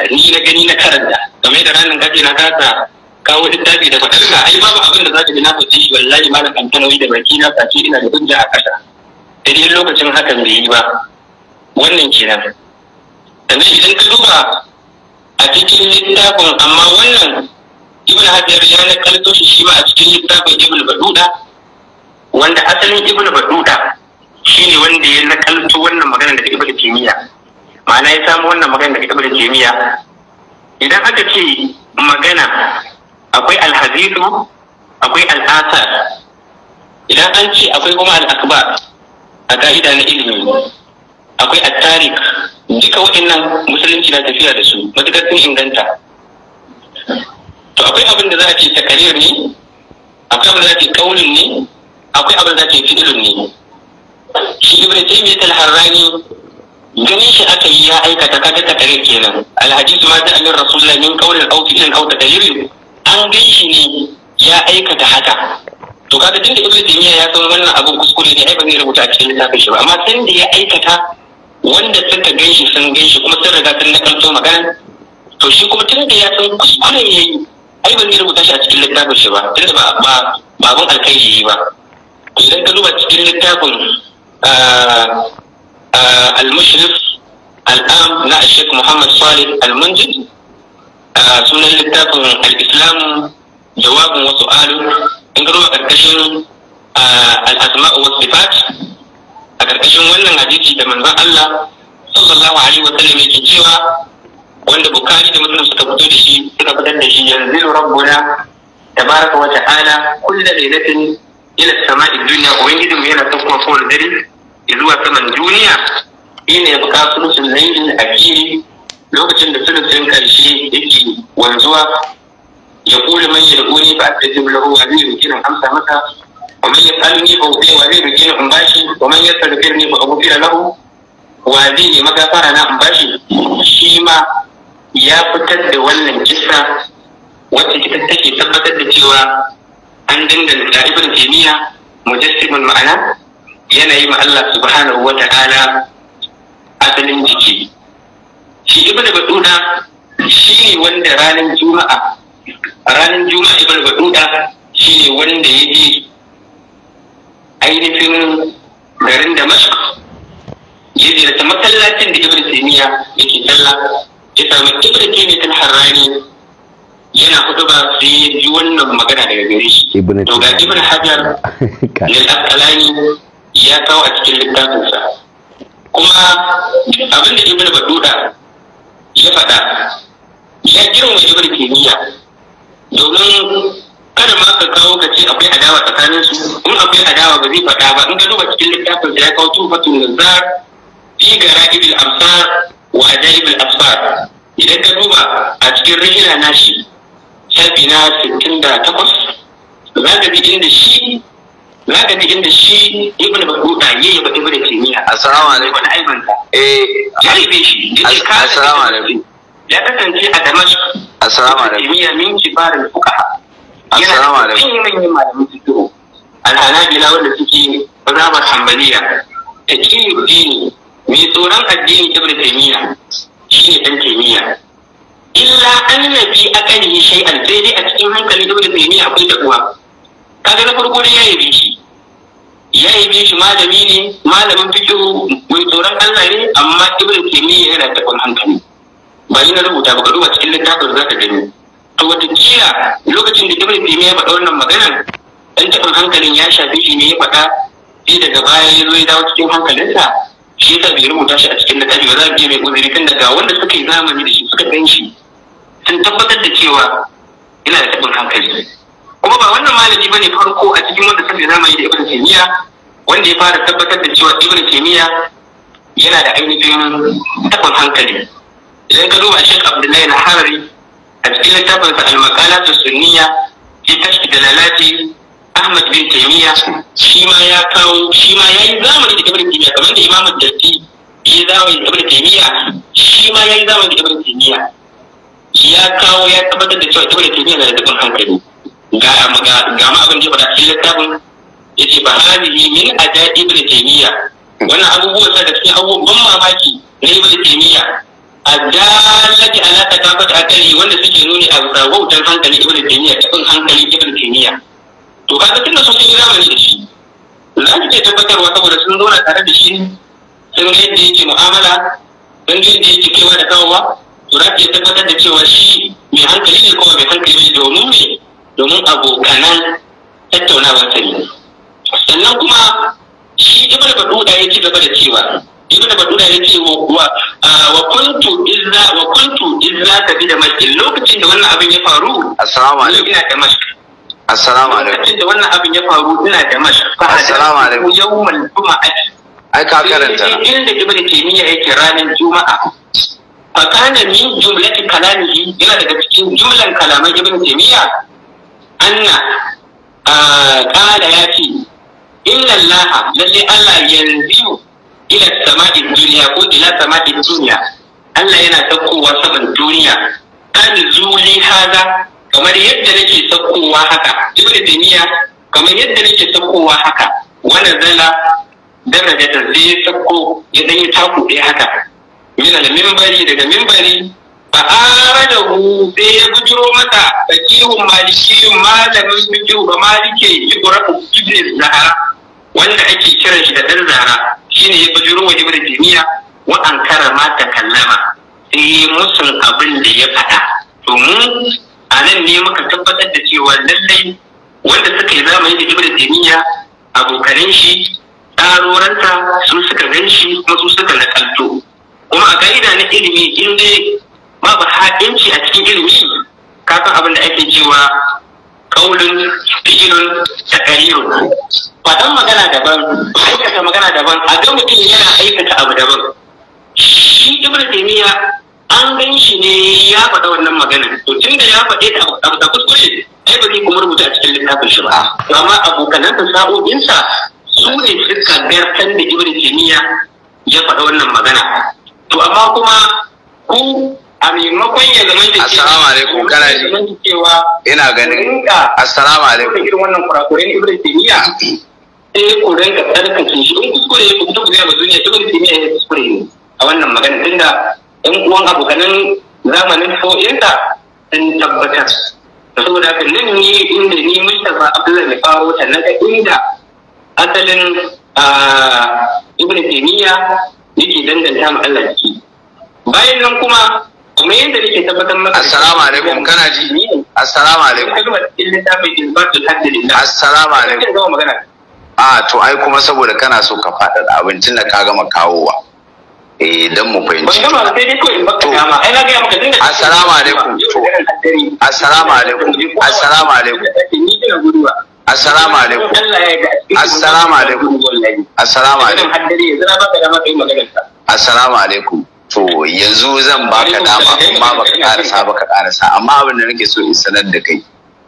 Speaker 3: ni na gani na karanta game da ranar gaje na kasa kawo littafi da faɗarka ai babu abin da za ka ji na faɗi wallahi malam kan talawi da baki na face ina da hujja a ƙasa da dai lokacin hakan bai yi ba wannan kenan sannan idan ka duba a cikin littafin amma wannan ibn hajar ya nakalto shi shi ma a cikin littafin ibn baduda wanda asalin ibn baduda shine wanda ya nakalto wannan magana daga ibn timiya ma'ana ya samu wannan magana daga ibn timiya idan aka ce magana akwai alhadithu akwai al'asar idan an ce akwai kuma al'akbar a ka'ida na ilimi akwai attarik duka waɗannan musulunci na tafiya da su matuƙar sun inganta to akwai abin da za a ce takarir ne akwai abin da za a ce kaunin ne akwai abin da za a ce fi'ilun ne shi ibn taymiyyah al-harrani Gani shi aka yi ya aikata kaga takarir kenan alhaji ma da amin rasulullah min qawlin aw fi'lin aw takarir an gan shi ne ya aikata haka to kaga tun da ibnu taymiya ya san wannan abin kuskure ne ai ba zai rubuta a cikin littafin shi ba amma tun da ya aikata wanda suka gan shi sun gan shi kuma sun riga sun nakalto magana to shi kuma tun da ya san kuskure ne yi ai ba zai rubuta shi a cikin littafin shi ba tun da ba ba abin alkhairi yi ba idan ka duba cikin littafin ah, ah, al-mushrif al-am na Sheikh Muhammad Salih al-Munjid sunan littafin al-islam jawabin wasu alu in garba karkashin al-asma'u wa sifat a karkashin wannan hadisi da manzon Allah sallallahu alaihi wa sallam yake cewa wanda bukari da muslim suka fito da shi suka fitar da shi yanzu rabbuna tabaraka wa ta'ala kullu lailatin ila sama'i dunya ubangijinmu yana saukowa kowane dare zuwa saman duniya Ina ya buƙa sulusun akiri lokacin da sulusin ƙarshe yake wanzuwa ya kula man ya kuli ba ta jin lahu wa zai rikina amsa maka, wa man ya kalni ba zai wa zai rikina in bashi wa man ya sarfir ni ba abu fira lahu wa zai ne fara na in bashi shi ma ya fitar da wannan kisa wacce ita take tabbatar da cewa an danganta ibn taymiya mujassimul ma'ana yana yi ma Allah subhanahu wa ta'ala asalin jiki shi ibn baduda shi ne wanda ranar juma'a ranar juma'a ibn baduda shi ne wanda ya je ainihin garin da mashi ya ziyarci masallacin da ibn taymiya yake sallah ya samu ibn taymiya kan harani, yana hutuba sai ya ji wannan magana daga gare shi
Speaker 1: to ga ibn hajar lil asqalani
Speaker 4: ya kawo a cikin littafinsa kuma abin da ibn baduda
Speaker 3: ya faɗa ya wani wani kimiyya domin kada ma ka kawo ka ce akwai adawa tsakanin su in akwai adawa ba zai faɗa ba in ka duba cikin littafin da ya kawo tufatul za fi gara al amsa wa ajaib al idan ka duba a cikin rihila nashi shafi na 68 za ka bi inda shi za ka ji inda shi ibn bakuta ya yi ba ibn assalamu alaikum aibin eh, ka eh jaribe shi assalamu alaikum ya kasance a damash assalamu alaikum taymiya min kibarin fuqaha assalamu alaikum yana da manyan malamin fiqh al-hanabila wanda suke mazhabar hanbaliya taqiyuddin mai tsoron addini ibn taymiya shine dan taymiya illa annabi akalihi shay'an sai dai a cikin hankali ibn taymiya akwai takwa kaga na farko dai ya yabe shi ya yi shi malami ne malamin fikihu mai tsoron Allah ne amma ibn taymiya yana da hankali ba ni na rubuta ba ka duba cikin littafin za gani to watakila lokacin da ibn taymiya ya faɗa wannan maganar
Speaker 4: dan taɓin hankalin ya shafi shi ne ya faɗa sai daga baya ya zo ya dawo cikin hankalinsa shi yasa bai rubuta shi a cikin littafi ba za a je mai uzuri tun daga wanda suka yi zamani da shi suka san shi sun tabbatar da cewa yana da taɓin hankali kuma ba wannan malami bane farko a cikin wanda suka zamani da ibn kimiyya, wanda ya fara tabbatar da cewa ibn kimiyya
Speaker 3: yana da ainihin tafin hankali idan ka duba shek abdullahi na harari a cikin littafinsa al ta sunniya fi kashfi dalalati ahmad bin taymiya shi ma ya kawo shi ma yayi zamani da ibn kimiyya kamar da imam ad-dasti ya zamani da ibn kimiyya shi ma yayi zamani da ibn kimiyya ya kawo ya tabbatar da cewa ibn kimiyya na da tafin hankali ga ma abin da cikin littafin ya ce ba hadhihi min ajaib ibn taymiya wannan abubuwan da cikin abubuwan mamaki na ibn alaƙa ta ala a akali wanda suke nuni a wautan hankali ibn taymiya tabin hankali ibn taymiya to kaga tunda sun yi zamani da shi za su iya tabbatarwa saboda sun zauna tare da shi sun ga yadda yake mu'amala sun ga yadda yake kewa da kawowa to za su iya tabbatar da cewa shi mai hankali ne kuma mai hankali ne domin me domin abokanan tattaunawar ta sannan kuma shi ibn baduda ya ci gaba da cewa ibn baduda ya ce wa wa kuntu izza wa kuntu izza ta bi da mashi lokacin da wannan abin ya faru assalamu alaikum ina da mashi assalamu alaikum lokacin da wannan abin ya faru ina da mashi assalamu alaikum yawmal juma'ati ai ka karanta inda ibn taymiya yake ranar juma'a fakana min jumlati kalamihi yana daga cikin jumlan kalaman ibn taymiya anna qala ya ce inna allaha lalle allah yanzu ila samadin duniya ko ila samadin duniya allah yana saukowa saman duniya an zuli haza kamar yadda nake saukowa haka ibn taymiya kamar yadda nake saukowa haka wannan zala daraja ta zai sauko ya dan taku ɗaya haka min al minbari daga minbari ba amanahu sai ya bujiro masa fakihun malikiyun malamin fikihu ba Maliki, ibrahim ibn zahara wanda ake kiran shi da ɗan zara shine ya bujiro wa ibn timiya wa ankara ma kallama sai musun abin ya faɗa to mu a nan ne muka tabbatar da cewa lallai wanda suka yi zamani da ibn timiya abokanin shi tsaroranta su suka gan kuma su suka nakalto kuma a ka'ida na ilimi in dai babu haɗinci a cikin ilimi kafin abin da ake cewa kaulun fi'ilun taqrirun fadan magana daban aikata magana daban a ga mutum yana aikata abu daban shi ibnu taymiya an gan shi ne ya faɗa wannan magana to tunda ya faɗe ta abu da kuskure ai ba zai kuma rubuta a cikin littafin shi ba to amma sa'o'in sa su ne suka gartan da ibnu taymiya ya faɗa wannan magana to amma kuma ku a maimakon ya zama da assalamu alaikum kana ji ina ganin assalamu alaikum irin wannan kurakuren ibn taymiya sai ku rinka tsarkake shi in kuskure ne ku duk zai ba duniya ibn taymiya ya kuskure ne a wannan magana tunda ɗan uwan abokanan zamanin fo'insa sun tabbatar saboda haka nan ni inda ni Mustapha Abdullahi na faro ta naga inda asalin Ibrahim Taymiyyah yake danganta ma Allah ciki bayan nan kuma kuma yadda nake tabbatar maka assalamu alaikum kana
Speaker 1: ji assalamu alaikum kuma cikin littafin assalamu a to ai kuma saboda kana so ka faɗa abincin da ka gama kawowa eh dan mu fahimci to assalamu alaikum assalamu alaikum ni guduwa assalamu alaikum to yanzu zan baka dama amma baka karasa baka karasa amma abin da nake so in sanar da kai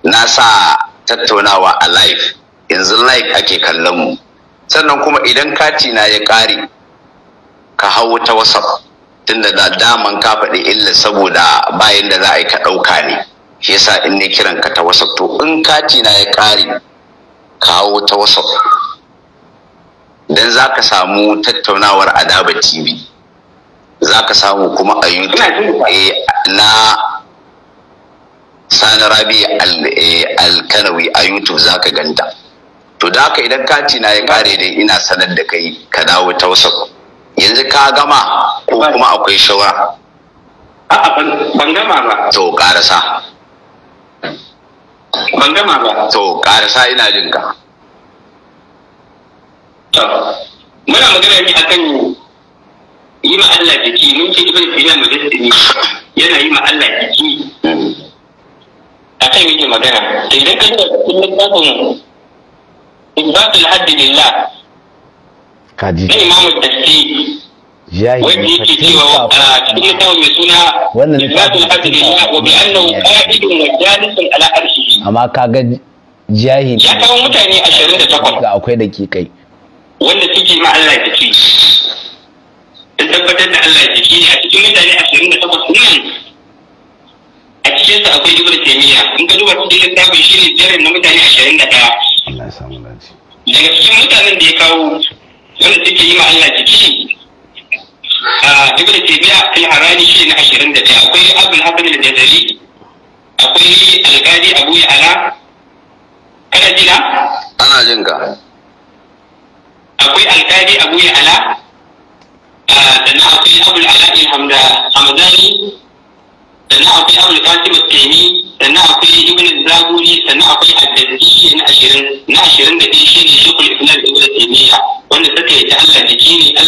Speaker 1: na sa tattaunawa a live yanzu live ake kallon mu sannan kuma idan kati na ya kare ka hau ta whatsapp tunda da daman ka faɗi illa saboda bayan da za a yi ka ɗauka ne shi yasa in ne kiran ka ta whatsapp to in kati na ya kare ka hau ta whatsapp dan za ka samu tattaunawar adaba tv za ka samu kuma a youtube eh, na sani rabi eh, alkanawi a youtube za ka ganta to da ka idan kati na ya kare dai ina sanar da kai ka dawo ta wasu yanzu ka gama ko kuma akwai shawara a'a ban gama ba to karasa ban gama ba to karasa ina jin ka muna magana ne akan yi
Speaker 3: ma Allah jiki mun ce ibn Sina mujassimi yana yi ma Allah jiki a kan yake magana to idan ka duba cikin littafin Ibadatul Haddi Lillah
Speaker 1: kaji na Imam
Speaker 3: Tassi wanda yake cewa a cikin littafin mai suna Ibadatul Haddi Lillah wa bi annahu qa'idun wa jalisun ala
Speaker 1: arshihi amma kaga jahili ya kawo mutane 28 ga akwai dakikai wanda suke ma Allah jiki sun tabbatar da Allah shi ne a cikin mutane ashirin da takwas nan a cikin sa akwai ibn taymiya in ka duba cikin littafin
Speaker 3: shi ne jerin na mutane ashirin da ɗaya daga cikin mutanen da ya kawo wanda suke yi ma Allah jiki a ibn taymiya al-harani shi na ashirin da ɗaya akwai abul hasan al-jazari akwai alƙadi abu ya'ala kana jina ana jin ka akwai alƙadi abu ya'ala دنا آه، في أول علاج الحمد حمداني دنا في أول قاسم التيمي دنا في ابن الزابوري دنا في الدنسي ناشرن ناشرن بديشين شوق الإبن الأولى التيمية وأن ستي تألا
Speaker 1: تجيني ألا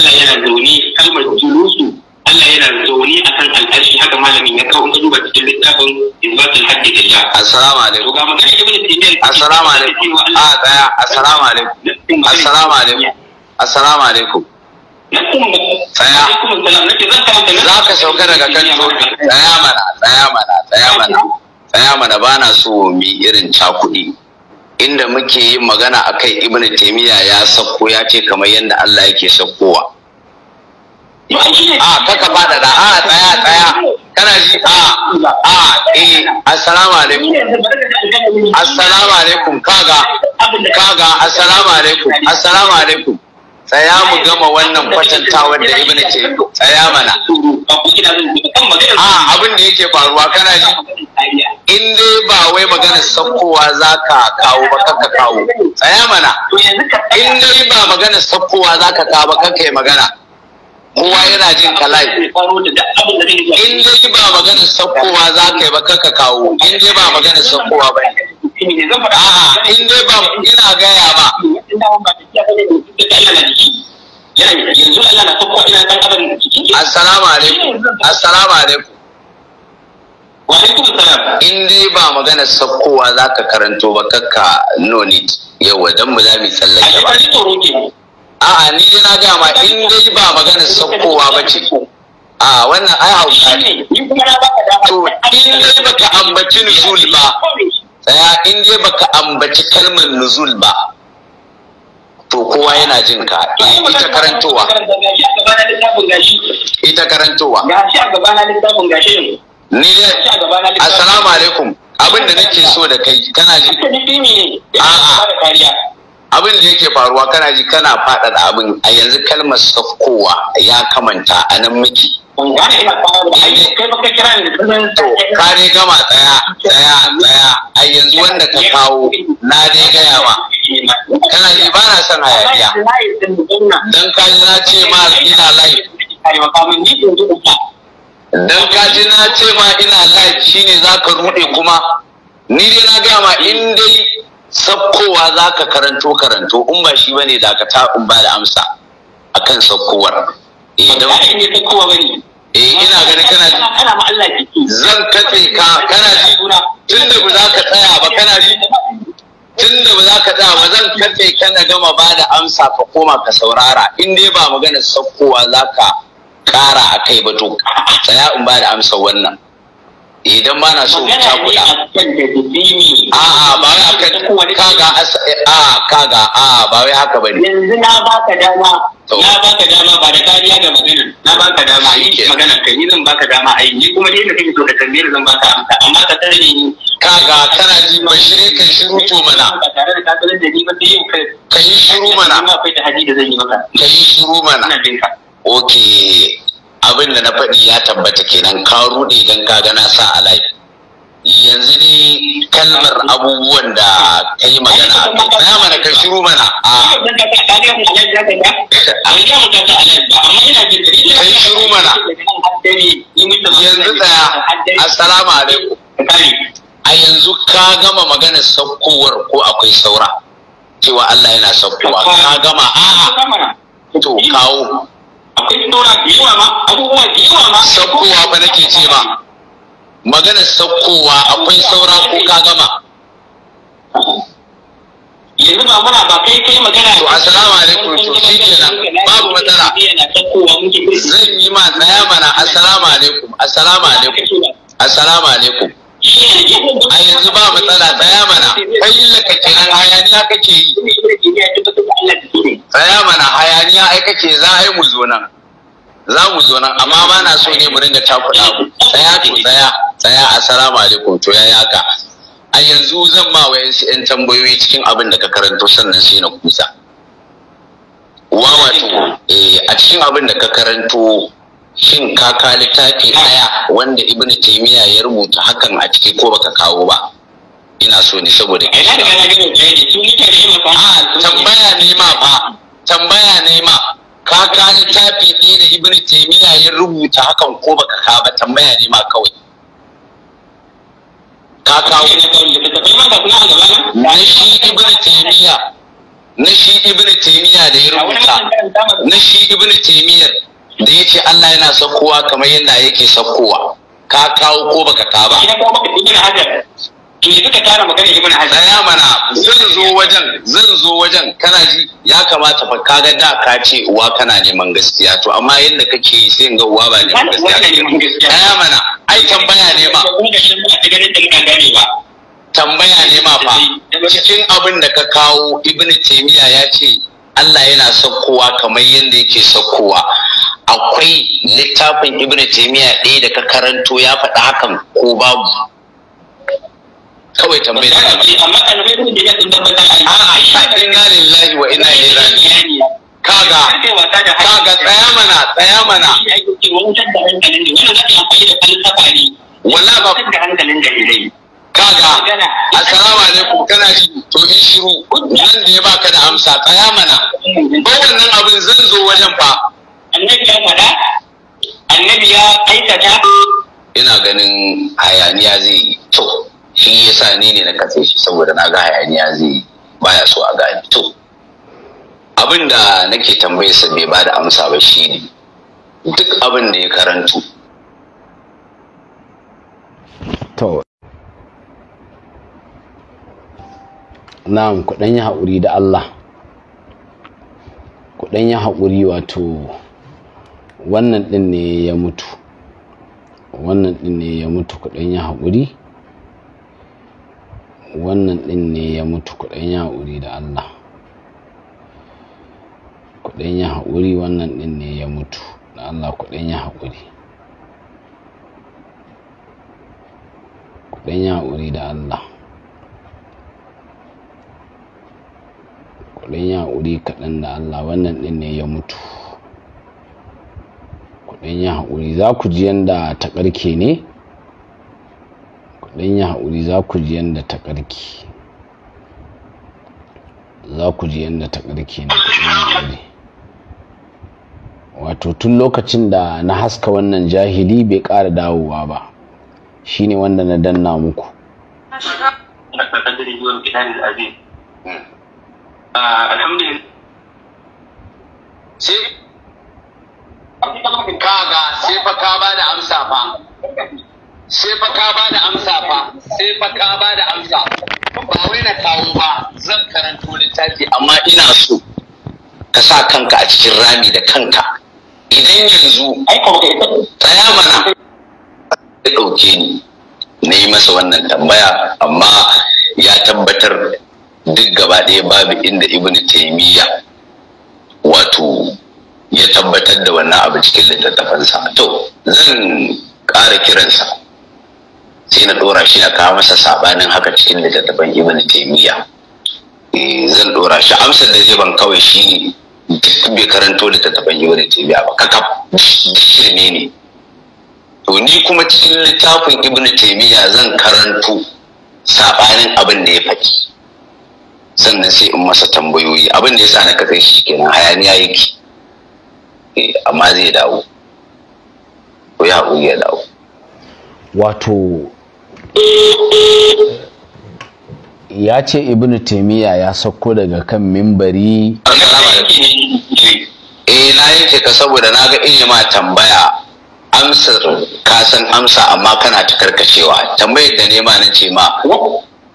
Speaker 1: السلام عليكم السلام عليكم السلام عليكم السلام عليكم السلام عليكم tsaya za ka sauka daga kan
Speaker 3: tobi tsaya mana
Speaker 1: tsaya mana tsaya mana tsaya mana ba na so mu irin cakuɗi inda muke yin magana akai ibnu taymiya ya sakko ya ce kamar yadda Allah yake sakkowa a ah, kaka fada da a ah, tsaya tsaya kana ji a ah, a eh assalamu alaikum assalamu alaikum kaga kaga assalamu alaikum assalamu alaikum tsaya mu gama wannan kwatantawar da ibn ce tsaya mana ah, abin da yake faruwa kana ji in dai ba wai magana sakkowa za ka kawo ba kanka kawo tsaya mana in dai ba magana sakkowa za ka kawo ba kanka yi magana
Speaker 3: kowa yana jin kalai in dai ba maganar saukowa za ka yi ba kaka kawo in dai ba maganar saukowa ba a'a in dai ba ina gaya ba yanzu
Speaker 1: assalamu alaikum assalamu alaikum wa alaikum in dai ba maganar saukowa za ka karanto ba kaka no need yawa dan mu za mu tsallake ba a'a ni na ga ma in dai ba magana saukowa ba ce
Speaker 3: a wannan ai hausa ne to in dai baka ambaci
Speaker 1: nuzul ba tsaya in dai baka ambaci kalmar nuzul ba to kowa yana jin ka eh, ita karantowa ita karantowa ni dai assalamu alaikum abinda nake so da kai kana ji a'a abin da yake faruwa kana ji kana faɗaɗa abin a yanzu kalmar safkowa ya kamanta a nan miki eh.
Speaker 3: Kare gama tsaya tsaya tsaya a yanzu wanda ka kawo na dai gaya ma kana ji ba na son hayaniya dan ka ji na ce ma ina layi. dan
Speaker 1: ka ji na ce ma ina ne shine ka rude kuma ni dai na gama in dai sakkowa za ka karanto karanto in ba shi bane da ka in ba da amsa akan sakkowar eh don bane eh ina ganin kana kana ma Allah zan katse ka kana ji tunda ba za ka tsaya ba kana ji tunda ba za ka tsaya ba zan katse kana gama ba da amsa ka koma ka saurara in dai ba magana sakkowa za ka kara a kai ba to tsaya in ba da amsa wannan idan eh, ba na so ta kula, a'a ba kaga a kaga a ba wai haka bane yanzu na baka dama na baka dama ba da kariya da magana na baka dama yi magana ka yi zan baka dama ai ni kuma dai da kake so ka tambaye zan baka amsa amma ka tare ni
Speaker 3: kaga kana ji bashiri kai shiru to mana Ba tare da kakalin da ni ba sai yau ka
Speaker 1: yi shiru mana ina akwai tahadi da zan yi maka ka yi shiru mana ina jinka okay abin da na faɗi ya tabbata kenan ka rude idan ka ga na sa a live yanzu dai kalmar abubuwan da ka yi magana a kai na mana ka shiru mana a kai shiru mana yanzu tsaya assalamu alaikum a yanzu ka gama magana saukowar ko akwai saura cewa Allah yana saukowa ka gama
Speaker 6: a
Speaker 1: to kawo akwai saura da yawa ma
Speaker 3: abubuwa da yawa ma saukowa ba nake ce ba maganar saukowa akwai saura ko ka gama yanzu ba muna ba kai kai magana to assalamu alaikum to shikenan babu matsala
Speaker 1: zan yi ma tsaya mana assalamu alaikum assalamu alaikum assalamu alaikum
Speaker 3: a
Speaker 1: yanzu ba matsala tsaya mana kai laka kenan hayaniya kake yi tsaya mana hayaniya ai kake za a yi mu zo nan za mu zo nan amma ba na so ne mu ringa takura mu tsaya to tsaya tsaya assalamu alaikum to yayi haka a yanzu zan ma wa yansu yan tambayoyi cikin abin da ka karanto sannan sai na kusa wa wato eh, a cikin abin da ka karanto shin ka ka littafi ɗaya wanda ibn taymiya ya rubuta hakan a ciki ko baka kawo ba ina so ne saboda a ah, tambaya ne ma fa tambaya ne ma ka ka littafi ne da ibn taymiya
Speaker 3: ya rubuta hakan ko baka ka ba tambaya ne ma kawai
Speaker 1: ka kawo na shi ibn taymiya na shi ibn taymiya da ya rubuta na shi ibn taymiya da ya ce Allah yana saukowa kamar yadda yake saukowa ka kawo ko baka ka ba to yanzu ka tara magana ibn hazm ya mana zan zo wajen zan zo wajen kana ji ya kamata fa kaga da ka ce uwa kana neman gaskiya to amma yanda kake sai ga uwa ba neman gaskiya ya mana ai tambaya ne ma tambaya ne ma fa eh, cikin abin da ka kawo ibn taymiya ya ce Allah yana saukowa kamar yadda yake saukowa akwai littafin ibn taymiya ɗaya da ka karanto ya faɗa hakan ko babu kawai tambayi da amma kalmai kun da sun tabbatar a'a sha inna lillahi wa inna ilaihi raji'un kaga kaga tsaya mana tsaya mana
Speaker 3: wallahi ba ku hankalin da ilai kaga assalamu alaikum kana ji to in shiru nan ne ya baka da amsa tsaya mana ba wannan abin zan zo wajen fa annabi ya faɗa annabi ya aikata ina ganin hayaniya zai yi to
Speaker 1: shi sa ni ne na katse shi saboda na ga hayaniya zai baya so a gane to abin da nake tambayarsa bai ba da amsa ba shi ne duk abin da ya karantu to na'am kudan ya haƙuri da Allah kudan ya haƙuri wato wannan din ne ya mutu wannan din ne ya mutu kudan ya haƙuri wannan ɗin ne ya mutu kuɗin ya haƙuri da Allah kuɗin ya haƙuri wannan ɗin ne ya mutu da Allah kuɗin ya haƙuri kuɗin ya haƙuri da Allah kuɗin ya haƙuri kaɗan da Allah wannan ɗin ne ya mutu kuɗin ya haƙuri za ku ji yadda ta ƙarke ne dan yi haƙuri za ku ji yadda ta ƙarki za ku ji yadda ta ƙarki na wato tun lokacin da na haska wannan jahili bai ƙara dawowa ba shine wanda na danna muku
Speaker 3: sai ka ga
Speaker 1: sai fa ka ba da amsa fa sai fa ka ba da amsa fa sai fa ka ba amsa ba wai na kawo ba zan karanto littafi amma ina so ka sa kanka a cikin rami da kanka idan yanzu tsaya mana ya ɗauke ni na yi masa wannan tambaya amma ya tabbatar duk gaba ɗaya babu inda ibn taimiyya wato ya tabbatar da wannan abu cikin littattafansa to zan ƙara kiransa sai na dora shi na kawo masa sabanin haka cikin littattafan ibn taymiya eh, zan dora shi amsar da zai ban kawai shi ne, duk bai karanto littattafan ibn taymiya ba kaka shirme ne to ni kuma cikin littafin ibn taymiya zan karanto sabanin abin da ya faɗi sannan sai in masa tambayoyi abin da ya sa na kafe shi kenan hayaniya yake eh, amma zai dawo ko ya ya dawo wato ya ce Ibn taimiyya ya sauko daga kan mimbari E, na yanke ka saboda na ga in ma tambaya amsar ka san amsa amma kana ta karkacewa tambayar da nema na ce ma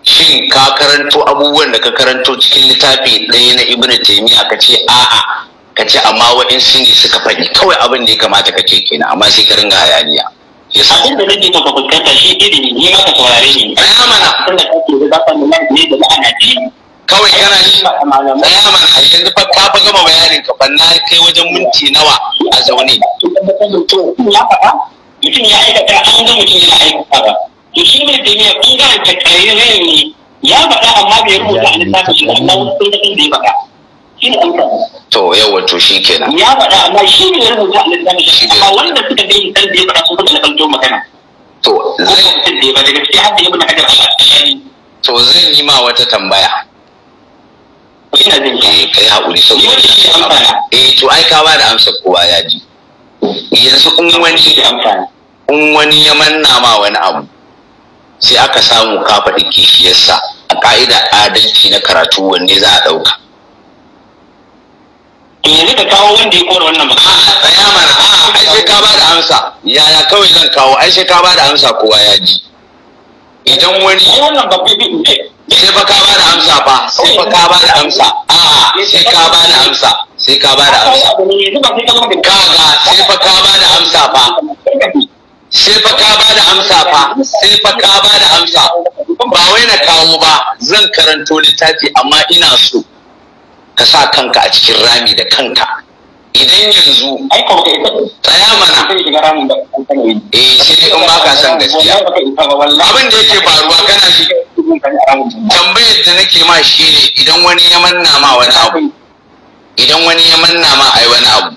Speaker 1: shin ka karanto abubuwan da ka karanto cikin littafi ɗaya na Ibn taimiyya ka ce a'a ka ce amma waɗansu ne suka faɗi kawai abin da ya kamata ka ce kenan amma sai ka ringa hayaniya abin da nake so ka fuskanta shi ilimi ni ma ka saurare ni tsaya
Speaker 3: mana tunda ka ce za ka nuna ne da ana ji kawai kana ji tsaya mana yanzu fa ka fa gama bayanin ka na kai wajen minti nawa a zaune
Speaker 2: mutum
Speaker 3: ya faɗa mutum ya aikata an ga mutum yana aikata ba to shi ne da ya kun ga ta kai ne ya faɗa amma bai rubuta a lissafin shi amma wasu sun da ya faɗa to yau wato shi kenan ya faɗa amma shi ne ya rubuta a littafin shi amma wanda suka ga yin da ya faɗa sun faɗa kalbi magana to zai yi ba daga cikin hadda ibn hajar
Speaker 1: to zan yi ma wata tambaya ka eh, kai haƙuri saboda eh to ai ka ba da amsa kowa ya ji yanzu in wani in wani ya manna ma wani abu sai aka samu ka faɗi kishiyarsa a ƙa'ida adalci na karatu wanne za a ɗauka
Speaker 3: yanzu ka kawo wanda ya kora wannan magana tsaya mana ai sai ka bada
Speaker 1: amsa yaya kawai zan kawo ai sai ka bada amsa kowa ya ji idan wani sai fa ka bada amsa ba sai fa ka bada amsa a sai ka bada amsa sai ka bada amsa kaga sai fa ka
Speaker 3: bada amsa fa sai fa ka bada amsa fa sai fa ka bada amsa
Speaker 1: ba wai na kawo ba zan karanto littafi amma ina so ka sa kanka a cikin rami da kanka idan yanzu tsaya mana eh sai dai in baka san gaskiya abin da yake faruwa kana shi tambayar da nake ma shi ne idan wani ya manna ma wani abu idan wani ya manna ma ai wani abu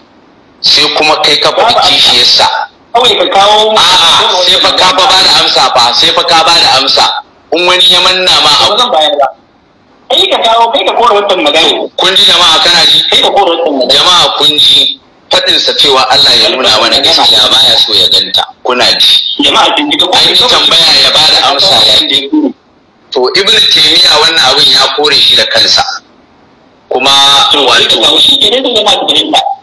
Speaker 1: sai kuma kai ka faɗi kishiyarsa a'a sai fa ka ba da amsa fa sai fa ka ba da amsa in wani ya manna ma abu kai ka kawo kai ka kora wannan magana kun ji jama'a kana ji kai ka kora wannan magana jama'a kun ji faɗinsa cewa Allah ya nuna mana gaskiya baya so ya ganta kuna ji jama'a kun ji ka tambaya ya da amsa ya to ibn taymiya wannan abin ya kore shi da kansa kuma wato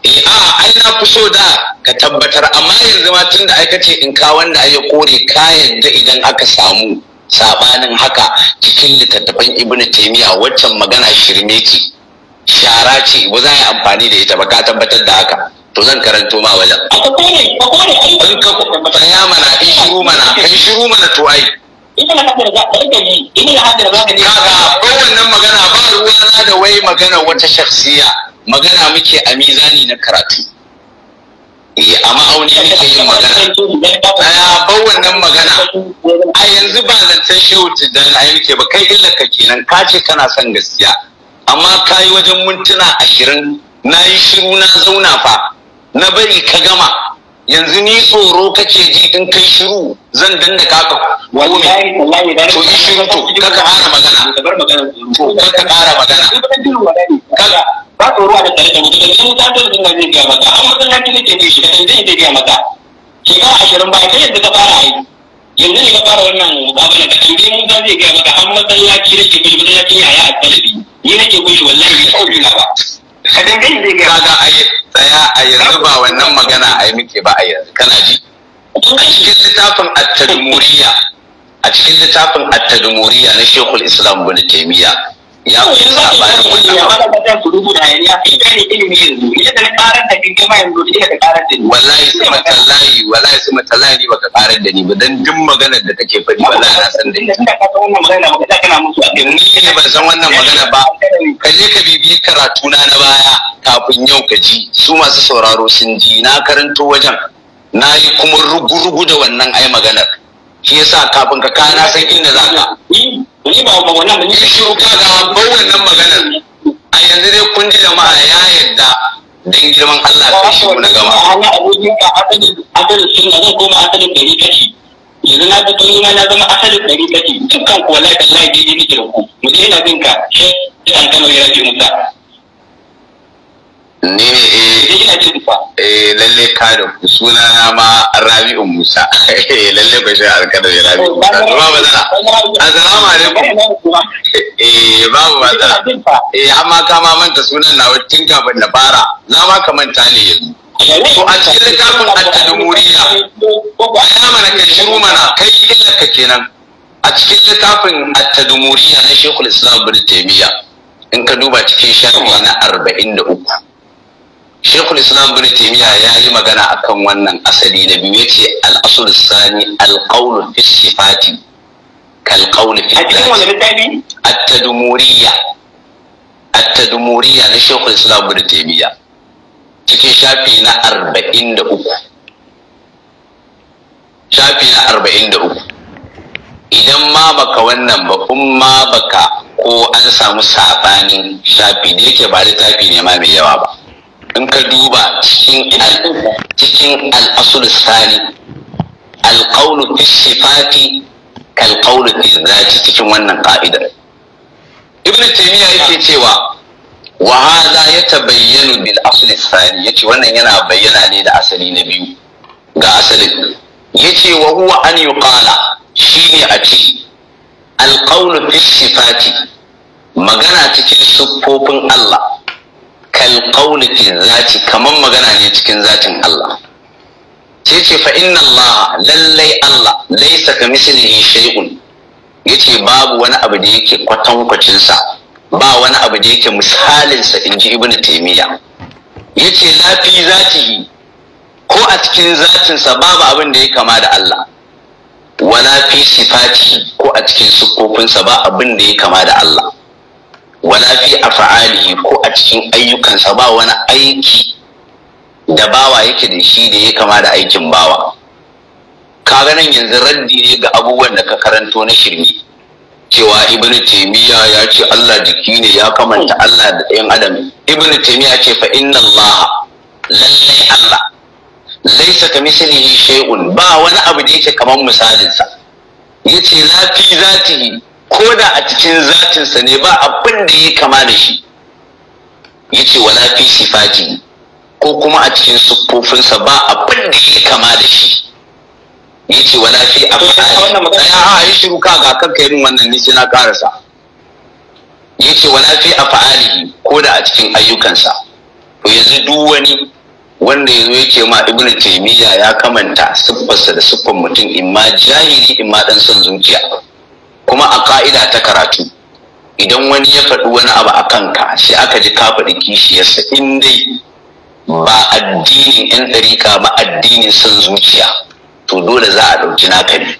Speaker 1: eh a ai na fi so da ka tabbatar amma yanzu ma tunda ai kace in ka wanda ai ya kore kayan yadda idan aka samu sabanin haka cikin littattafan ibnu taymiya waccan magana shirme ce shara ce ba za yi amfani da ita ba ka tabbatar da haka to zan karanto ma wajen
Speaker 3: in ka mana in shiru mana in shiru mana to ai kaga wannan
Speaker 1: magana ba ruwana da wai magana wata shafsiya magana muke a mizani na karatu Eh, a ma'auni ke yin magana a ba wannan magana a yanzu ba zancen shehu da a muke ba kai illa ka kenan ka ce kana son gaskiya amma ka yi wajen mintuna ashirin na yi shiru na zauna fa na bari ka gama yanzu
Speaker 3: ni tsoro kake ji in kai shiru zan danna kaka wallahi wallahi da to shiru to kaka ana magana ka bar magana to kaka ƙara
Speaker 4: magana kaga
Speaker 3: ba tsoro a da tare da mutum in ta da dinga zai ga maka amma dan nake nake ji shi dan zai ga maka shekara ashirin ba kai yanzu ka fara aiki yanzu ne ka fara wannan babana da kan mun ba zai ga maka amma dan laki nake gudu dan laki yaya a kalbi ni nake gudu wallahi ni kawai ba
Speaker 1: kaga a tsaya a yanzu ba wannan magana a yi muke ba a yanzu kana ji a cikin littafin at a cikin littafin at na Sheikhul Islam Ibn taimiyya yau in za ku bani wannan
Speaker 3: amma da kasan ku rubu da yariya kai da ni ilimi yanzu ina da na karar da kin ma yanzu da ka karar da ni wallahi sai matallahi wallahi sai matallahi ni baka karar da ni ba dan duk maganar da take faɗi wallahi na san da ni tunda ka san
Speaker 1: wannan magana ba kana musu akai ni ne ban san wannan magana ba ka je ka bibiyi karatu na na baya kafin yau ka ji su masu sauraro sun ji na karanto wajen na yi kuma rugu-rugu da wannan ai maganar shi yasa kafin ka kana san inda za ka ni ba ba wannan ni shiru kaga ba wannan maganar a yanzu dai
Speaker 3: kun ji jama'a ya yadda dan girman Allah ta shi mun gama Allah abokin ka asali asali sunna zan koma asali dari kashi yanzu na ga tuni na zama asali dari kashi dukkan ku wallahi billahi dai ni kira ku mu je ina jin ka sai an kana ya ji musa
Speaker 1: Ni ne eh, eh lalle kadam suna na ma Rabi'u Musa. Eh, lalle ba shi alkadar ya Rabi'u Musa. Ba ba zana. Assalamu alaikum. Eh babu ba zana. Eh amma ka ma manta sunan na tun kafin na fara. Na ma ka manta ne yanzu. To a cikin littafin at-tadmuriya. Ya mana kai shiru mana kai illa ka kenan. A cikin littafin at-tadmuriya na Sheikhul Islam Ibn Taymiyyah. In ka duba cikin sharhi na arba'in da uku. shekul islam bin taimiya ya yi magana akan wannan asali na biyu yace al-asul sani al-qawlu fi sifati kal qawli fi at-tadmuriyya at-tadmuriyya na shekul islam bin taimiya cikin shafi na 43 shafi na 43 idan ma baka wannan ba umma baka ko an samu sabanin shafi da yake ba littafi ne ma mai yawa ba in ka duba cikin al'asul sani alƙaunu fi kalƙaunu fi cikin wannan ka'idar ibn taymiya yake cewa wa ya yatabayyanu bil asli sani yace wannan yana bayyana ne da asali na biyu ga asalin yace wa huwa an yuqala shine a ciki alƙaunu fi magana cikin siffofin Allah kalqauli fi zati kaman magana ne cikin zacin Allah sai ce fa inna Allah lallai Allah laisa ka mislihi shay'un yace babu wani abu da yake kwacin sa ba wani abu da yake misalin sa inji ibnu taymiya yace lafi zatihi ko a cikin zatinsa babu abin da ya kama da Allah wala fi sifati ko a cikin siffofinsa ba abin da ya kama da Allah wala fi af'alihi ko a cikin ayyukansa ba wani aiki da bawa yake da shi da ya kama da aikin bawa kaga nan yanzu raddi ne ga abubuwan da ka karanto na shirme cewa ibnu taymiya ya ce Allah jiki ne ya kamanta Allah da ɗayan adam ibnu taymiya ce fa inna Allah lallai Allah laisa ka mislihi shay'un ba wani abu da yake kamar misalinsa yace lafi fi zatihi ko da a cikin zatinsa ne ba abin da ya kama da shi ya ce wala fi sifati ko kuma a cikin siffofinsa ba abin da ya kama da shi ya ce wala fi afali a yi shiru ka ga kanka wannan ni sai na karasa ya ce wala fi afali ko da a cikin ayyukansa to yanzu duk wani wanda yanzu yake ma ibn taymiya ya kamanta siffarsa da siffar mutum imma jahili imma dan son zuciya kuma a ka'ida ta karatu idan wani ya faɗi wani abu a kanka sai aka ji ka faɗi kishiyarsa in dai ba addinin yan ɗarika ba addinin son zuciya to dole za a ɗauki naka ne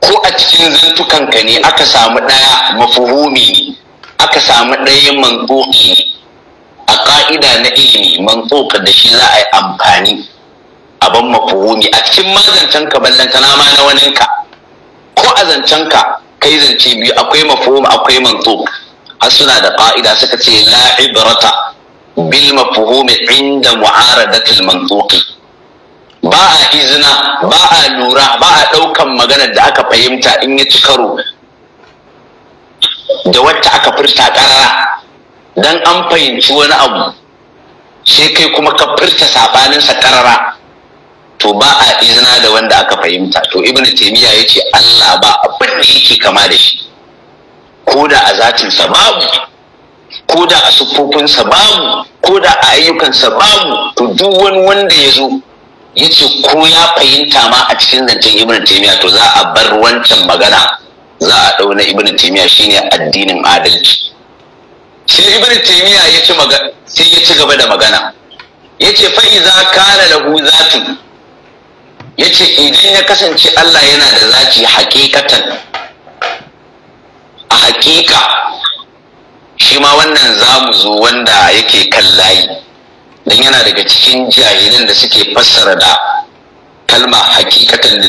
Speaker 1: ko a cikin zantukanka ne aka samu ɗaya mafuhumi ne aka samu ɗaya mantoki ne a ƙa'ida na ilimi mantoka da shi za a yi amfani abin mafuhumi a cikin mazantanka ka ballantana ma na waninka ko a zancen ka kai zance biyu akwai mafhum akwai manzo har suna da fa'ida suka ce la ibrata bil mafhum inda mu'aradatil mantuqi ba a izina ba a lura ba a daukan maganar da aka fahimta in ya ci karo da wacce aka furta karara dan an fahimci wani abu sai kai kuma ka furta sa karara to ba a izina da wanda aka fahimta to ibn taymiya yace Allah ba abin da yake kama da shi ko da a sa babu ko da a siffofinsa babu ko da a ayyukansa babu to duk wani wanda ya zo ya ce ko ya fahimta ma a cikin zancen ibn taymiya to za a bar wancan magana za a ɗau na ibn taymiya shine addinin adalci sai ibn taymiya ya ci sai ya ci gaba da magana yace fa iza kana lahu zatin. ya ce idan ya kasance Allah yana da zaki hakikatan a hakika shi ma wannan zamu zo wanda yake kan layi don yana daga cikin jahilin da suke fassara da kalma hakikatan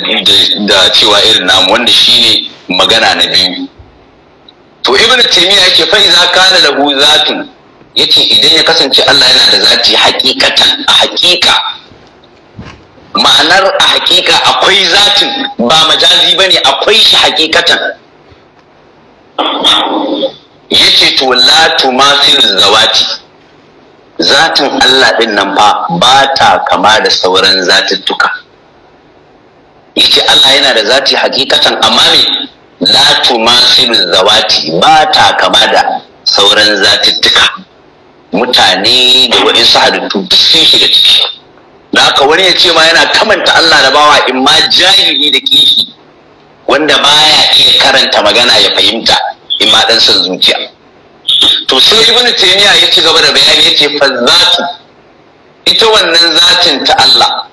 Speaker 1: da cewa irin namu wanda shi ne magana na biyu to ibnu taymiya yake fa iza kana lahu zatun yace idan ya kasance Allah yana da zaci hakikatan a hakika ma'anar a hakika akwai zatin ba majazi bane akwai shi hakikatan yace to la tumathilu zawati zatin Allah din nan fa ba ta kama da sauran zatuttuka yace Allah yana da zati hakikatan amma me la tumathilu zawati ba ta kama da sauran zatuttuka mutane da waɗansu halittu duk sun shiga ciki da haka wani ya ce ma yana kamanta Allah da bawa in ma jahili da kishi wanda baya iya karanta magana ya fahimta in ma dan san zuciya to sai ibn taymiya ya ci gaba da bayani yace fa zati, ita wannan zatin ta Allah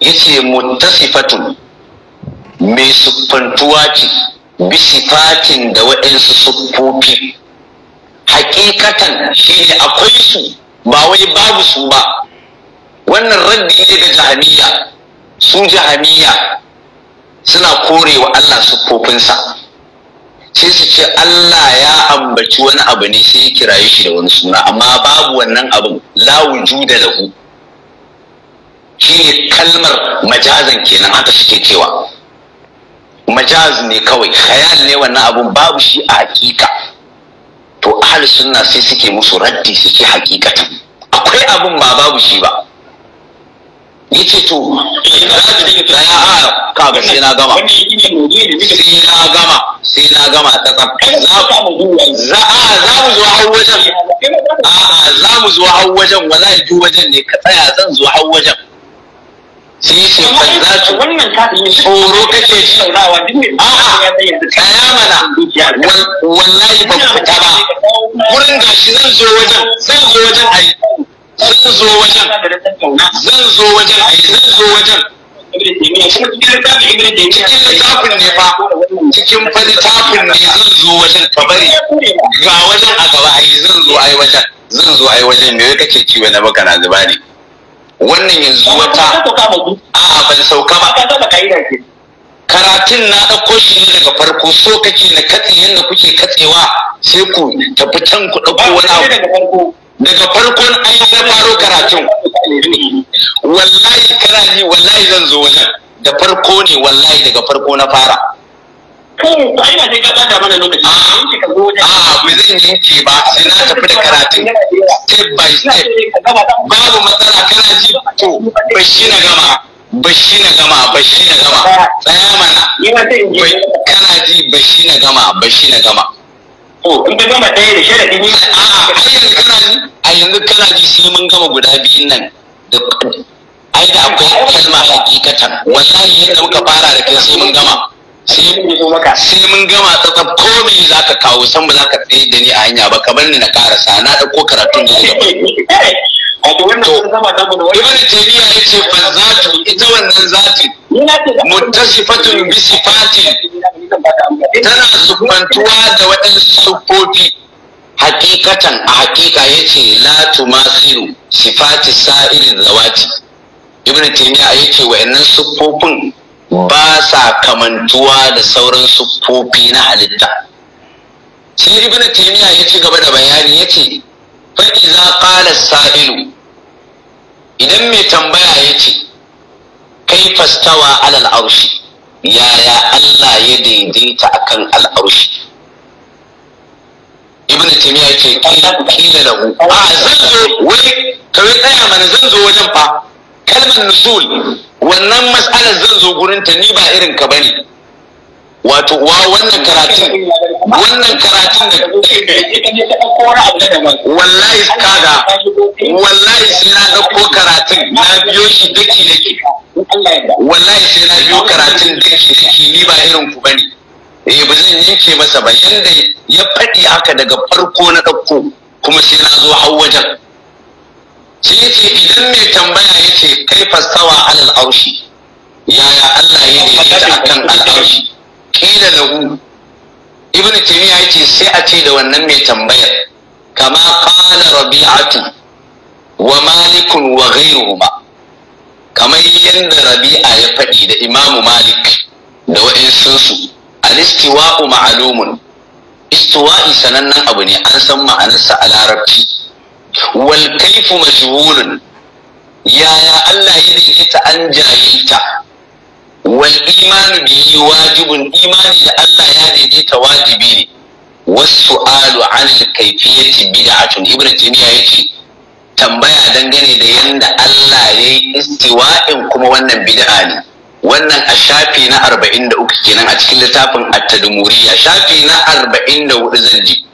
Speaker 1: yace muttasifatu mai siffantuwa ce bisifatin da waɗansu siffofi hakikatan ne akwai su ba wai babu su ba wannan raddi ne da jahamiya su jahamiya suna korewa Allah siffofinsa sai su ce Allah ya ambaci wani abu ne sai ya kiraye shi da wani suna amma babu wannan abin la wujuda lahu shine kalmar majazan kenan haka suke cewa majaz ne kawai khayal ne wannan abu. babu shi a hakika to ahli sunna sai suke musu raddi suke hakikatan akwai abun ba babu shi ba yace to ibrahim ya ara ka ga sai na gama sai na gama sai na gama ta tsaf
Speaker 3: za mu za a za mu zuwa har wajen a za mu zuwa har wajen wallahi wajen ne ka tsaya zan zuwa har wajen sai yace ban za ta wannan tsoro kake ji a a tsaya mana wallahi ban fita ba gurin gashi zan zo wajen zan zo wajen a yi. zan zo wajen zan zo wajen ayi. zan zo wajen
Speaker 1: cikin littafin ne fa cikin fa littafin ne zan zo wajen ka bari ga wajen a gaba ayi zan zo ai wajen zan zo ai wajen me kake ciwo na baka na zuba ne wannan yanzu wata a ban sauka ba karatun na ɗauko shi ne daga farko
Speaker 3: so kake na katse yadda kuke katsewa sai ku tafi can ku ɗauko wani
Speaker 1: abu daga farkon an yi faro karatun wallahi kana ni wallahi zan zo wajen da farko ne wallahi daga farko na fara A'a,
Speaker 3: ba zan yanke ba sai na tafi da karatun step by step babu matsala kana ji to bashi na gama bashi na gama bashi na gama tsaya mana
Speaker 6: kana ji
Speaker 1: bashi na gama bashi na gama to in bai gama ɗaya da sharadi ne a yanzu kana a yanzu kana ji sai mun gama guda biyun nan da
Speaker 3: ai da akwai
Speaker 1: kalma hakikatan wallahi yadda muka fara da kai sai mun gama sai mun gama tsatsab ko me za ka kawo san ba za ka tsaye da ni a hanya ba kamar ni na karasa na ɗauko karatun da ya gaba wato wannan falsafa ce mu da wani yace
Speaker 3: fa ita wannan zati muttasifatun bi sifati
Speaker 1: eh, tana sufantuwa da waɗansu sufofi hakikatan a hakika yace la tumasilu sifati sa'irin zawati ibn taymiya yace waɗannan sufofin ba sa kamantuwa da sauran sufofi na halitta sai ibn taymiya ya ci gaba da bayani yace fa'iza ƙala sa'ilu idan mai tambaya ya ce kai fastawa alal arshi yaya Allah ya daidaita akan al'arshi ibn taymiya yace kila lahu
Speaker 3: a zan zo wai kawai tsaya mana zan zo wajen fa kalmar nuzul
Speaker 1: wannan mas'alar zan zo gurin ni ba irin ka bane wato wa wannan karatun wannan karatun da wallahi
Speaker 3: kaga wallahi sai na dauko karatun na biyo shi daki daki
Speaker 1: wallahi sai na biyo karatun daki daki ni ba irin ku bane eh ba zan yanke masa ba yanda ya faɗi haka daga farko na dauko kuma sai na zo hau wajen sai yace idan mai tambaya yace kai fasawa alal aushi yaya Allah ya daidaita akan al'arshi kila lahu ibn taymiya yace sai a ce da wannan mai tambayar kama qala rabi'atu wa malikun wa ghayruhuma kamar yadda rabi'a ya faɗi da imamu malik da wa'insunsu alistiwa'u ma'alumun istiwa'i sanannen abu ne an san ma'anarsa a larabci wal kaifu majhulun yaya Allah ya daidaita an jahilta wal imanu yi wajibin imani da Allah ya daidaita wajibi ne wasu alu an kaifiyati Ibrahim ibn ya ce. tambaya dangane da yanda Allah ya yi istiwa'in kuma wannan bid'a ne wannan a shafi na uku kenan a cikin littafin at-tadmuriyya shafi na 44 zan ji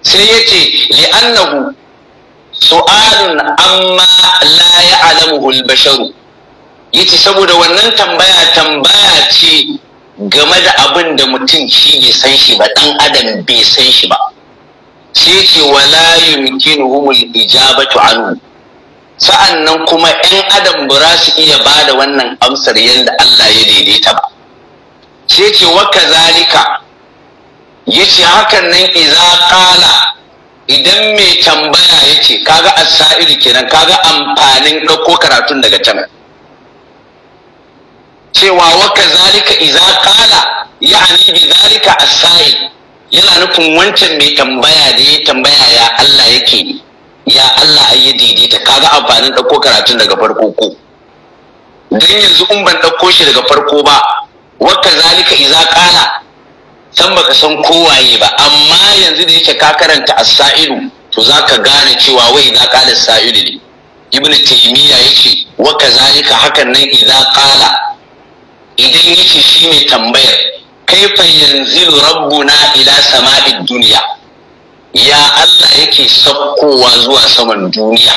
Speaker 1: sai yace li'annahu su'alun amma la ya'lamuhu al-basharu yace saboda wannan tambaya tambaya ce game da abin da mutum shi bai san shi ba dan adam bai san shi ba sai yace wala yumkinuhumul ijabatu anhu sa'annan kuma 'yan adam ba za su iya ba da wannan amsar yadda Allah ya daidaita ba sai ce wa zalika ya hakan nan iza qala idan mai tambaya yace ce kaga asa'ir kenan kaga amfanin ɗauko karatun daga can cewa waka zalika idza qala ya'ni bi zalika asai yana nufin wancan mai tambaya da ya tambaya ya Allah yake ya Allah ai daidaita kaga amfanin ɗauko karatun daga farko ko dan yanzu in ban ɗauko shi daga farko ba waka zalika iza ƙala san baka san kowaye ba amma yanzu da yake ka karanta asailu to zaka gane cewa wai na ƙala sailu ne ibnu taymiya yace waka zalika hakan nan iza ƙala idan yake shi ne tambayar kaifa yanzu rabbuna ila sama'id duniya ya Allah yake saukowa zuwa saman duniya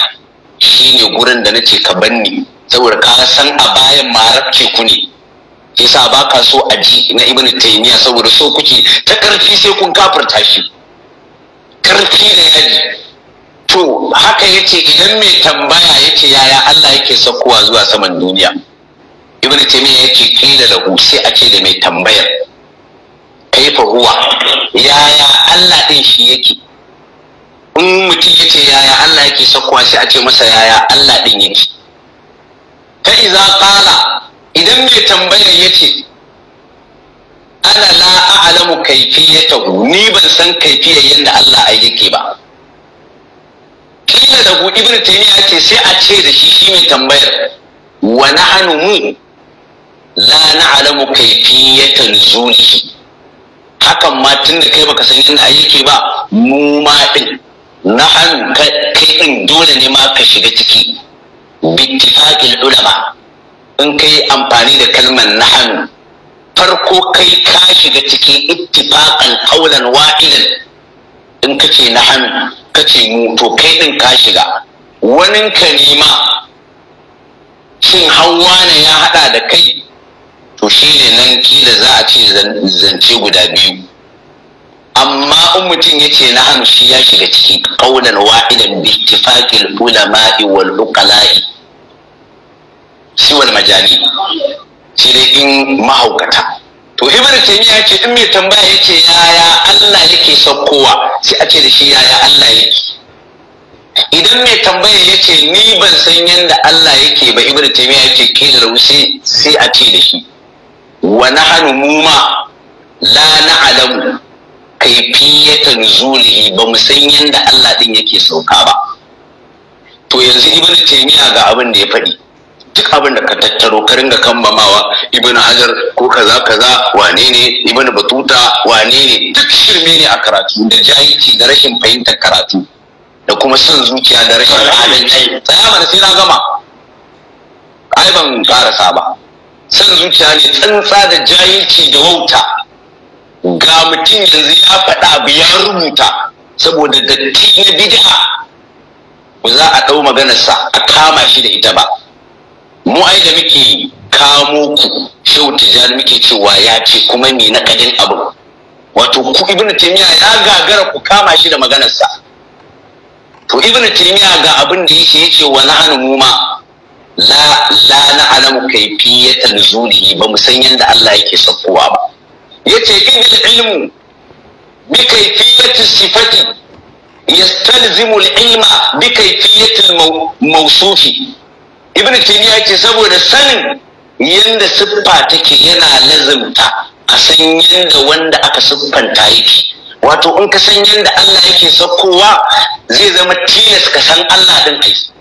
Speaker 1: shine gurin da nace ka banni saboda ka san a bayan marar teku ne yasa ba ka so a ji na ibn taymiya saboda so kuke ta karfi sai kun kafirta shi karfi da yaji to haka yace idan mai tambaya yace yaya Allah yake sakkowa zuwa saman duniya ibn taymiya yake kila lahu sai a ce da mai tambayar kaifa huwa yaya Allah din shi yake in mutum ya ce yaya Allah yake sakkuwa sai a ce masa yaya Allah din yake ta iza kala idan mai tambayar ce. ana la a'lamu tagu ni ban san kaifiyar yanda Allah ai yake ba kila da ibn taimiyya ce sai a ce da shi shi mai tambayar wa nahnu
Speaker 3: mu la na'lamu kayfiyatan zuli hakan ma tunda kai baka san yadda yake ba mu ma din
Speaker 1: nahan kai din dole ne ma ka shiga ciki bittifaqil ulama in kai amfani da kalmar nahan farko kai ka shiga ciki ittifaqan qawlan wahidan in kace nahan kace mu to kai din ka shiga wanin ka ne ma shin hawa ne ya hada da kai to ne nan kila za a ce zance guda biyu amma in mutum ya ce na hannu shi ya shiga ciki kaunan wa'idan bi tifakil ma'i wal uqala'i siwal majani shi in mahaukata to ibn taymiya ce in mai tambaya ce yaya Allah yake saukowa sai a ce da shi yaya Allah yake idan mai tambaya yace ni ban san yadda Allah yake ba ibn taymiya ke kila rusi sai a ce da shi wa nahnu muma la na'lamu kaifiyatan zulihi ba mu san yanda Allah din yake sauka ba to yanzu ibnu taymiya ga abin da ya faɗi duk abin da ka tattaro ka ringa kambamawa Ibn hajar ko kaza kaza wane ne ibnu batuta wane ne duk shirme ne a karatu da jahilci da rashin fahimtar karatu da kuma son zuciya da rashin halin ai tsaya mana sai na gama ai ban karasa ba san zuciya ne tsantsa da jahilci da wauta ga mutum yanzu ya faɗa abu ya rubuta saboda datti na bid'a ba za a ɗau maganarsa a kama shi da ita ba mu ai da muke kamo ku shehu tijjani muke cewa ya ce kuma me na kadin abu wato ku ibnu taymiya ya gagara ku kama shi da maganarsa to ibnu taymiya ga abin da yake yace wa mu ma la la na alamu kaifiyatan nuzulihi ba mu san yanda Allah yake saukowa ba yace idil ilmu bi kaifiyati sifati yastalzimu
Speaker 3: al-ilma bi kaifiyati al-mawsufi ibn ya ce saboda sanin
Speaker 1: yanda siffa take yana lazimta a san yadda wanda aka siffanta yake wato in ka san yadda Allah yake saukowa zai zama tilas ka san Allah din aiki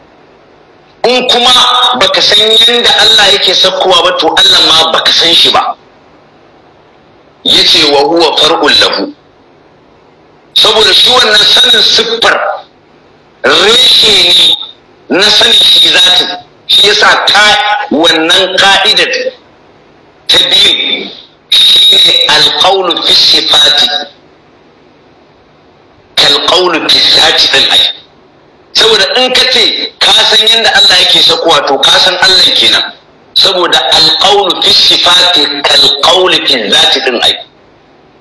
Speaker 1: in kuma baka san yanda Allah yake sakkowa ba to Allah ma baka san shi ba yace wa huwa farqul lahu saboda shi wannan sanin siffar
Speaker 3: reshe ne na sanin shi zati shi yasa ta wannan ka'idar ta biyu shi ne alqawlu fi sifati kal kalqawlu bi zati al-ayy
Speaker 1: saboda in ka ce ka san yadda Allah yake sakuwa to ka san Allah kenan saboda alƙaunu fi sifati kalƙauni fi zati din ai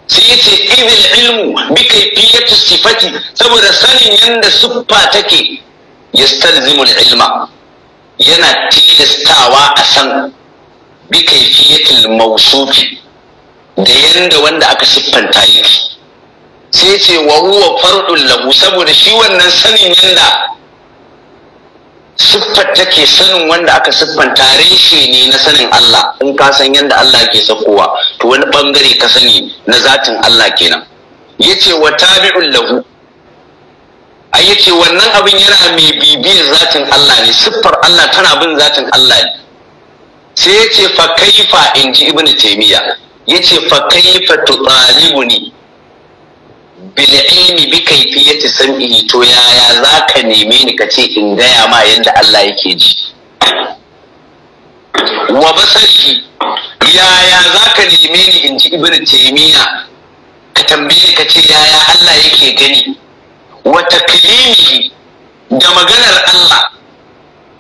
Speaker 1: sai ya ce idil ilmu bi kaifiyatu sifati saboda sanin yadda siffa take yastalzimul ilma yana tilastawa a san bi kaifiyatil mausufi da yadda wanda aka siffanta yake sai ce wa huwa fardun lahu saboda shi wannan sanin yanda siffar take sanin wanda aka tare shi ne na sanin Allah in ka san yanda Allah ke sakowa to wani bangare ka sani na zatin Allah kenan yace wa tabi'un lahu ai yace wannan abin yana mai bibiyar zatin Allah ne siffar Allah tana bin zatin Allah ne sai yace fa kaifa inji ibnu taymiya yace fa kaifa tutalibuni bil'ini bi kaifiyati sam'i to yaya zaka neme ni kace in gaya ma yanda Allah yake ji wa basarihi yaya zaka neme ni in ji ibnu taymiya
Speaker 3: ka tambaye ka ce yaya Allah yake gani wa taklimi
Speaker 1: da maganar Allah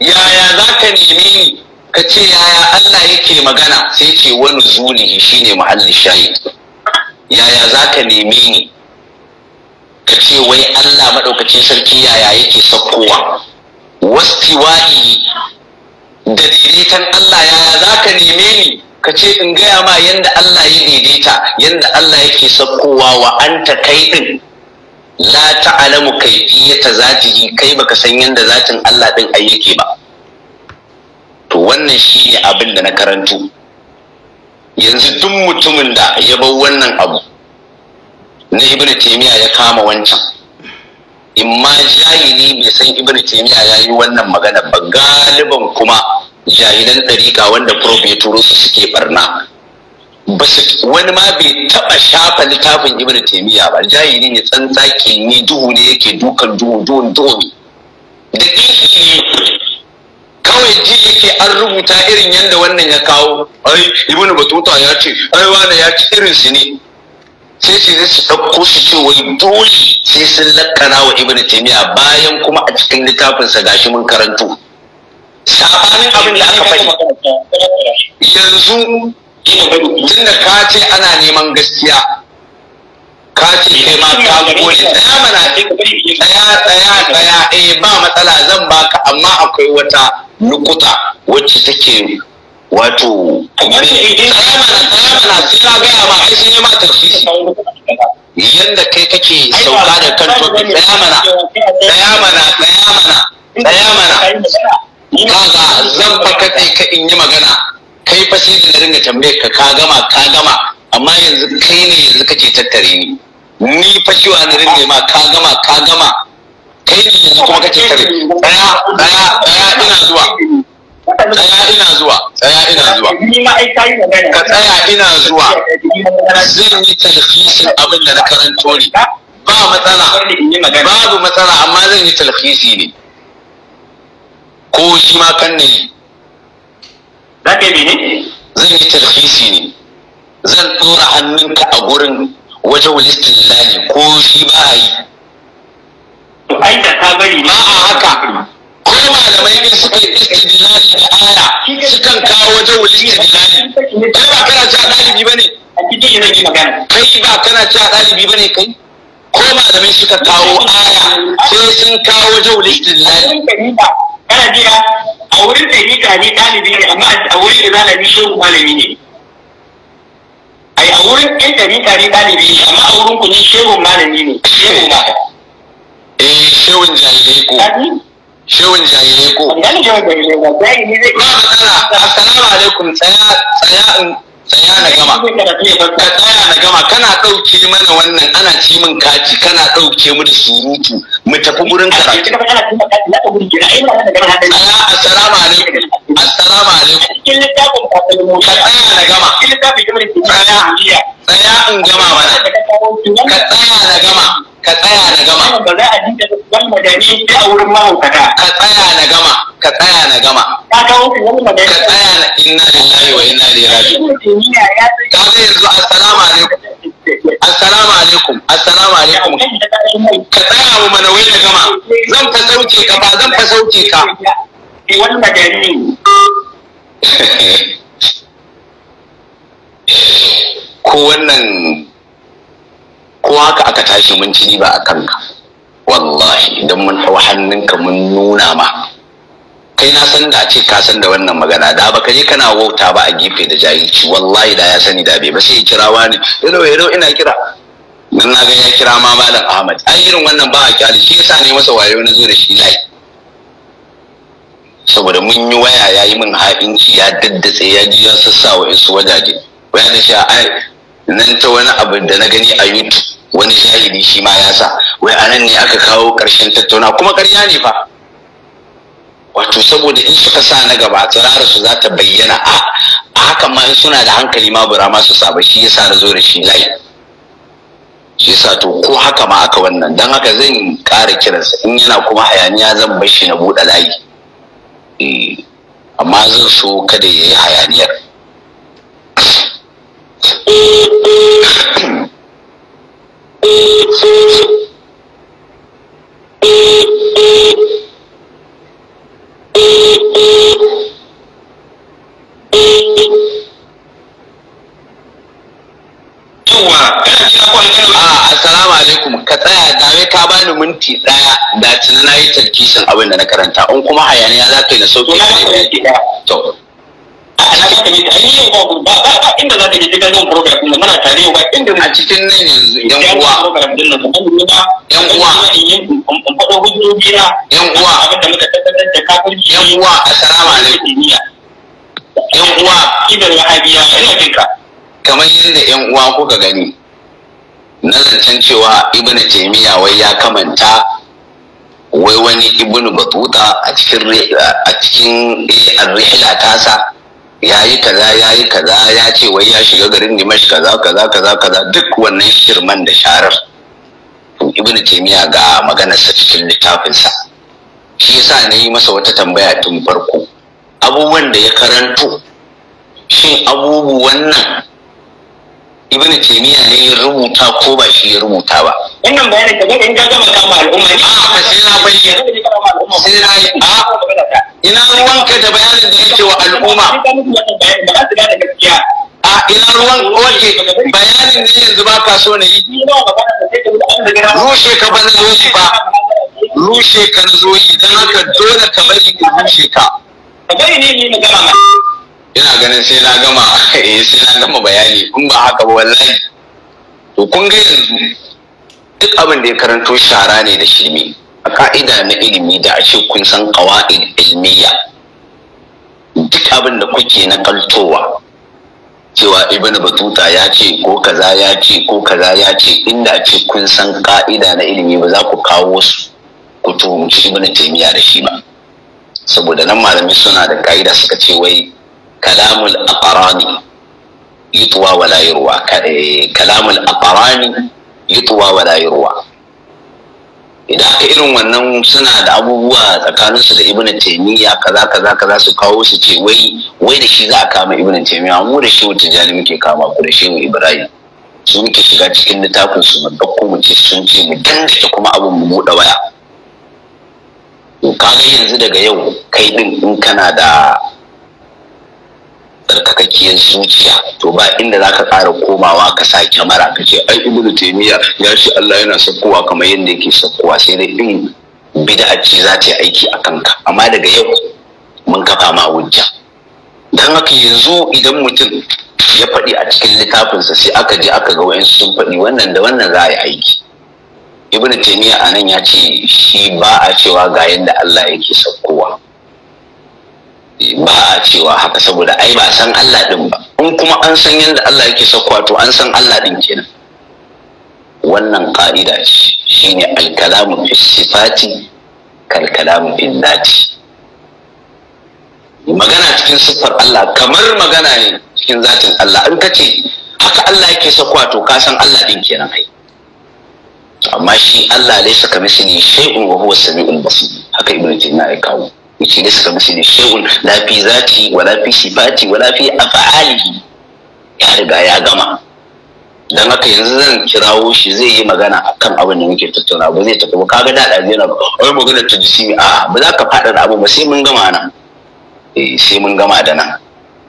Speaker 1: yaya zaka neme ni ka ce yaya Allah yake magana sai ce wani zulihi shine mahallin shayi. yaya zaka neme ni ka ce wai Allah maɗaukacin sarki yaya yake saukowa wastiwa'i da daidaitan Allah yaya za ka neme ni ka ce in gaya ma yadda Allah ya daidaita yadda Allah yake saukowa wa anta kai ɗin la ta'alamu kaifiyata zatihi kai baka san yadda zatin Allah din ai yake ba to wannan shine abin da na karantu yanzu duk mutumin da ya bar wannan abu na ibnu taymiya ya kama wancan in imma jahili bai san ibnu taymiya ya yi wannan magana ba galiban kuma jahilan ɗarika wanda prof ya turo su suke barna wani ma bai taɓa shafa littafin ibnu taymiya ba jahili ne tsantsaki ne duhu ne yake dukan duhu duhun duhu da kishi kawai ji yake an rubuta irin yadda wannan ya kawo ai ibnu batuta ya ce ai wani ya ci irin su ne sai su su ɗauko su ce wai dole sai sun lakana wa ibn taymiya bayan kuma a cikin littafinsa gashi mun karanto
Speaker 3: sabanin abin da aka faɗi
Speaker 1: yanzu tunda ka ce ana neman gaskiya ka ce kai ma ka gode tsaya mana tsaya tsaya eh ba matsala zan baka amma akwai wata nukuta wacce take wato yadda kai kake sauka da kan tobi daya mana daya mana daya mana daya mana kaga zan fa ka in yi magana kai fa sai da ringa tambaye ka ka gama ka gama amma yanzu kai ne yanzu kake tattare ni ni fa kiwa na ne ma ka gama ka gama kai ne yanzu kuma kake tare daya daya daya ina zuwa tsaya ina zuwa tsaya
Speaker 3: ina zuwa ka tsaya ina zuwa zan yi talfisin abin da na karanto ne ba matsala babu matsala amma zan yi talfisi ne ko shi ma kan ne zan yi talfisi ne zan tsora hannunka a gurin wajen listin lali ko shi ba a yi ai a haka ko malamai ne suke istidlali da aya sukan kawo wajen wuli istidlali kai ba kana cewa ɗalibi bane kai ba kana cewa bane kai ko malamai suka kawo aya sai sun kawo wajen wuli istidlali kana jira a wurin ɗalika ne ɗalibi ne amma a wurin izalami shehu malami ne ai a wurin ɗan ne ɗalibi ne amma a wurin kunyi shehu malami ne shehu ma eh shehun jahilai ko shehun jahilai ko ba matsala assalamu alaikum tsaya tsaya tsaya na gama ka tsaya na gama kana ɗauke
Speaker 1: mana wannan ana ci min kaji, kana ɗauke mu da surutu mu tafi gurin karatu tsaya assalamu
Speaker 3: alaikum assalamu alaikum ka tsaya na gama tsaya tsaya in gama mana ka tsaya gama ka tsaya na gama ba za a dinga madani a wurin mahaukata ka tsaya na gama ka tsaya na gama ka kawo wal madani ka tsaya na inna lillahi wa inna ilaihi raji'un ka ga yanzu assalamu alaikum assalamu alaikum assalamu alaikum ka tsaya mu mana wai na gama zan fa sauke ka ba zan fa sauke ka madani
Speaker 1: ko wannan Kowa haka aka tashi mun ci ba a kanka wallahi idan mun hau hannunka mun nuna ma kai na san da ce ka san da wannan magana da ba je kana wauta ba a gefe da jahilci wallahi da ya sani da bai ba sai ya kira wani yaro yaro ina kira dan na ga ya kira ma malam Ahmad ai irin wannan ba a kyali shi yasa ne masa wayo na zo da shi lai saboda mun yi waya ya yi min haɗinci ya daddatse ya ji ya sassa wa wajaje bayan da shi nan ta wani abu da na gani a YouTube wani shahidi shi ma ya sa wai a nan ne aka kawo ƙarshen tattauna kuma ƙarya ne fa wato saboda in suka sa na gaba tsirara su za ta bayyana a hakan ma in suna da hankali ma bura ma su saba shi yasa na zo da shi layi shi yasa to ko haka ma aka wannan dan haka zan ƙara kiransa in yana kuma hayaniya zan bar shi na buɗe layi eh, amma zan so kada ya yi hayaniyar
Speaker 3: Ah, minti daya da tunan na yi tarkishin abin da na karanta in kuma hayaniya za ka yi na sauke. to na ba inda za je a cikin nan yanzu yan uwa yan uwa yan uwa yan
Speaker 1: uwa yan uwa kamar yadda yan uwa kuka gani na zancen cewa ibnu taymiya wai ya kamanta wai wani ibnu batuta a cikin a cikin eh, tasa ya yi kaza ya yi kaza ya ce wai ya shiga garin dimash kaza kaza kaza kaza duk wannan shirman da sharar Ibn taymiya ga maganar sa cikin littafinsa shi yasa na yi masa wata tambaya tun farko abubuwan da ya karanto shin abubuwan nan ibn taymiya ne ya rubuta ko ba shi ya rubuta ba
Speaker 3: wannan bayanin ka in ka gama kama al'umma ne a ba sai na bayyana
Speaker 1: sai na yi a ina ruwanka da bayanin da yake wa al'umma a ina ruwan Oke
Speaker 3: bayanin ne yanzu ba ka so na yi rushe ka ba na zo ba rushe ka na zo yi don haka dole ka bari ka rushe ka ka bari ne magana
Speaker 1: ina ganin sai na gama eh sai na gama bayani kun ba haka ba wallahi to kun ga yanzu duk abin da ya karanto shara ne da ne. a ka'ida na ilimi da a ce kun san qawaid ilmiya duk abin da kuke na kaltowa cewa ibn batuta ya ce ko kaza ya ce ko kaza ya ce inda a ce kun san ka'ida na ilimi ba za ku kawo su ku tuhumci ibn taymiya da shi ba saboda nan malamai suna da ka'ida suka ce wai kalamul aqrani yutwa eh, wala yurwa idan aka irin wannan suna da abubuwa tsakaninsu da ibn taymiya kaza kaza kaza su kawo su ce wai wai da shi za a kama ibn taymiya mu da shehu tijani muke kama ku da shehu ibrahim su muke shiga cikin littafin su mu dauko mu ce sun ce mu dangata kuma abin mu buɗe waya to yanzu daga yau kai din in kana da tsarkakakkiyar zuciya to ba inda za ka ƙara komawa ka sa kyamara ka ce ai ibnu taymiya ya shi Allah yana sakkowa kamar yadda yake sakkowa sai dai in bid'a ce za ta yi aiki a kanka amma daga yau mun kafa ma hujja dan haka yanzu idan mutum ya faɗi a cikin littafinsa sai aka je aka ga wayansu sun faɗi wannan da wannan za a yi aiki ibn a nan ya ce shi ba a cewa ga yadda Allah yake sakkowa ba a cewa haka saboda ai ba san Allah din ba in kuma an san yadda Allah yake sakwa to an san Allah din kenan wannan ƙa'ida ce ne alkalamu fi sifati kalkalamu fi dhati magana cikin siffar Allah kamar magana ne cikin zatin Allah in ka ce haka Allah yake sakwa to ka san Allah din kenan ai amma shi Allah laysa kamithlihi shay'un wa huwa as-sami'ul basir haka ibnu jinna ya kawo da suka kamithlihi shay'un la fi zati wa fi sifati wa fi fa'ali. ya riga ya gama dan haka yanzu zan kirawo shi zai yi magana akan abin da muke tattauna ba zai tafi ba kaga da da yana wai magana ta jisi a ba za ka faɗa da abu ba sai mun gama nan eh sai mun gama da nan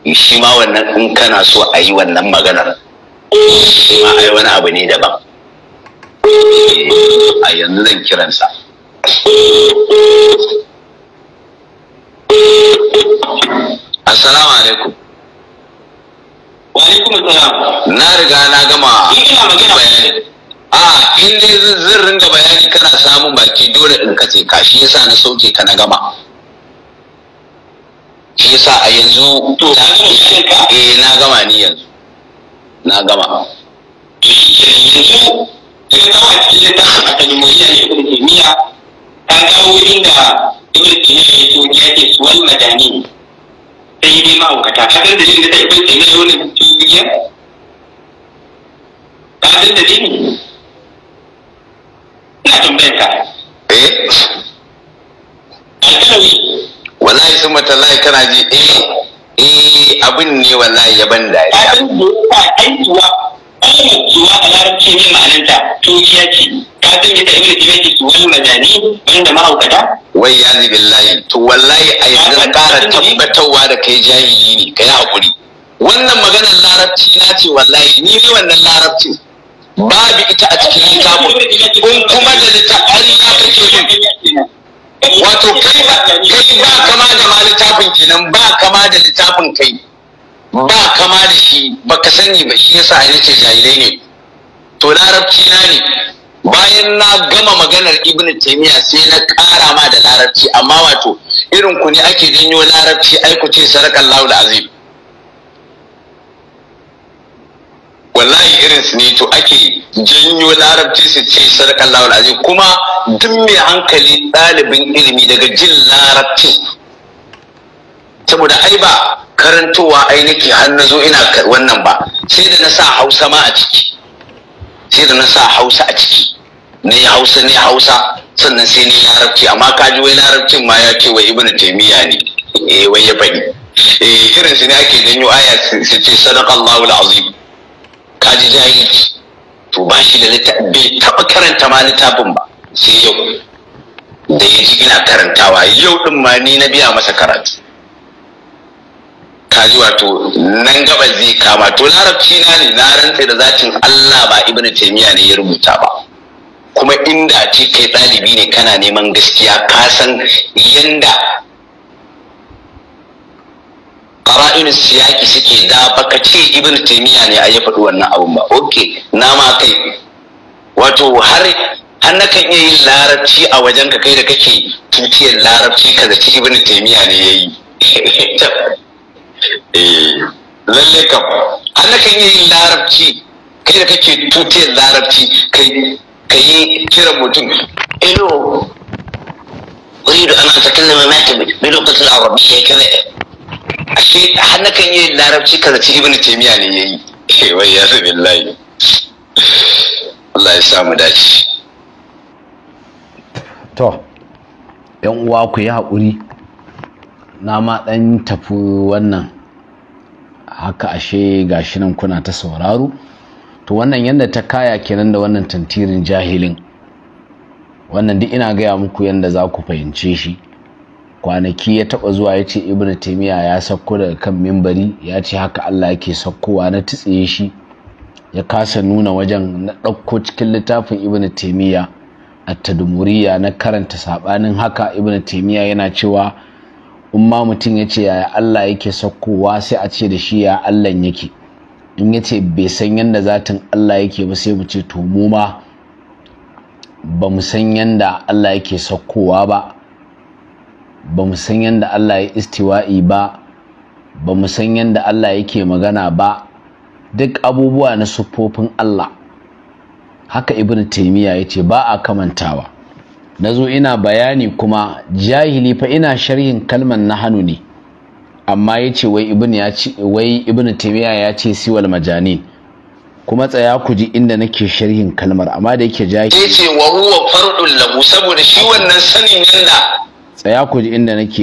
Speaker 1: eh, shi ma wannan in kana so a yi wannan maganar shi ma ai wani abu ne daban eh, a yanzu zan kiransa assalamu alaikum wa alaikum assalam na riga na gama bayani Ah, in dai zan ringa bayani kana samun baki dole in kace ka shi yasa na soke ka na gama shi yasa a yanzu eh na gama ni yanzu na gama yanzu ya kawo cikin ta a kan moriya ne kuma kimiyya ta kawo da. ibn taymiya yi so ya ce suwal madani
Speaker 4: sai ya nema hukata kasar da shi da sai ibn taymiya ya wani taymiya ba san da dini
Speaker 3: ina tambayar ka eh
Speaker 1: alkalawi wallahi sun mata lai kana ji eh eh abin ne wallahi ya ban da ya abin da ya sa aikiwa aikiwa a larabci ne ma'ananta tukiya yi. ka san yadda ibnu taymiya ke wani majani wanda mahaukata wai ya zai billahi to wallahi a yanzu na kara tabbatarwa da kai jahili ne kai hakuri wannan maganar larabci na ce wallahi ni ne wannan larabci. babu ita a cikin littafin kun kuma da littafin
Speaker 3: ya kake yin? wato kai ba kama da ma littafin kenan ba kama da littafin kai
Speaker 1: ba kama da shi baka sani ba shi yasa ya ce jahilai ne to larabci na ne bayan na gama maganar ibn taimiya sai na ƙara ma da larabci amma wato irin ku ne ake janyo larabci aikuce sarakan laul azim wallahi irin su ne to ake janyo larabci su ce sarakan laul azim kuma duk mai hankali ɗalibin ilimi daga jin larabci saboda ai ba karantowa ai nake har na zo ina wannan ba sai da na sa hausa ma a ciki sai da na sa hausa a ciki Ni hausa ni hausa sannan sai ni larabci amma kaji wai larabcin ma ya ce wai ibnu taymiya ne eh wai ya faɗi eh kiran su ne ake janyo aya su ce sadaqa Allahu alazim azim kaji jahilci to ba shi da bai taɓa karanta ma littafin ba sai yau da ya ji ina karantawa yau ɗin ma ni na biya masa karatu ji wato nan gaba zai kama to larabci na ne na rantse da zatin Allah ba ibnu taymiya ne ya rubuta ba kuma inda a ce kai ɗalibi ne kana neman gaskiya ka san yanda ƙara'in siyaki suke da baka ce ibn taimiyya ne a ya faɗi wannan abun ba ok na ma kai wato har har na kan iya yin larabci a wajen ka kai da kake tutiyar larabci ka zaci ibn taimiyya ne ya yi eh, lalle kam har na kan iya yin larabci kai da kake tutiyar larabci kai ka yi cire mutum ilo uridu an atakallama ma ta bi lokacin arabiyya kaza a shi na hannakan yi larabci kaza ci wani taymiya ne yayi eh wai ya rabbi billahi Allah ya samu dace to yan uwa ku yi haƙuri na ma ɗan tafi wannan haka ashe gashi nan kuna ta sauraro to wannan yadda ta kaya kenan da wannan tantirin jahilin wannan duk ina gaya muku yadda za ku fahimce shi kwanaki ya taɓa zuwa ya ce ibn taimiya ya sauko daga kan mimbari ya ce haka allah yake saukowa na tsiye shi ya kasa nuna wajen na ɗauko cikin littafin ibn taimiya a tadumuriya na karanta saɓanin haka ibn taimiya yana cewa in ma mutum ya ce yaya allah yake saukowa sai a ce da shi ya allah yake in ya ce bai san yadda zatin Allah yake ba sai mu ce to mu ma ba mu san yadda Allah yake saukowa ba ba mu san yadda Allah ya istiwa'i ba ba mu san yadda Allah yake magana ba duk abubuwa na siffofin Allah haka ibn taimiyya ya ce ba a kamantawa na zo ina bayani kuma jahili fa ina sharhin kalmar na hannu ne amma ya ce wai ibn ya ya ce siwal majanin kuma tsaya ku ji inda nake sharhin kalmar amma da yake jahi ya ce wa huwa fardun lahu saboda shi wannan sanin yanda tsaya ku ji inda nake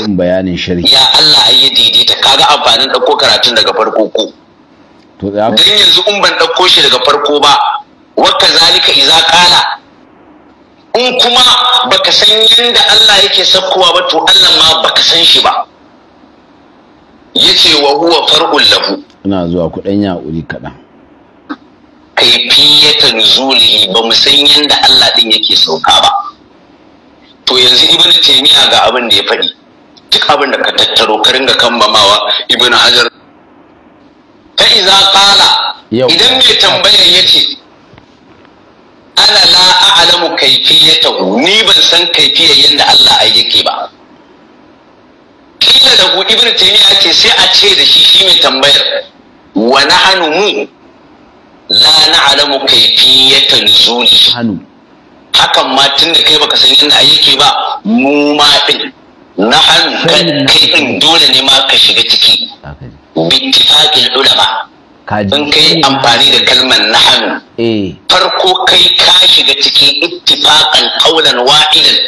Speaker 1: yin bayanin sharhi ya Allah ayi daidaita kaga amfanin dauko karatun daga farko ko to tsaya ku dan yanzu in ban dauko shi daga farko ba wa kazalika idza qala in kuma baka san yanda Allah yake sakkowa ba to Allah ma baka san shi ba yace wa huwa farqul lahu ina zuwa ku dan yaƙuri kaɗan kaifiyata nuzulihi ba mu san yanda Allah din yake sauka ba to yanzu ibnu taymiya ga abin da ya faɗi duk abin da ka tattaro ka ringa kambamawa ibnu hajar fa iza qala idan mai tambayar yace ana la a'lamu kayfiyatahu ni ban san kayfiyar yanda Allah ai yake ba kila da ko ibn taymiya ce sai a ce da shi shi mai tambayar wa nahnu mu la na'lamu kayfiyatan zuli hakan ma da kai baka san yadda yake ba mu ma din nahnu kai din dole ne ma ka shiga ciki bittifaqil ulama in kai amfani da kalmar nahnu eh. farko kai ka shiga ciki ittifaqan qawlan wa'idan.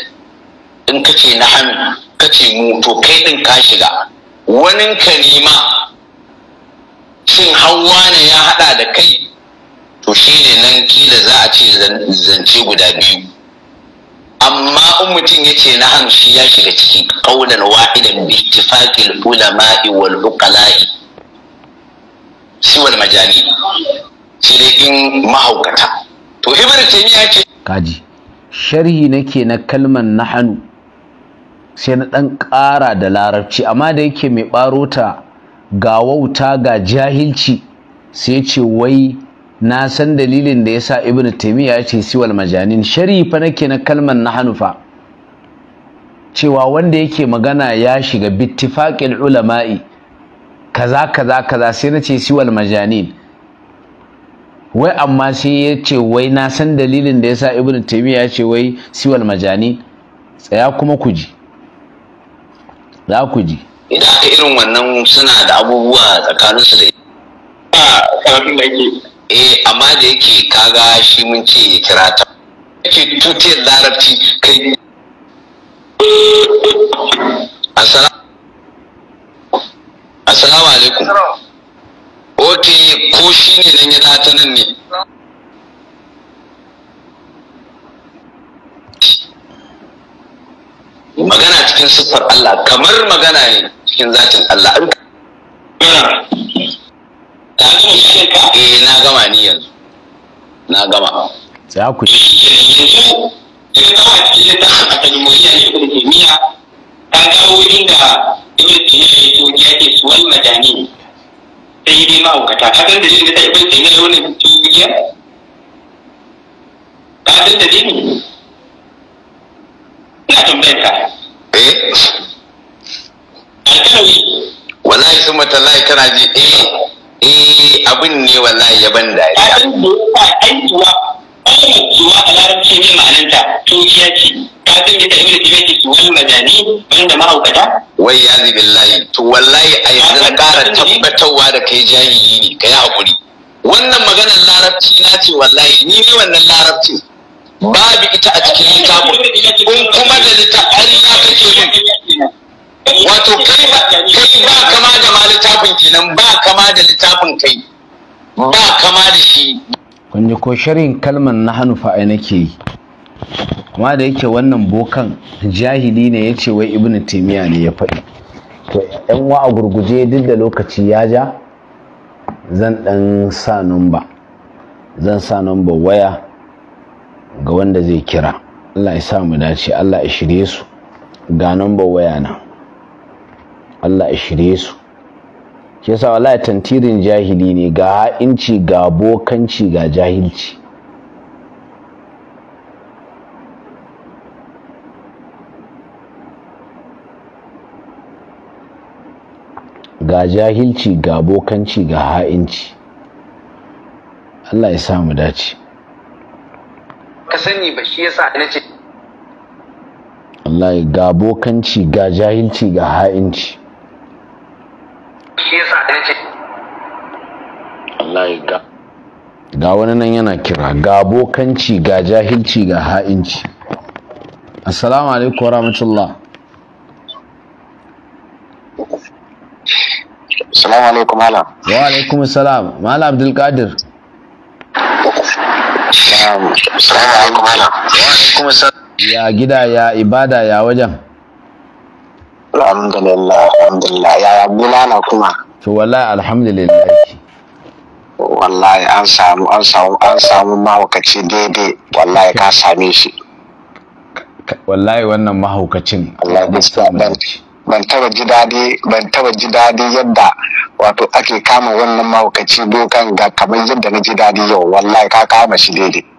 Speaker 1: in na hannu? ce mu to kai din ka shiga Wani kanima, cin hawa ne ya hada da kai to ne nan kila za a ce zance guda biyu amma in mutum ya ce na shi ya shiga ciki kaunan wa'idan bi ittifaqil ulama'i wal uqala'i siwal majani shi dai in mahaukata
Speaker 4: to ibnu taymiya ce
Speaker 1: kaji sharhi nake na kalmar nahanu sai na ɗan ƙara da larabci amma da yake mai ɓarota ga wauta ga jahilci sai ce wai na san dalilin da yasa sa taymiya taimiyya ce siwal majanin sharifa nake na kalmar na hanufa cewa wanda yake magana ya shiga bittifaqil ulama'i kaza kaza kaza sai na ce siwal majanin wai amma sai ya ce wai na san dalilin da yasa sa taymiya taimiyya ce wai siwal majanin tsaya kuma ku ji za ku ji idan aka irin wannan suna da abubuwa tsakaninsu da eh amma da yake kaga shi mun ce ya kira ta yake tutiyar larabci kai assalamu alaikum
Speaker 3: ok ko shi ne nan ya ta nan ne
Speaker 1: magana cikin siffar Allah kamar magana ne cikin zatin Allah an eh na gama ni yanzu na gama sai ku yanzu idan kawai cikin ta haka ne muriya ne ibn taymiya
Speaker 3: ta kawo inda ibn taymiya ya to ya ce suwal majani sai dai ma'aukata ka san da shi da ibn taymiya wannan taymiya ka san da dai ina tambayan ka
Speaker 1: eh alkalawi wallahi sun mata layi kana ji eh eh abin ne wallahi ya ban da ya san da yasa aikiwa zuwa a larabci ne ma'ananta tukiya ce ka san da ibnu tibeti su wani majani da mahaukata wai ya zibi layi to wallahi a yanzu na ƙara tabbatarwa da kai jahili ne ka hakuri. wannan maganar larabci na ce wallahi ni ne wannan larabcin babu ita a cikin littafin in kuma da littafin ya kake yi? wato kai ba kama da ma littafin kenan ba kama da littafin kai ba kama da shi kun ji ko shirin kalmar na hanufa ai nake yi kuma da yake wannan bokan jahili ne ya ce wai ibnu taimiya ne ya faɗi to yan wa a gurguje duk da lokaci ya ja zan ɗan sa numba zan sa numba waya ga wanda zai kira Allah ya sa mu dace Allah ya shirye su ga number waya na Allah ya shirye su ke sa wallahi tantirin jahili ne ga ha'inci ga bokanci ga jahilci ga jahilci ga bokanci ga ha'inci Allah ya sa mu dace
Speaker 6: ka sani ba shi yasa na ce
Speaker 1: Allah ga bokanci ga jahilci ga ha'inci shi yasa na ce Allah ga ga wani nan yana kira ga bokanci ga jahilci ga ha'inci assalamu alaikum warahmatullah
Speaker 5: assalamu alaikum
Speaker 1: malam wa alaikum assalam malam abdul Ya gida ya ibada ya wajen. Alhamdulillah, alhamdulillah, ya ya bulala kuma. To wallahi alhamdulillah. Wallahi an samu an samu an samu mahaukaci daidai wallahi ka same shi. Wallahi wannan mahaukacin. Allah gaskiya ban
Speaker 6: ban taba ji daɗi ban taba ji daɗi yadda wato ake kama wannan mahaukaci dokan ga kamar yadda na ji daɗi yau wallahi ka kama shi daidai.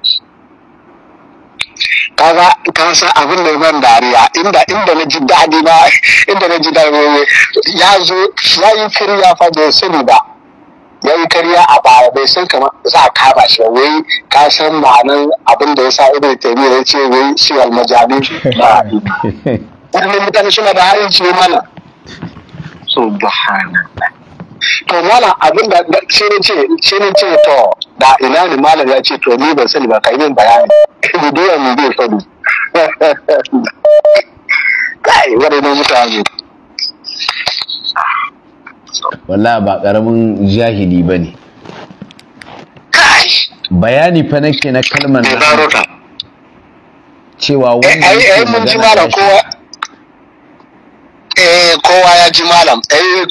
Speaker 3: kaga ka san abin da ban dariya inda inda na ji daɗi na inda na ji daɗi ya zo ya yi karya fa bai sani ba ya yi karya a baya bai san kamar za a kama shi ba wai ka san ma'anar abin da ya sa ibn taymiyyah ya ce wai shi almajani ba
Speaker 5: wannan
Speaker 3: mutane suna da harin ce mana
Speaker 6: subhanallah
Speaker 3: to mala abin da shi ne ce shi ne ce to da ina ne mala ya ce to ni ban sani ba kai min bayani bidiyon mu bai sani
Speaker 4: kai ne mutane
Speaker 1: wallahi ba karamin jahili ba ne bayani fa nake na kalmar cewa eh, wannan ai ai mun ji kowa
Speaker 3: eh kowa ya ji malam eh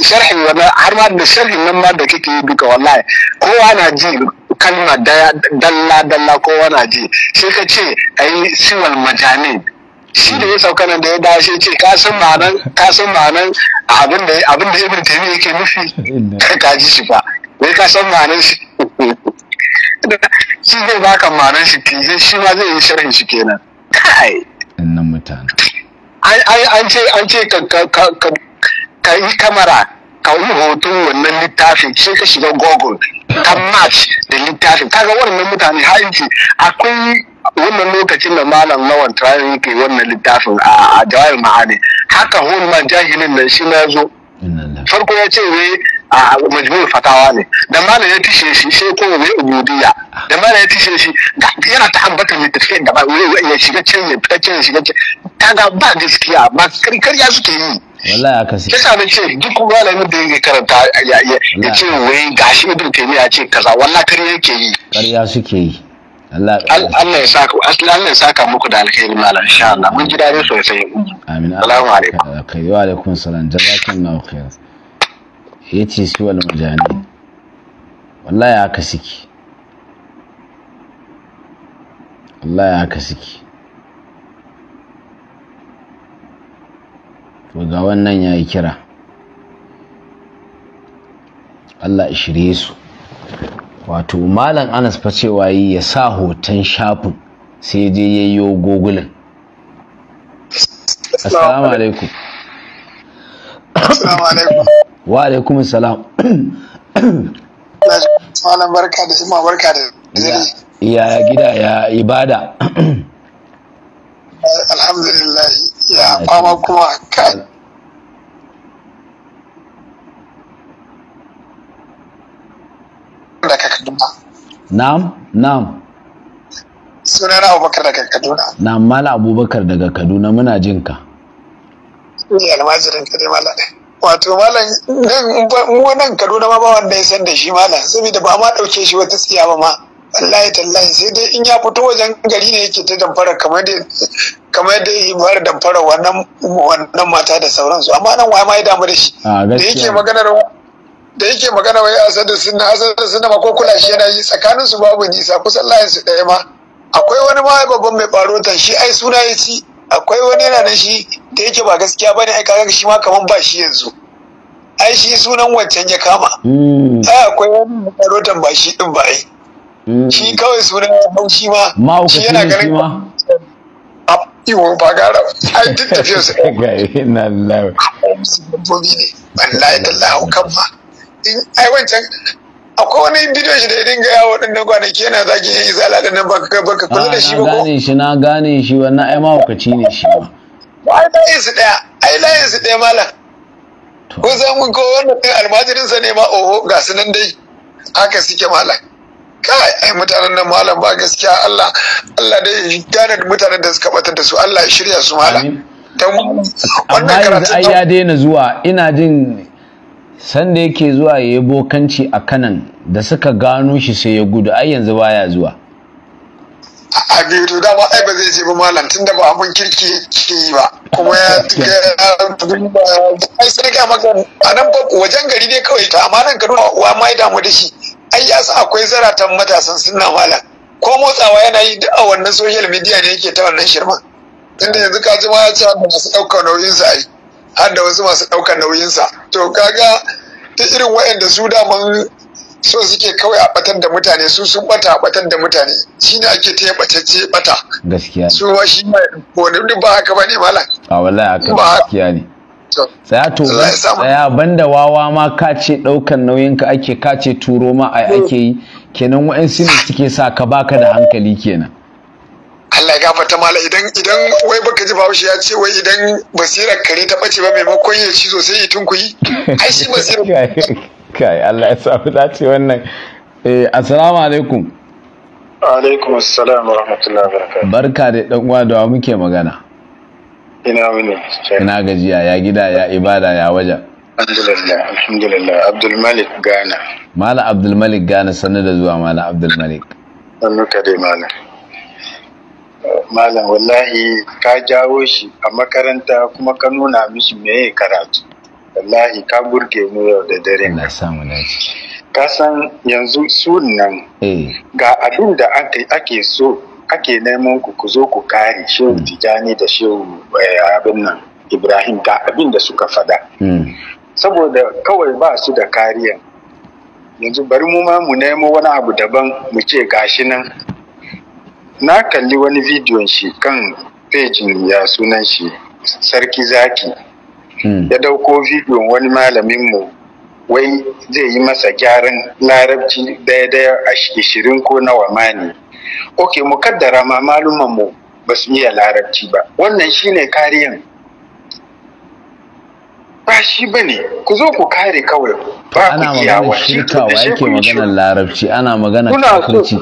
Speaker 3: sharhin wannan har ma da sharhin nan ma da kike yi duka wallahi kowa na ji kalma dalla dalla kowa na ji sai ka ce ai siwal majani shi da ya sauka nan da ya dace ce ka san ma'anan ka san ma'anan abin da abin da ibn taymiya yake
Speaker 5: nufi
Speaker 3: ka ji shi fa wai ka san ma'anan shi shi zai
Speaker 6: baka ma'anan shi shi ma zai yi sharhin shi kenan kai annan
Speaker 3: mutane an ce an ce ka yi kamara ka yi hoto wannan littafin sai ka shiga google ka match da littafin kaga wannan mutane ha'inci akwai wannan lokacin da malam lawan tarihi yake wannan littafin a jawabin ma'ani haka hulman jahilin nan shi na zo farko ya ce wai a majmu'ul fatawa ne da malam ya tishe shi sai ko wai ubudiya da malam ya tishe shi yana ta ambata littafin da ba wai ya shiga cin ya fita cin shiga cin kaga ba
Speaker 1: gaskiya ba karya suke yi wallahi aka sai yasa da ce duk malamin da yake karanta ya ce wai gashi ibn taymiya ya ce kaza wallahi karya yake yi karya suke yi Allah ya saka Allah ya saka muku da alkhairi malam insha Allah mun ji dadi sosai amin assalamu alaikum kai wa alaikum salam jazakallahu khair yace su wal mujani wallahi aka siki wallahi aka siki to ga wannan ya yi kira allah shirye su wato malam anas fa cewa yi ya sa hoton shafin sai je ya yi gogulin assalamu alaikum wa alaikum salam
Speaker 5: malam barka da jima barka da
Speaker 1: ya gida ya ibada
Speaker 5: alhamdulillah ya kwama kuma da ka kaduna
Speaker 1: nam nam
Speaker 5: sunana abubakar daga kaduna
Speaker 1: Na mala abubakar daga kaduna muna jin ka
Speaker 5: ni almajirin ka dai mala wato malam mu nan kaduna ma ba wanda ya san da shi mala saboda ba ma dauke shi wata tsiya ba ma wallahi tallahi sai dai in ya fito wajen gari ne yake ta damfara kamar da kamar yadda yi da damfara wannan mata da sauransu amma nan wa ma ya damu da shi da yake maganar da yake magana wai da sunna asadu sunna ma ko kula shi yana yi tsakanin su babu nisa kusan layin su ɗaya ma akwai wani ma babban mai ta shi ai suna ya ci akwai wani yana da shi da yake ba gaskiya bane ai kaga shi ma kaman ba shi yanzu ai shi sunan wancan ya kama hmm. ai akwai wani barotan ba shi din ba ai hmm. shi kawai sunan ya shi ma shi yana ganin iwo ba gara ai duk tafiyar su
Speaker 1: ɗaya na lawa
Speaker 5: ne
Speaker 1: wallahi da lahu kan
Speaker 5: ma in ai wancan akwai wani bidiyon shi da ya dinga yawo waɗannan kwanaki yana zaki yin izala da nan baka baka kula da shi ba ko gane
Speaker 1: shi na gane shi wannan ai mahaukaci ne shi ba
Speaker 5: ai layin su daya. ai layin su ɗaya malam kun san ko wannan sa ne ma oho ga su nan dai haka suke malam kai ai mutanen nan malam ba gaskiya Allah Allah dai gane mutanen da suka batar da su Allah ya shirya su malam wannan karatu ai ya
Speaker 1: daina zuwa ina jin sanda yake zuwa ya bokanci a kanan da suka gano shi sai ya gudu ai yanzu baya zuwa
Speaker 5: a biyu to dama ai ba zai je ba malam tunda ba abun kirki yake yi ba kuma ya ai sai ga maka a nan ba wajen gari ne kawai ta amma nan ka nuna uwa mai damu da shi ai ya sa akwai zaratan matasan suna malam ko motsawa yana yi duk a wannan social media ne yake ta wannan shirman tunda yanzu ka ji ma ya ce da masu ɗaukar nauyinsa ai har wasu masu ɗaukar nauyinsa to kaga ta irin wa'anda su daman so suke kawai a batar da mutane su sun bata a batar da mutane shi ne ake ta batacce bata gaskiya su ma shi ma wani duk ba haka ba ne malam
Speaker 1: a wallahi haka gaskiya ne Saya to tsaya banda wawa ma ka ce ɗaukan nauyinka ake ka ce turo ma ai ake yi kenan su ne suke sa ka baka da hankali kenan Allah ya gafarta mala idan
Speaker 5: idan wai baka ji Bahaushe ya ce wai idan basirar kare ta bace ba maimakon ya cizo sosai, ya tunkuyi
Speaker 1: ai shi basirar kai Allah ya samu dace wannan eh assalamu alaikum
Speaker 5: alaikum
Speaker 6: assalam wa rahmatullahi wa barakatuh
Speaker 1: barka da dan uwa da muke magana Ina wuni. Ina gajiya ya gida ya ibada ya waja.
Speaker 6: Alhamdulillah, alhamdulillah. Abdulmalik Ghana.
Speaker 1: Mala Abdulmalik Ghana sannu da zuwa Mala Abdulmalik.
Speaker 6: Sannu ka dai Mala. Malam wallahi ka jawo shi a makaranta kuma ka nuna mishi meye karatu. Wallahi ka burge mu yau da dare. Na samu dace. Ka san yanzu sunan eh. ga abin da ake so ake neman ku ku zo ku kare shehu hmm. tijani da shehu eh, abin nan ibrahim ga abin da suka fada hmm. saboda kawai ba su da kariya yanzu bari mu ma mu nemo wani abu daban mu ce gashi nan na kalli wani bidiyon shi kan fejin ya sunan shi sarki zaki hmm. ya dauko bidiyon wani malamin mu wai zai yi masa gyaran larabci daya-daya ashirin ko nawa mani ok mu kaddara ma malumman mu ba su iya larabci ba wannan shine kariyan ba shi ba ne ku zo ku kare kawai
Speaker 1: ba ku wa shi da shi yake maganar larabci ana magana kafirci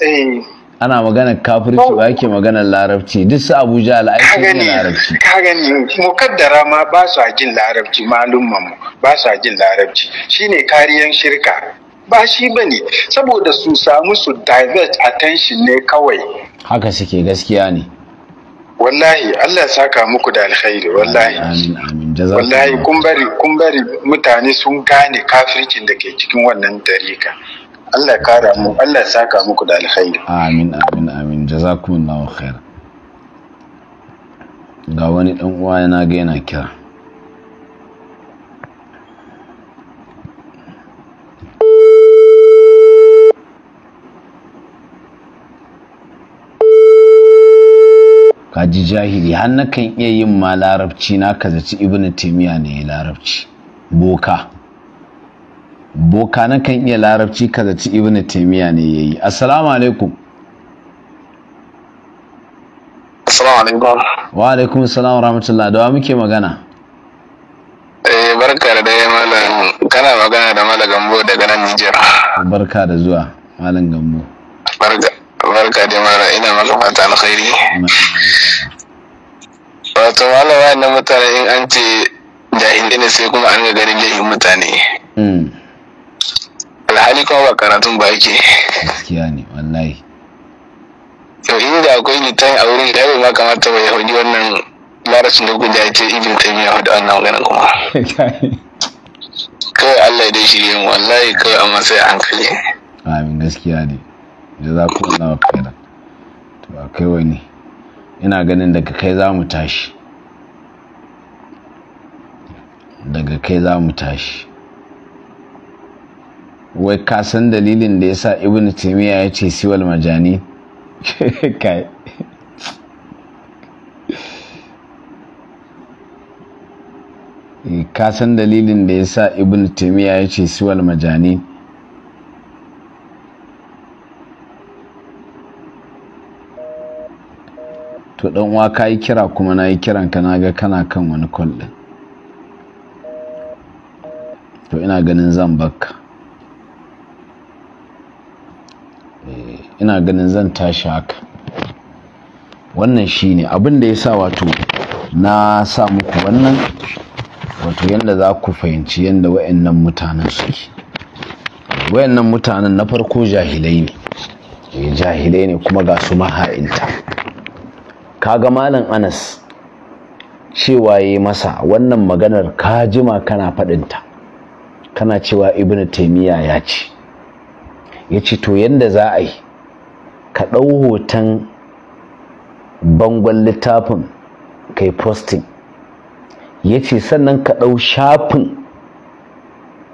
Speaker 1: eh. ana magana kafirci ba yake maganar larabci duk su abuja al'aiki ne larabci
Speaker 6: ka gani mu kaddara ma ba su jin larabci malumman mu ba su jin larabci shine kariyan shirka ba shi ba ne saboda su samu su divert attention ne kawai
Speaker 1: haka suke gaskiya ne
Speaker 6: wallahi Allah saka muku da alkhairi wallahi wallahi kun bari kun bari mutane sun gane kafircin da ke cikin wannan tarika Allah kara mu Allah saka muku da alkhairi
Speaker 1: amin amin amin jazakumullahu khair ga wani dan uwa yana ga yana kira kaji jahili har na kan iya yin ma larabci na ka zaci ibnu taymiya ne ya larabci boka boka na kan iya larabci ka zaci ibnu taymiya ne yayi assalamu alaikum assalamu alaikum wa alaikum assalam rahmatullah da wa muke magana
Speaker 3: eh barka da dai malam kana magana da malam
Speaker 1: gambo daga nan Nijar barka da zuwa malam gambo barka barka da mara ina maka fata alkhairi wato malama na mutane in an ce jahilai ne sai kuma an ga ganin jahin mutane hmm. alhali kuma ba karatun ba yake gaskiya
Speaker 4: ne wallahi
Speaker 5: to in da akwai litan a wurin da ma kamata ba yahudi wannan larabcin da guda
Speaker 3: ce ibn taymiya da wannan magana kuma kai Allah dai shi yin
Speaker 1: wallahi kai amma sai a hankali amin gaskiya ne jazakumullahu khairan to akai wani ina ganin daga kai za mu tashi daga kai za mu tashi wai ka san dalilin da ya sa ibn taimiyya ya ce siwal majani kai eh, ka san dalilin da ya sa ibn taimiyya ya ce siwal majani to dan uwa ka yi kira kuma na yi kiran ka na ga kana kan wani kwallon. to ina ganin zan baka. Eh, ina ganin zan tashi haka wannan shine abin da ya sa wato na sa muku wannan wato yadda za ku fahimci yadda wa'annan mutanen suke wa'annan mutanen na farko jahilai ne eh, jahilai ne kuma ga su maha'ilta kaga malam anas cewa ya masa wannan maganar ka jima kana faɗinta kana cewa ibn taimiyya ya ce ya ce to yadda za a yi ka ɗau hoton bangon littafin kai posting ya ce sannan ka ɗau shafin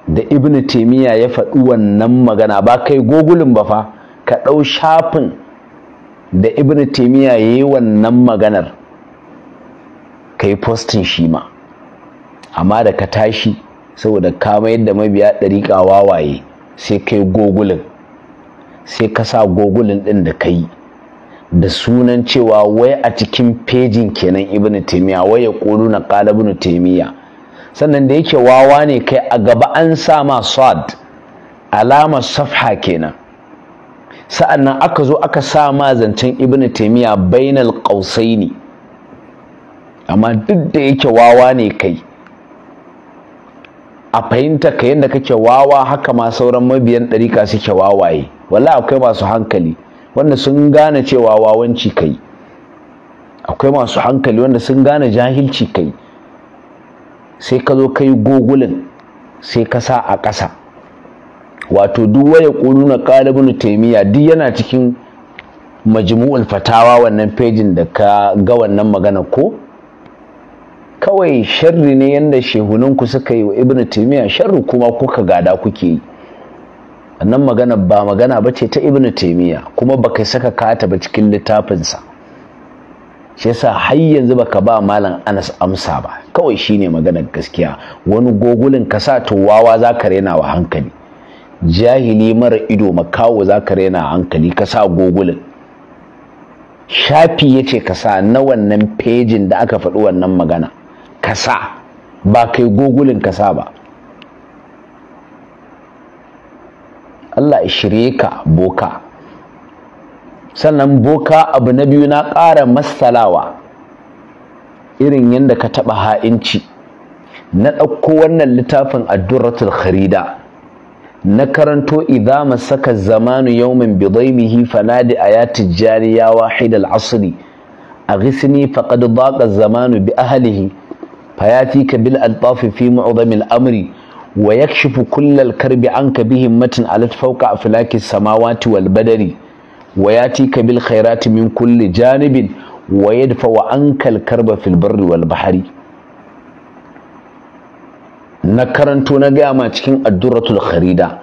Speaker 1: da ibn taimiyya ya faɗi wannan magana ba kai gogulin ba fa ka ɗau shafin da ibn taimiyya ya yi wannan maganar ka yi postin shi ma amma da ka tashi saboda ka mayar da mabiya ɗariƙa wawaye sai ka yi gogulin sai ka sa gogulin ɗin da ka yi da sunan cewa wai a cikin fejin kenan ibn taimiyya wai ya ƙoru na ƙala ibn sannan da yake wawa ne kai a gaba an sa ma sad alamar safha kenan sa'annan aka zo aka sa ma zancen ibnu taymiya bainal ne. amma duk da yake wawa ne kai a fahimta ka yadda kake wawa haka ma sauran mabiyan ɗarika suke wawaye wala akwai masu hankali wanda sun gane cewa wawanci kai akwai masu hankali wanda sun gane jahilci kai sai ka zo ka yi gogulin sai ka sa a ƙasa wato duk waya kununa ƙalibin taimiyya duk yana cikin majmu'ul fatawa wannan fejin da ka ga wannan magana ko kawai sharri ne yadda shehunanku suka yi wa ibnu taimiyya sharri kuma kuka gada kuke yi wannan magana ba magana ba ce ta ibnu taimiyya kuma baka saka kata ba cikin littafinsa shi yasa har yanzu baka ba malam anas amsa ba kawai shine maganar gaskiya wani gogulin ka sa to wawa za ka rena wa hankali jahili mara ido makawo za ka raina hankali ka sa gogulin shafi ya ce ka sa na wannan fejin da aka faɗi wannan magana ka sa ba kai gogulin ka sa ba Allah shirye ka boka sannan boka abu na biyu na ƙara masalawa irin yadda ka taɓa ha'inci na ɗauko wannan littafin addurratul kharida na karanto idza masaka zamanu yawmin bidaimihi fanadi ayati jariya wahid al-asri aghisni faqad daqa zamanu bi ahlihi fayatika bil altaf fi mu'dham al-amri wa yakshifu kull al-karbi anka bi himmatin alat fawqa aflaki samawati wal badari wa yatika bil khairati min kulli janibin wa yadfa anka al-karba fil barri wal bahri na karanto na gaya ma cikin adduratul kharida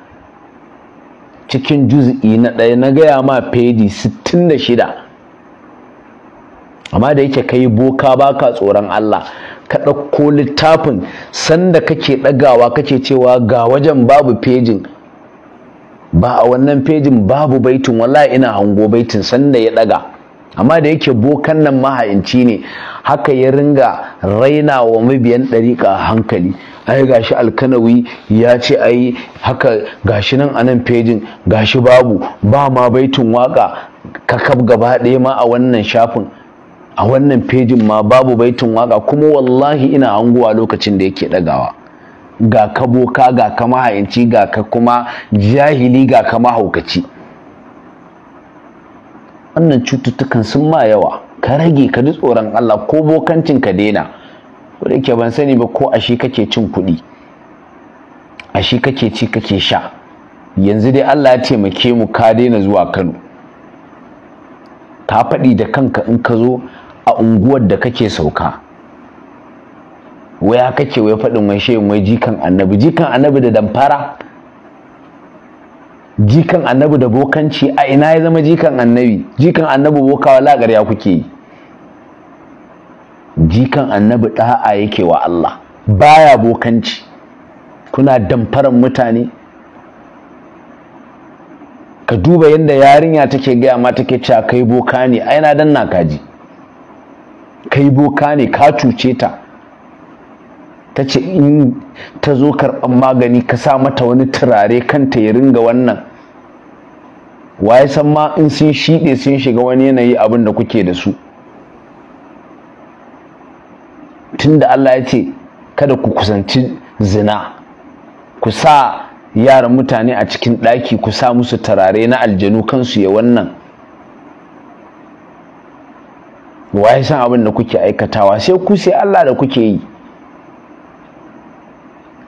Speaker 1: cikin juz'i na ɗaya na gaya ma fedi 66 amma da yake kai boka baka tsoron Allah ka ɗauko littafin sanda kake ɗagawa kake cewa ga wajen babu fejin ba a wannan fejin babu baitin wala ina hango baitin sanda ya ɗaga amma da yake bokan nan maha'inci ne haka ya ringa raina wa mabiyan ɗariƙa hankali ai gashi alkanawi ya ce ai haka gashi nan anan fejin gashi babu ba ma baitin waka kakab gaba ɗaya ma a wannan shafin a wannan fejin ma babu baitin waka kuma wallahi ina anguwa lokacin da yake ɗagawa ga ka boka ga ka mahayanci ga ka kuma jahili ga ka mahaukaci wannan cututtukan sun ma yawa ka rage ka ji tsoron Allah ko bokancin ka daina da ke ban sani ba ko a shi kake cin kuɗi a shi kake ci kake sha yanzu dai Allah ya taimake mu ka daina zuwa Kano ka faɗi da kanka in ka zo a unguwar da kake sauka waya kake wai faɗin wai shehin wai jikan annabi jikan annabi da damfara jikan annabi da bokanci a ina ya zama jikan annabi jikan annabi boka wala kuke yi jikan annabi ɗa'a yake wa Allah baya bokanci kuna damfaran mutane ka duba yadda yarinya take gaya ma take cewa kai boka ne don na danna kaji kai boka ne ka cuce ta ta ce in ta zo karɓar magani ka sa mata wani turare kanta ya ringa wannan waye san ma in sun shiɗe sun shiga wani yanayi abin da kuke da su Tun da Allah ya ce kada ku kusanci zina ku sa yaran mutane a cikin ɗaki ku sa musu tarare na aljanu kansu ya wannan waye san abin da kuke aikatawa sai ku sai Allah da kuke yi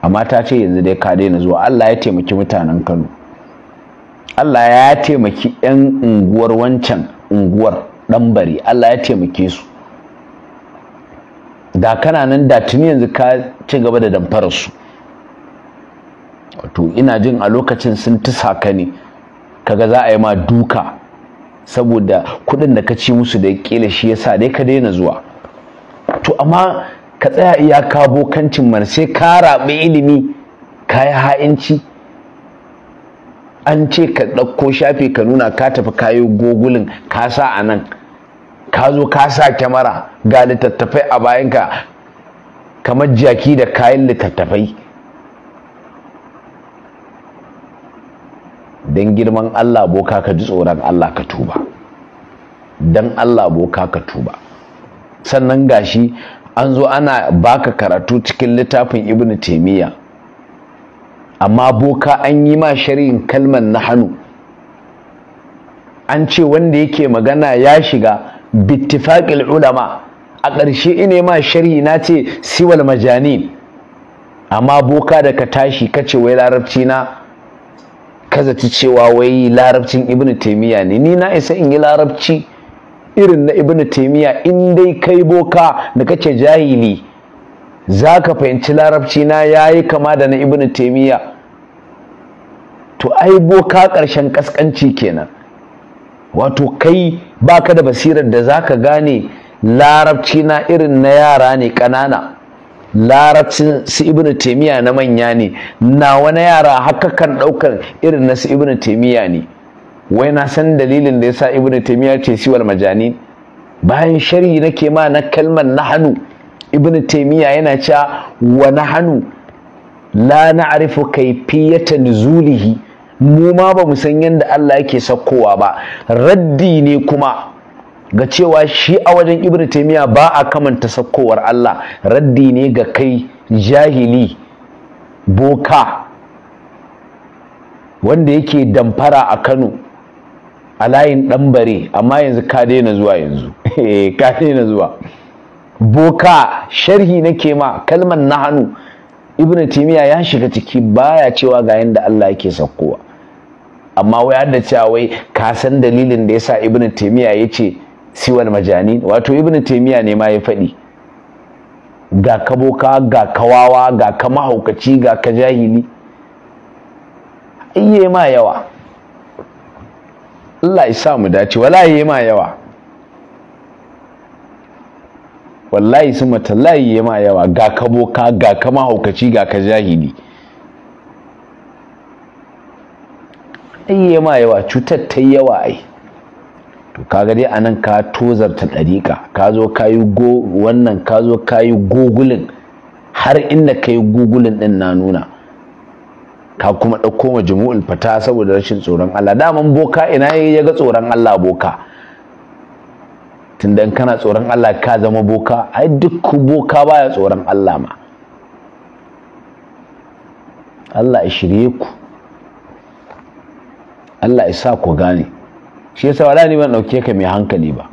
Speaker 1: amma ta ce yanzu dai ka daina zuwa Allah ya taimaki mutanen Kano Allah ya taimaki 'yan unguwar wancan unguwar ɗanbari Allah ya taimake su da kana nan da tuni yanzu ka ci gaba da damfarar su wato ina jin a lokacin sun ti ka ne kaga za a yi ma duka saboda kuɗin da ka ci musu da kila shi yasa dai ka daina zuwa to amma ka tsaya iya ka bokancin mana sai ka raɓi ilimi ka yi ha'inci an ce ka ɗauko shafe ka nuna ka tafi kayo gogulin ka sa a nan ka zo ka sa kyamara ga littattafai a bayanka kamar jaki da kayan littattafai don girman Allah boka ka ji tsoron Allah ka tuba don Allah boka ka tuba sannan gashi an zo ana baka karatu cikin littafin Ibn taimiyya amma boka an yi ma shari'in kalmar na hannu an ce wanda yake magana ya shiga bittifaqil ulama a ƙarshe ine ma sharhi na ce siwal majani. amma boka da ka tashi kace wai larabci na kazaci cewa wai larabcin ibnu taimiyya ne ni na isa in yi larabci irin na ibnu taimiyya in dai kai boka da kace jahili za ka fahimci larabci na yi kama da na ibnu taimiyya to ai boka ƙarshen ƙasƙanci kenan wato kai baka da basirar da zaka gane larabci na irin na yara ne ƙanana larabcin su ibnu taimiya na manya ne na wani yara haka kan ɗaukar irin na su ibnu taimiya ne wai na san dalilin da yasa ibnu taimiya ce siwal majani bayan shari nake ma na kalmar hannu ibnu taimiya yana cewa wa nahanu la na'rifu kayfiyata nuzulihi mu ma ba mu san yadda Allah yake sakkowa ba raddi ne kuma ga cewa shi a wajen Ibn Taimiyya ba a kamanta sakkowar Allah raddi ne ga kai jahili boka wanda yake damfara a Kano a layin ɗanbare amma yanzu ka daina zuwa yanzu eh, ka daina zuwa boka sharhi nake ma kalmar na hannu Ibn Taimiyya ya shiga ciki baya cewa ga yadda Allah yake sakkowa amma wai har da cewa wai ka san dalilin da yasa ibn taymiya ce siwal majani wato ibn taymiya ne ma ya faɗi ga ka boka ga kawawa ga ka mahaukaci ga ka jahili iye ma yawa Allah ya sa mu dace wallahi yi ma yawa wallahi sun matallahi yi ma yawa ga ka boka ga ka mahaukaci ga ka jahili ai ma yawa cutar ta yawa ai to kaga dai anan ka tozarta ɗariƙa ka zo ka yi go wannan ka zo ka yi gogulin har inda ka yi gogulin ɗin na nuna ka kuma ɗauko ma jumu'ul fata saboda rashin tsoron Allah daman boka ina ya ga tsoron Allah boka tunda kana tsoron Allah ka zama boka ai duk boka baya tsoron Allah ma Allah ya shirye ku Allah ya sa ku gane shi yasa wala ni ban dauke ka mai hankali ba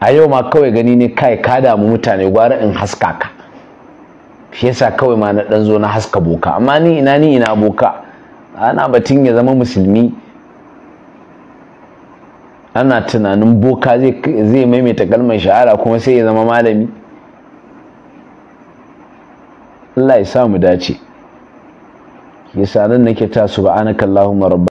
Speaker 1: a yau ma kawai gani ne kai ka damu mutane gwara in haska ka shi yasa kawai ma na dan zo na haska boka amma ni ina ni ina boka ana batun ya zama musulmi ana tunanin boka zai maimaita kalmar shahara kuma sai ya zama malami Allah ya sa mu dace yasa nan nake ta subhanakallahumma rabbana